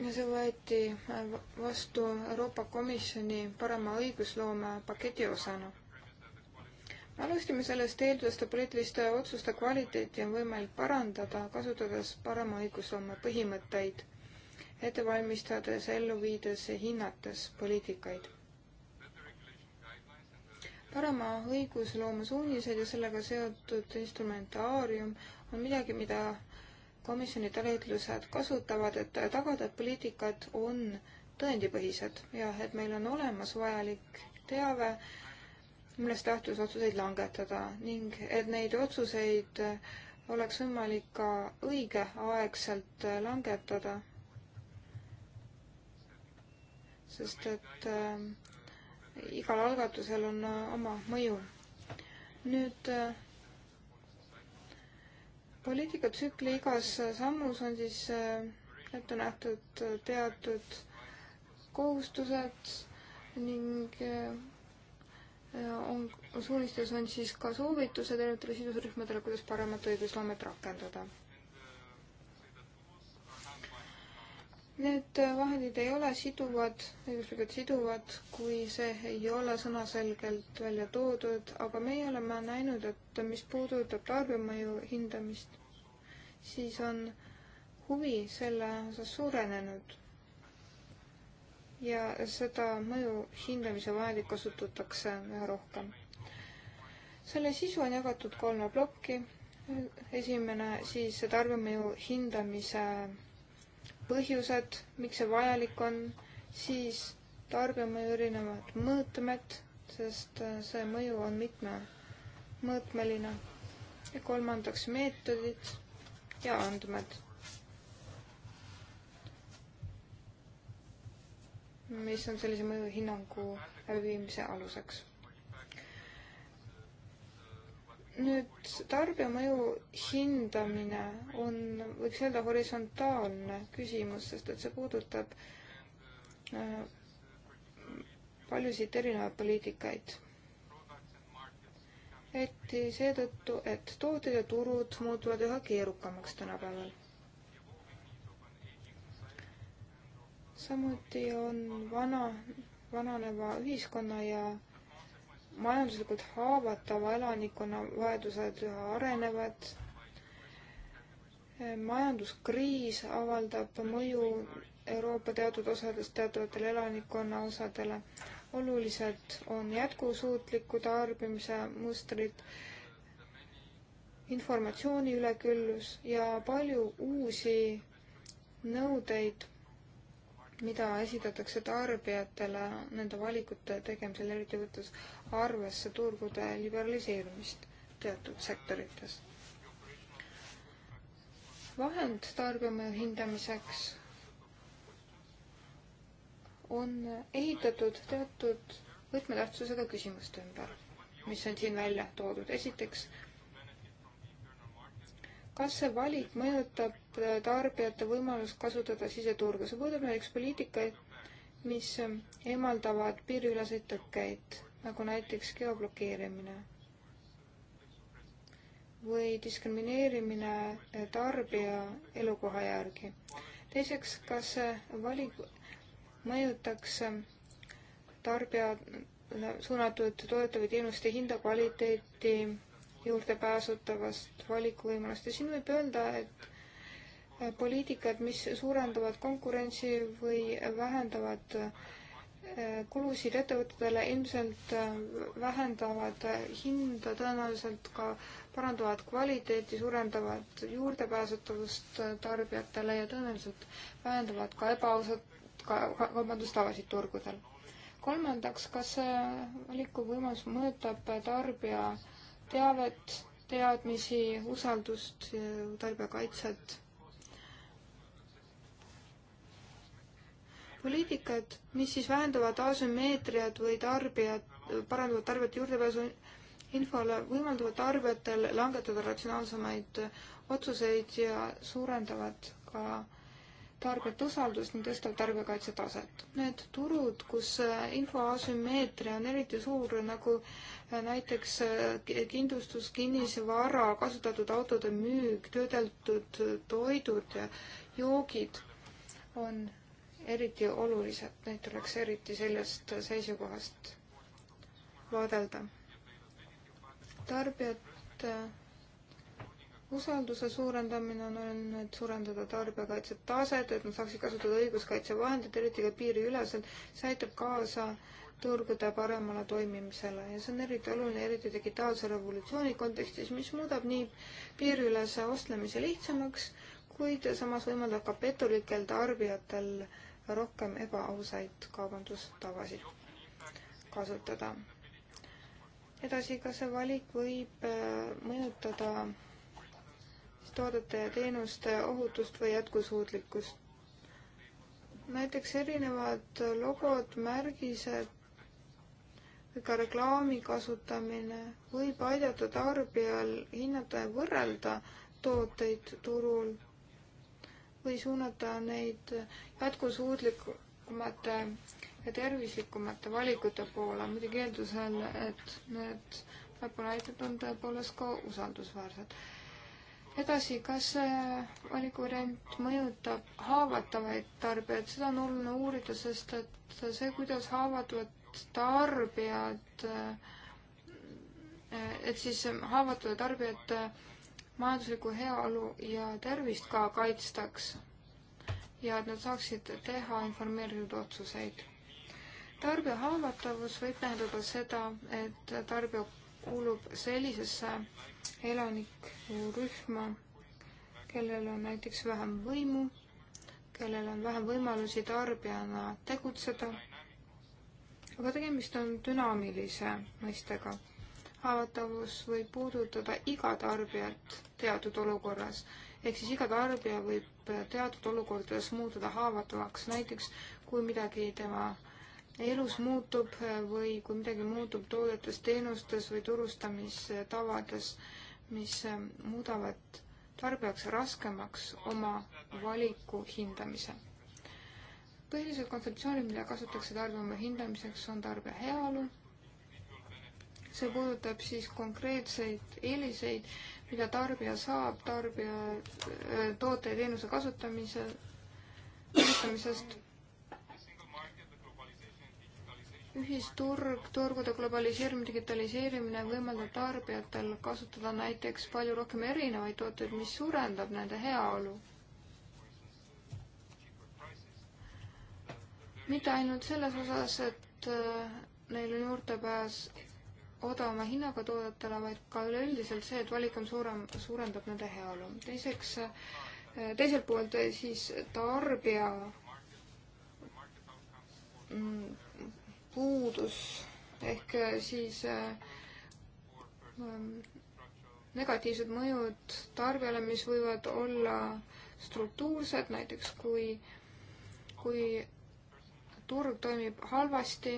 ja see võeti äh, vastu Euroopa Komisjoni parema õigusloome paketi osana. alustame sellest eeldusest, et poliitiliste otsuste kvaliteeti on võimalik parandada, kasutades parema õigusloome põhimõtteid, ette valmistades, ellu viides ja hinnates poliitikaid parema õigusloome suunised ja sellega seotud instrumentaarium on midagi, mida komisjoni talitlused kasutavad, et tagada, et poliitikad on tõendipõhised ja et meil on olemas vajalik teave, millest lähtus otsuseid langetada ning et neid otsuseid oleks võimalik ka õigeaegselt langetada. sest et äh, igal algatusel on äh, oma mõju. nüüd äh, poliitikatsükli igas äh, sammus on siis ette nähtud teatud kohustused ning on, suunistes on siis ka soovitused erinevatele sidusrühmadele, kuidas paremat õigusloomet rakendada Need vahendid ei ole siduvad, õiguslikult siduvad, kui see ei ole sõnaselgelt välja toodud, aga meie oleme näinud, et mis puudutab tarbimaju hindamist, siis on huvi selle osas suurenenud. ja seda mõju hindamise vahendit kasutatakse üha rohkem. selle sisu on jagatud kolme plokki. esimene siis tarbimaju hindamise põhjused, miks see vajalik on, siis tarbime erinevad mõõtmed, sest äh, see mõju on mitmemõõtmeline. ja kolmandaks meetodid ja andmed, mis on sellise mõjuhinnangu läbiviimise aluseks nüüd tarbija mõju hindamine on, võiks öelda, horisontaalne küsimus, sest et see puudutab äh, paljusid erinevaid poliitikaid. eriti seetõttu, et tooted ja turud muutuvad üha keerukamaks tänapäeval. samuti on vana, vananeva ühiskonna ja majanduslikult haavatava elanikkonna vajadused üha arenevad. majanduskriis avaldab mõju Euroopa teatud osades teatavatele elanikkonna osadele. olulised on jätkusuutliku tarbimise mustrid, informatsiooni üleküllus ja palju uusi nõudeid mida esitatakse tarbijatele nende valikute tegemisel, eriti võttes arvesse turgude liberaliseerumist teatud sektorites. vahend tarbijamõju hindamiseks on ehitatud teatud võtmetähtsusega küsimuste ümber, mis on siin välja toodud. esiteks kas see valik mõjutab äh, tarbijate võimalust kasutada siseturgu? see puudutab näiteks poliitikaid, mis ähm, eemaldavad piiriüleseid tõkkeid, nagu näiteks geoblokeerimine või diskrimineerimine äh, tarbija elukoha järgi. teiseks, kas see valik mõjutaks ähm, tarbija suunatud toodetava teenuste hinda, kvaliteeti, juurdepääsutavast valikuvõimalusest ja siin võib öelda, et poliitikad, mis suurendavad konkurentsi või vähendavad äh, kulusid ettevõtetele, ilmselt äh, vähendavad hinda, tõenäoliselt ka parandavad kvaliteeti, suurendavad juurdepääsetavust äh, tarbijatele ja tõenäoliselt vähendavad ka ebaausat kaubandustavasid turgudel. kolmandaks, kas see valikuvõimalus mõjutab tarbija teavet, teadmisi, usaldust, äh, tarbijakaitset. poliitikad, mis siis vähendavad asümmeetriat või tarbijat, parandavad tarbijate juurdepääsu infole, võimaldavad tarbijatel langetada ratsionaalsemaid otsuseid ja suurendavad ka tarbijate usaldust ning tõstab tarbijakaitse taset. Need turud, kus äh, info asümmeetria on eriti suur, nagu äh, näiteks äh, kindlustus, kinnisvara, kasutatud autode müük, töödeldud toidud ja joogid, on eriti olulised, neid tuleks eriti sellest seisukohast vaadelda. tarbijate usalduse suurendamine on olnud, et suurendada tarbijakaitse taset, et nad saaksid kasutada õiguskaitsevahendeid, eriti ka piiriüleselt, see aitab kaasa turgude paremale toimimisele ja see on eriti oluline, eriti digitaalse revolutsiooni kontekstis, mis muudab nii piiriülese ostlemise lihtsamaks, kuid samas võimaldab ka pettulikel tarbijatel rohkem ebaausaid kaubandustavasid kasutada. edasi, kas see valik võib äh, mõjutada toodete ja teenuste ohutust või jätkusuutlikkust. näiteks erinevad logod, märgised või ka reklaami kasutamine võib aidata tarbijal hinnata ja võrrelda tooteid turul või suunata neid jätkusuutlikumate ja tervislikumate valikute poole, muidugi eeldusel, et need äpulaitid on tõepoolest ka usaldusväärsed edasi, kas see äh, valikuvariant mõjutab haavatavaid tarbijaid, seda on oluline uurida, sest et see, kuidas haavatavad tarbijad, äh, et siis haavatavad tarbijad äh, majanduslikku heaolu ja tervist ka kaitstaks ja et nad saaksid teha informeeritud otsuseid. tarbija haavatavus võib tähendada seda, et tarbija kuulub sellisesse elanikurühma, kellel on näiteks vähem võimu, kellel on vähem võimalusi tarbijana tegutseda, aga tegemist on dünaamilise mõistega. haavatavus võib puudutada iga tarbijat teatud olukorras, ehk siis iga tarbija võib teatud olukordades muutuda haavatavaks, näiteks kui midagi tema elus muutub äh, või kui midagi muutub toodetes, teenustes või turustamistavades, mis äh, muudavad tarbijaks raskemaks oma valiku hindamise. põhilised kontseptsioonid, mida kasutatakse tarbima hindamiseks, on tarbija heaolu, see puudutab siis konkreetseid eeliseid, mida tarbija saab tarbija äh, toote ja teenuse kasutamise, kasutamisest ühisturg, turgude globaliseerimine, digitaliseerimine võimaldab tarbijatel kasutada näiteks palju rohkem erinevaid tooteid, mis suurendab nende heaolu. mitte ainult selles osas, et äh, neil on juurdepääs odavama hinnaga toodetele, vaid ka üleüldiselt see, et valik on suurem, suurendab nende heaolu. teiseks, äh, teiselt poolt äh, siis tarbija mm, puudus ehk äh, siis äh, ähm, negatiivsed mõjud tarbijale, mis võivad olla struktuursed, näiteks kui, kui turg toimib halvasti,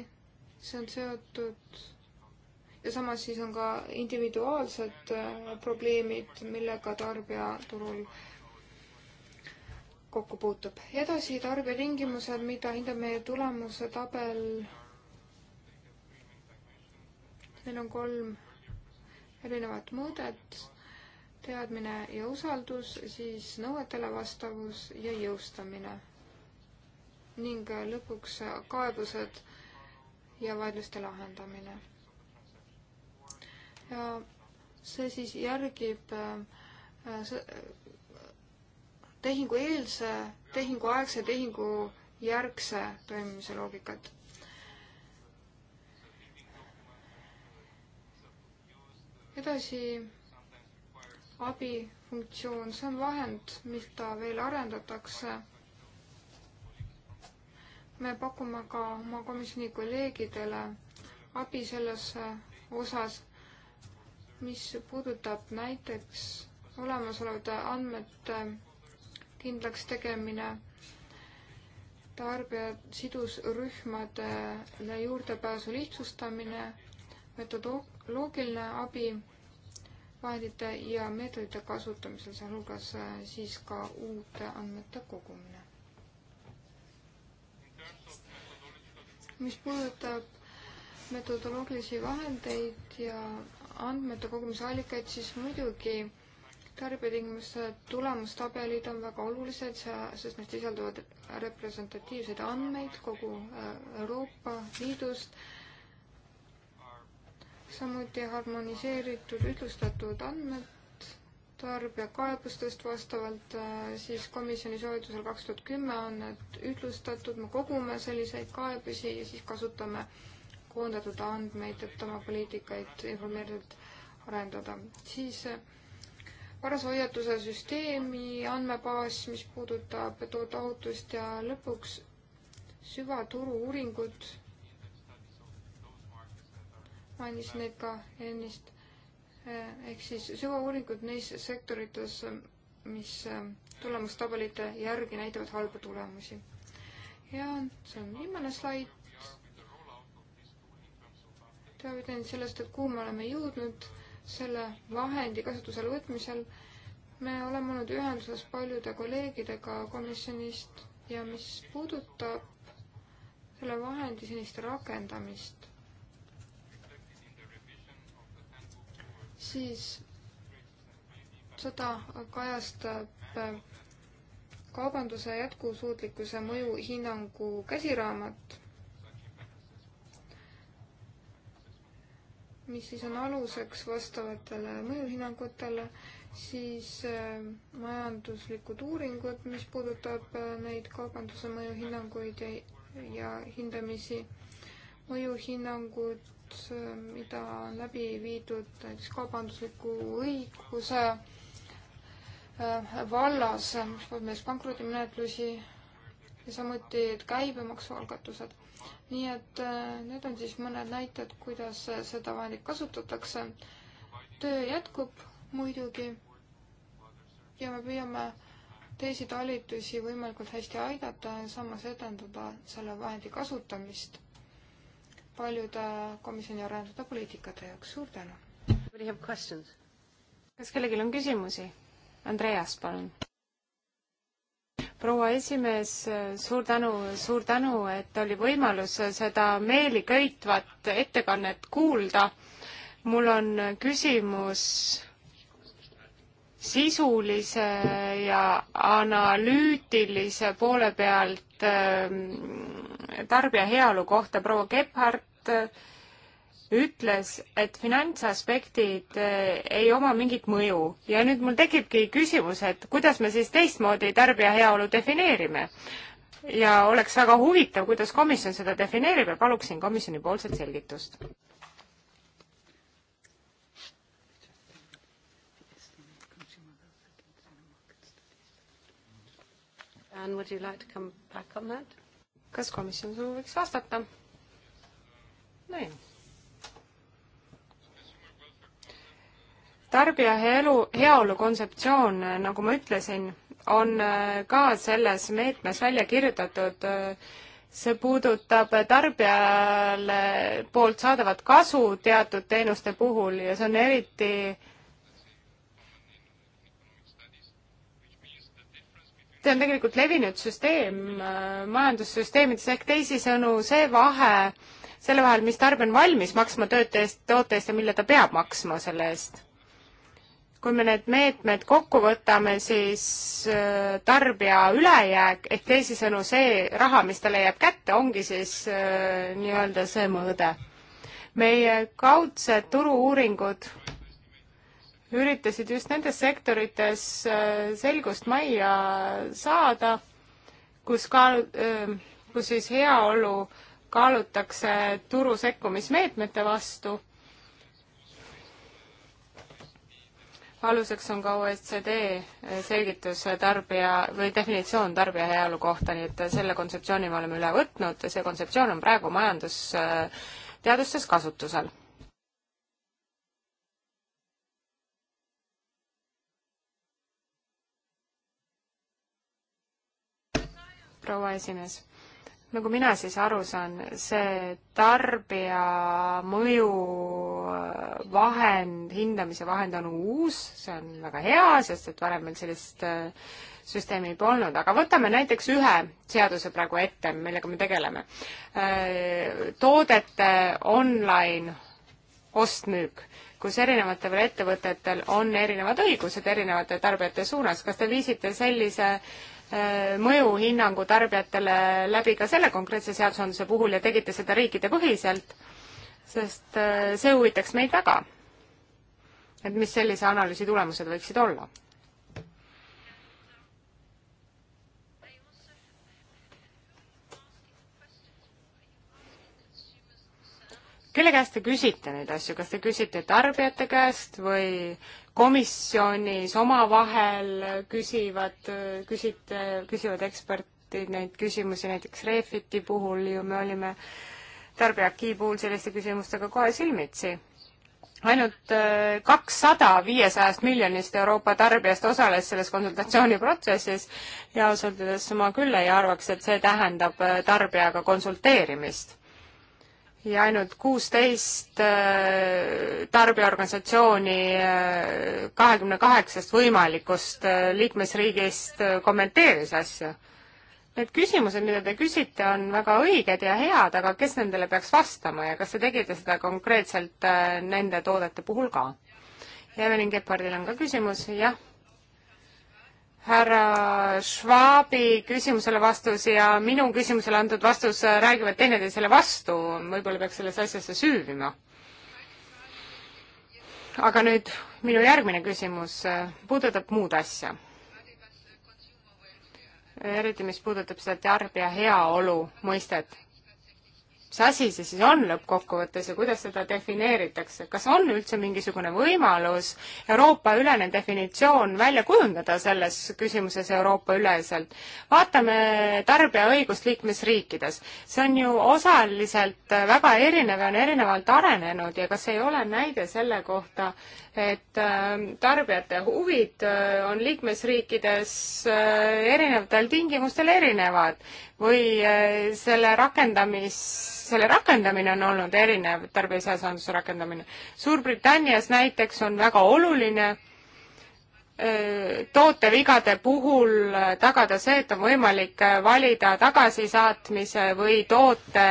see on seotud ja samas siis on ka individuaalsed äh, probleemid, millega tarbija turul kokku puutub. edasi tarbijatingimused, mida hindab meie tulemuse tabel meil on kolm erinevat mõõdet, teadmine ja usaldus, siis nõuetele vastavus ja jõustamine. ning lõpuks kaebused ja vaidluste lahendamine. ja see siis järgib äh, tehingueelse, tehinguaegse, tehingujärgse toimimise loogikat edasi abifunktsioon, see on vahend, mida veel arendatakse. me pakume ka oma komisjoni kolleegidele abi selles osas, mis puudutab näiteks olemasolevate andmete kindlaks tegemine, tarbija sidusrühmadele juurdepääsu lihtsustamine, metodoloogiline abi vahendite ja meetodite kasutamisel, sealhulgas äh, siis ka uute andmete kogumine. mis puudutab metodoloogilisi vahendeid ja andmete kogumise allikaid, siis muidugi tarbijatingimuste tulemustabelid on väga olulised, sest need sisaldavad representatiivseid andmeid kogu äh, Euroopa Liidust samuti harmoniseeritud ühtlustatud andmed tarbija kaebustest vastavalt äh, siis komisjoni soovitusel kaks tuhat kümme on need ühtlustatud, me kogume selliseid kaebusi ja siis kasutame koondatud andmeid, et oma poliitikaid informeeritult arendada. siis varase äh, hoiatuse süsteemi andmebaas, mis puudutab tooteohutust ja lõpuks süvaturu uuringud mainis neid ka ennist, eh, ehk siis süvauuringud neis sektorites, mis eh, tulemustabelite järgi näitavad halbu tulemusi. ja see on viimane slaid. teavitan sellest, et kuhu me oleme jõudnud selle vahendi kasutusele võtmisel. me oleme olnud ühenduses paljude kolleegidega komisjonist ja mis puudutab selle vahendi senist rakendamist siis seda kajastab äh, kaubanduse jätkusuutlikkuse mõjuhinnangu käsiraamat, mis siis on aluseks vastavatele mõjuhinnangutele, siis äh, majanduslikud uuringud, mis puudutab äh, neid kaubanduse mõjuhinnanguid ja, ja hindamisi, mõjuhinnangud mida on läbi viidud näiteks kaubandusliku õiguse äh, vallas, mis puudutab näiteks pankrotimenetlusi ja samuti käibemaksualgatused. nii et äh, need on siis mõned näited, kuidas seda vahendit kasutatakse. töö jätkub muidugi ja me püüame teisi talitusi võimalikult hästi aidata ja samas edendada selle vahendi kasutamist paljude komisjoni arendatud poliitikate jaoks, suur tänu! kas kellelgi on küsimusi? Andreas, palun! proua esimees, suur tänu, suur tänu, et oli võimalus seda meeliköitvat ettekannet kuulda. mul on küsimus sisulise ja analüütilise poole pealt ähm, tarbija heaolu kohta. proua Gebhardt raport äh, ütles, et finantsaspektid äh, ei oma mingit mõju ja nüüd mul tekibki küsimus, et kuidas me siis teistmoodi tarbija heaolu defineerime? ja oleks väga huvitav, kuidas komisjon seda defineerib ja paluksin komisjonipoolset selgitust. Anne, would you like to come back on that? kas komisjon sooviks vastata? näin. tarbija heaolu, heaolu kontseptsioon, nagu ma ütlesin, on äh, ka selles meetmes välja kirjutatud. see puudutab tarbijale poolt saadavat kasu teatud teenuste puhul ja see on eriti see on tegelikult levinud süsteem äh, majandussüsteemides ehk teisisõnu see vahe, selle vahel, mis tarbija on valmis maksma tööte eest, toote eest ja mille ta peab maksma selle eest. kui me need meetmed kokku võtame, siis äh, tarbija ülejääk ehk teisisõnu see raha, mis talle jääb kätte, ongi siis äh, nii-öelda see mõõde. meie kaudsed turu-uuringud üritasid just nendes sektorites äh, selgust majja saada, kus ka, kus siis heaolu äh, kaalutakse turu sekkumismeetmete vastu. aluseks on ka OECD selgitus tarbija või definitsioon tarbija heaolu kohta, nii et selle kontseptsiooni me oleme üle võtnud, see kontseptsioon on praegu majandusteadustes kasutusel proua esimees nagu mina siis aru saan, see tarbija mõju äh, vahend, hindamise vahend on uus, see on väga hea, sest et varem meil sellist äh, süsteemi polnud, aga võtame näiteks ühe seaduse praegu ette, millega me tegeleme. Äh, toodete online ost-müük, kus erinevatel ettevõtetel on erinevad õigused erinevate tarbijate suunas. kas te viisite sellise äh, Äh, mõjuhinnangu tarbijatele läbi ka selle konkreetse seadusandluse puhul ja tegite seda riikidepõhiselt, sest äh, see huvitaks meid väga. et mis sellise analüüsi tulemused võiksid olla kelle käest te küsite neid asju, kas te küsite tarbijate käest või komisjonis omavahel küsivad, küsite, küsivad ekspertid neid küsimusi, näiteks Refiti puhul ju me olime tarbijakii puhul selliste küsimustega kohe silmitsi ainult äh, kakssada viiesajast miljonist Euroopa tarbijast osales selles konsultatsiooniprotsessis ja ausalt öeldes ma küll ei arvaks, et see tähendab äh, tarbijaga konsulteerimist ja ainult kuusteist äh, tarbijaorganisatsiooni äh, kahekümne kaheksast võimalikust äh, liikmesriigist kommenteeris asju. Need küsimused, mida te küsite, on väga õiged ja head, aga kes nendele peaks vastama ja kas te tegite seda konkreetselt nende toodete puhul ka? Evelyn Gebhardil on ka küsimus, jah härra Schwabi küsimusele vastus ja minu küsimusele antud vastus räägivad teineteisele vastu, võib-olla peaks sellesse asjasse süüvima. aga nüüd minu järgmine küsimus puudutab muud asja. eriti, mis puudutab seda tarbija heaolu mõistet mis asi see siis on lõppkokkuvõttes ja kuidas seda defineeritakse, kas on üldse mingisugune võimalus Euroopa-ülene definitsioon välja kujundada selles küsimuses Euroopa-üleselt? vaatame tarbijaõigust liikmesriikides. see on ju osaliselt väga erinev ja on erinevalt arenenud ja kas ei ole näide selle kohta, et ähm, tarbijate huvid äh, on liikmesriikides äh, erinevatel tingimustel erinevad või äh, selle rakendamis, selle rakendamine on olnud erinev, tarbijaseadusandluse rakendamine. Suurbritannias näiteks on väga oluline äh, tootevigade puhul äh, tagada see, et on võimalik valida tagasisaatmise või toote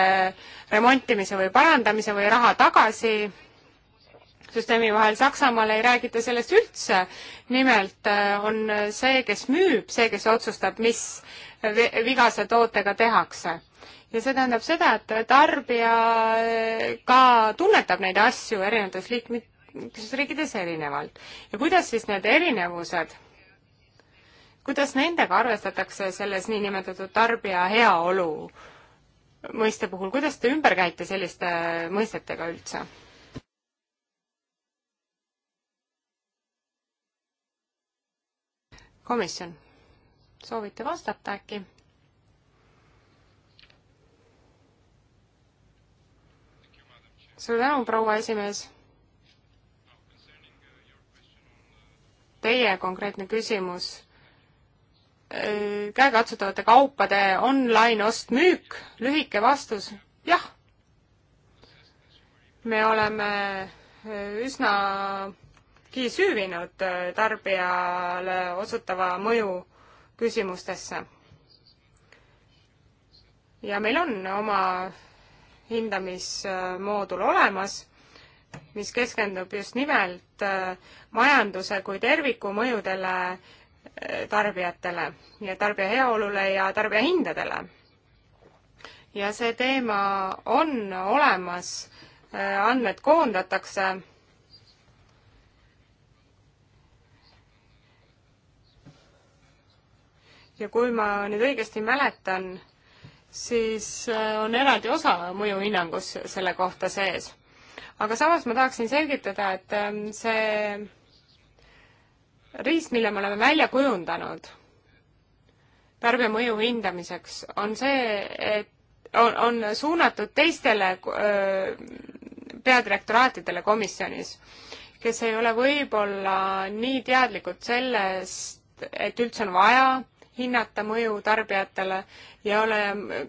remontimise või parandamise või raha tagasi süsteemi vahel. Saksamaal ei räägita sellest üldse. nimelt on see, kes müüb, see, kes otsustab, mis vigase tootega tehakse. ja see tähendab seda, et tarbija eh, ka tunnetab neid asju erinevates liikmesriikides erinevalt. ja kuidas siis need erinevused, kuidas nendega arvestatakse selles niinimetatud tarbija heaolu mõiste puhul, kuidas te ümber käite selliste mõistetega üldse? komisjon soovite vastata äkki? suur tänu, proua esimees. Teie konkreetne küsimus äh, käekatsutavate kaupade online ost-müük, lühike vastus, jah. me oleme äh, üsnagi süüvinud äh, tarbijale osutava mõju küsimustesse. ja meil on oma hindamismoodul olemas, mis keskendub just nimelt äh, majanduse kui terviku mõjudele äh, tarbijatele ja tarbija heaolule ja tarbija hindadele. ja see teema on olemas, äh, andmed koondatakse ja kui ma nüüd õigesti mäletan, siis äh, on eraldi osa mõjuhinnangus selle kohta sees. aga samas ma tahaksin selgitada, et ähm, see riist, mille me oleme välja kujundanud tarbija mõju hindamiseks, on see, et on, on suunatud teistele öö, äh, peadirektoraatidele komisjonis, kes ei ole võib-olla nii teadlikud sellest, et üldse on vaja hinnata mõju tarbijatele ja ole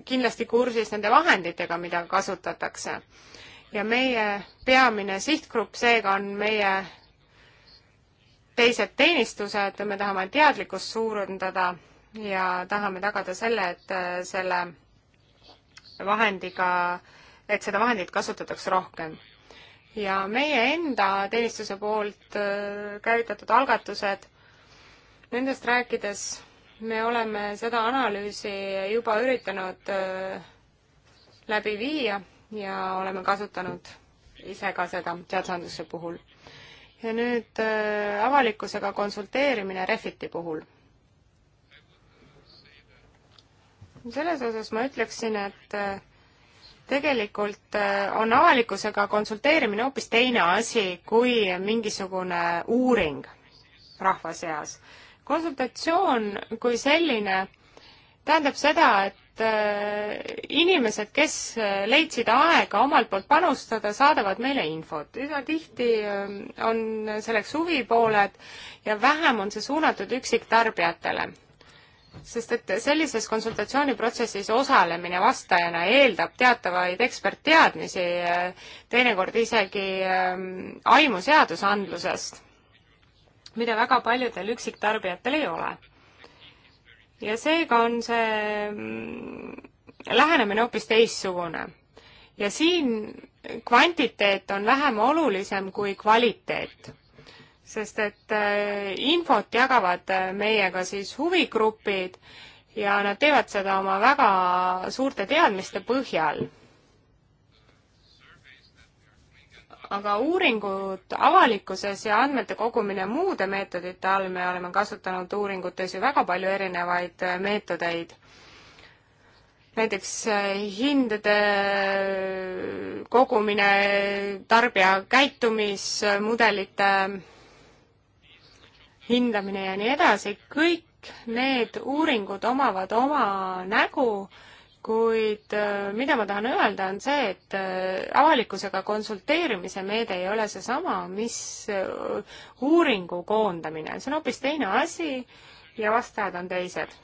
kindlasti kursis nende vahenditega, mida kasutatakse. ja meie peamine sihtgrupp seega on meie teised teenistused, me tahame teadlikkust suurendada ja tahame tagada selle, et selle vahendiga, et seda vahendit kasutatakse rohkem ja meie enda teenistuse poolt käivitatud algatused, nendest rääkides me oleme seda analüüsi juba üritanud äh, läbi viia ja oleme kasutanud ise ka seda seadusandluse puhul. ja nüüd äh, avalikkusega konsulteerimine Refiti puhul. selles osas ma ütleksin, et äh, tegelikult on avalikkusega konsulteerimine hoopis teine asi kui mingisugune uuring rahva seas konsultatsioon kui selline tähendab seda, et äh, inimesed, kes äh, leidsid aega omalt poolt panustada, saadavad meile infot. üsna tihti ähm, on selleks huvipooled ja vähem on see suunatud üksiktarbijatele. sest et sellises konsultatsiooniprotsessis osalemine vastajana eeldab teatavaid ekspertteadmisi, äh, teinekord isegi ähm, aimu seadusandlusest mida väga paljudel üksiktarbijatel ei ole. ja seega on see mm, lähenemine hoopis teistsugune. ja siin kvantiteet on vähem olulisem kui kvaliteet, sest et äh, infot jagavad äh, meiega siis huvigrupid ja nad teevad seda oma väga suurte teadmiste põhjal aga uuringud avalikkuses ja andmete kogumine muude meetodite all, me oleme kasutanud uuringutes ju väga palju erinevaid meetodeid. näiteks eh, hindade kogumine, tarbija käitumismudelite hindamine ja nii edasi, kõik need uuringud omavad oma nägu äh, kuid äh, mida ma tahan öelda, on see, et äh, avalikkusega konsulteerimise meede ei ole seesama, mis äh, uuringu koondamine, see on hoopis teine asi ja vastajad on teised.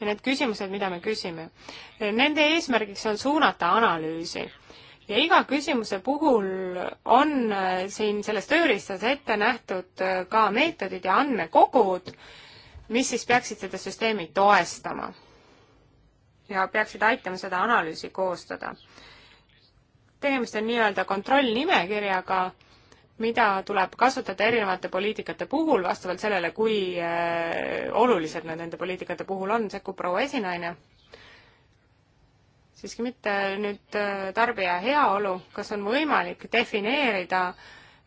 ja need küsimused, mida me küsime, nende eesmärgiks on suunata analüüsi ja iga küsimuse puhul on siin selles tööriistas ette nähtud ka meetodid ja andmekogud mis siis peaksid seda süsteemi toestama ja peaksid aitama seda analüüsi koostada. tegemist on nii-öelda kontrollnimekirjaga, mida tuleb kasutada erinevate poliitikate puhul vastavalt sellele, kui äh, olulised nad nende poliitikate puhul on, sekkub proua esinaine. siiski mitte nüüd äh, tarbija heaolu, kas on võimalik defineerida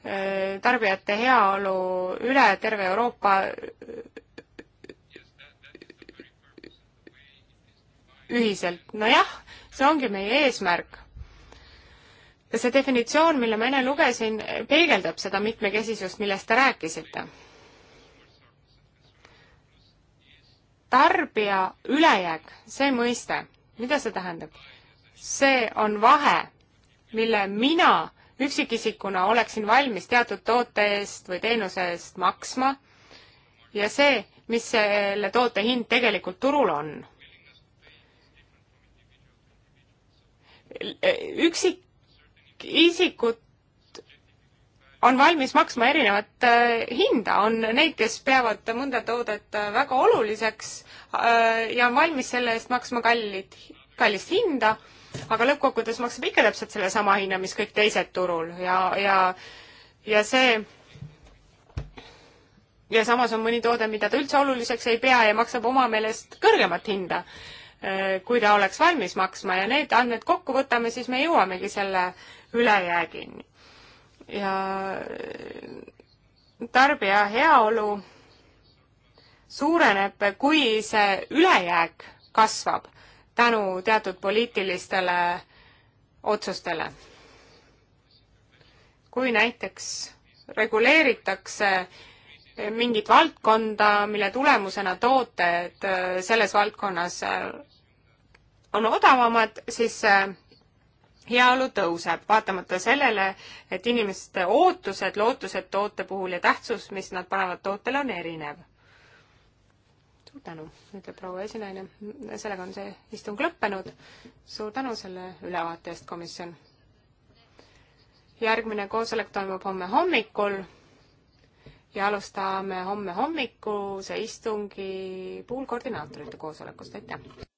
äh, tarbijate heaolu üle terve Euroopa ühiselt. nojah, see ongi meie eesmärk. ja see definitsioon, mille ma enne lugesin, peegeldab seda mitmekesisust, millest te rääkisite. tarbija ülejääk, see mõiste, mida see tähendab? see on vahe, mille mina üksikisikuna oleksin valmis teatud toote eest või teenuse eest maksma ja see, mis selle toote hind tegelikult turul on üksikisikud on valmis maksma erinevat äh, hinda, on neid, kes peavad mõnda toodet äh, väga oluliseks äh, ja on valmis selle eest maksma kallit, kallist hinda, aga lõppkokkuvõttes maksab ikka täpselt sellesama hinna, mis kõik teised turul ja, ja, ja see ja samas on mõni toode, mida ta üldse oluliseks ei pea ja maksab oma meelest kõrgemat hinda. Äh, kui ta oleks valmis maksma ja need andmed kokku võtame, siis me jõuamegi selle ülejäägini. ja äh, tarbija heaolu suureneb, kui see ülejääk kasvab tänu teatud poliitilistele otsustele. kui näiteks reguleeritakse mingit valdkonda, mille tulemusena tooted äh, selles valdkonnas äh, on odavamad, siis äh, heaolu tõuseb, vaatamata sellele, et inimeste ootused, lootused toote puhul ja tähtsus, mis nad panevad tootele, on erinev. suur tänu, ütleb proua esinaine. sellega on see istung lõppenud. suur tänu selle ülevaate eest, komisjon. järgmine koosolek toimub homme hommikul ja alustame homme hommikuse istungi puhul koordinaatorite koosolekust, aitäh!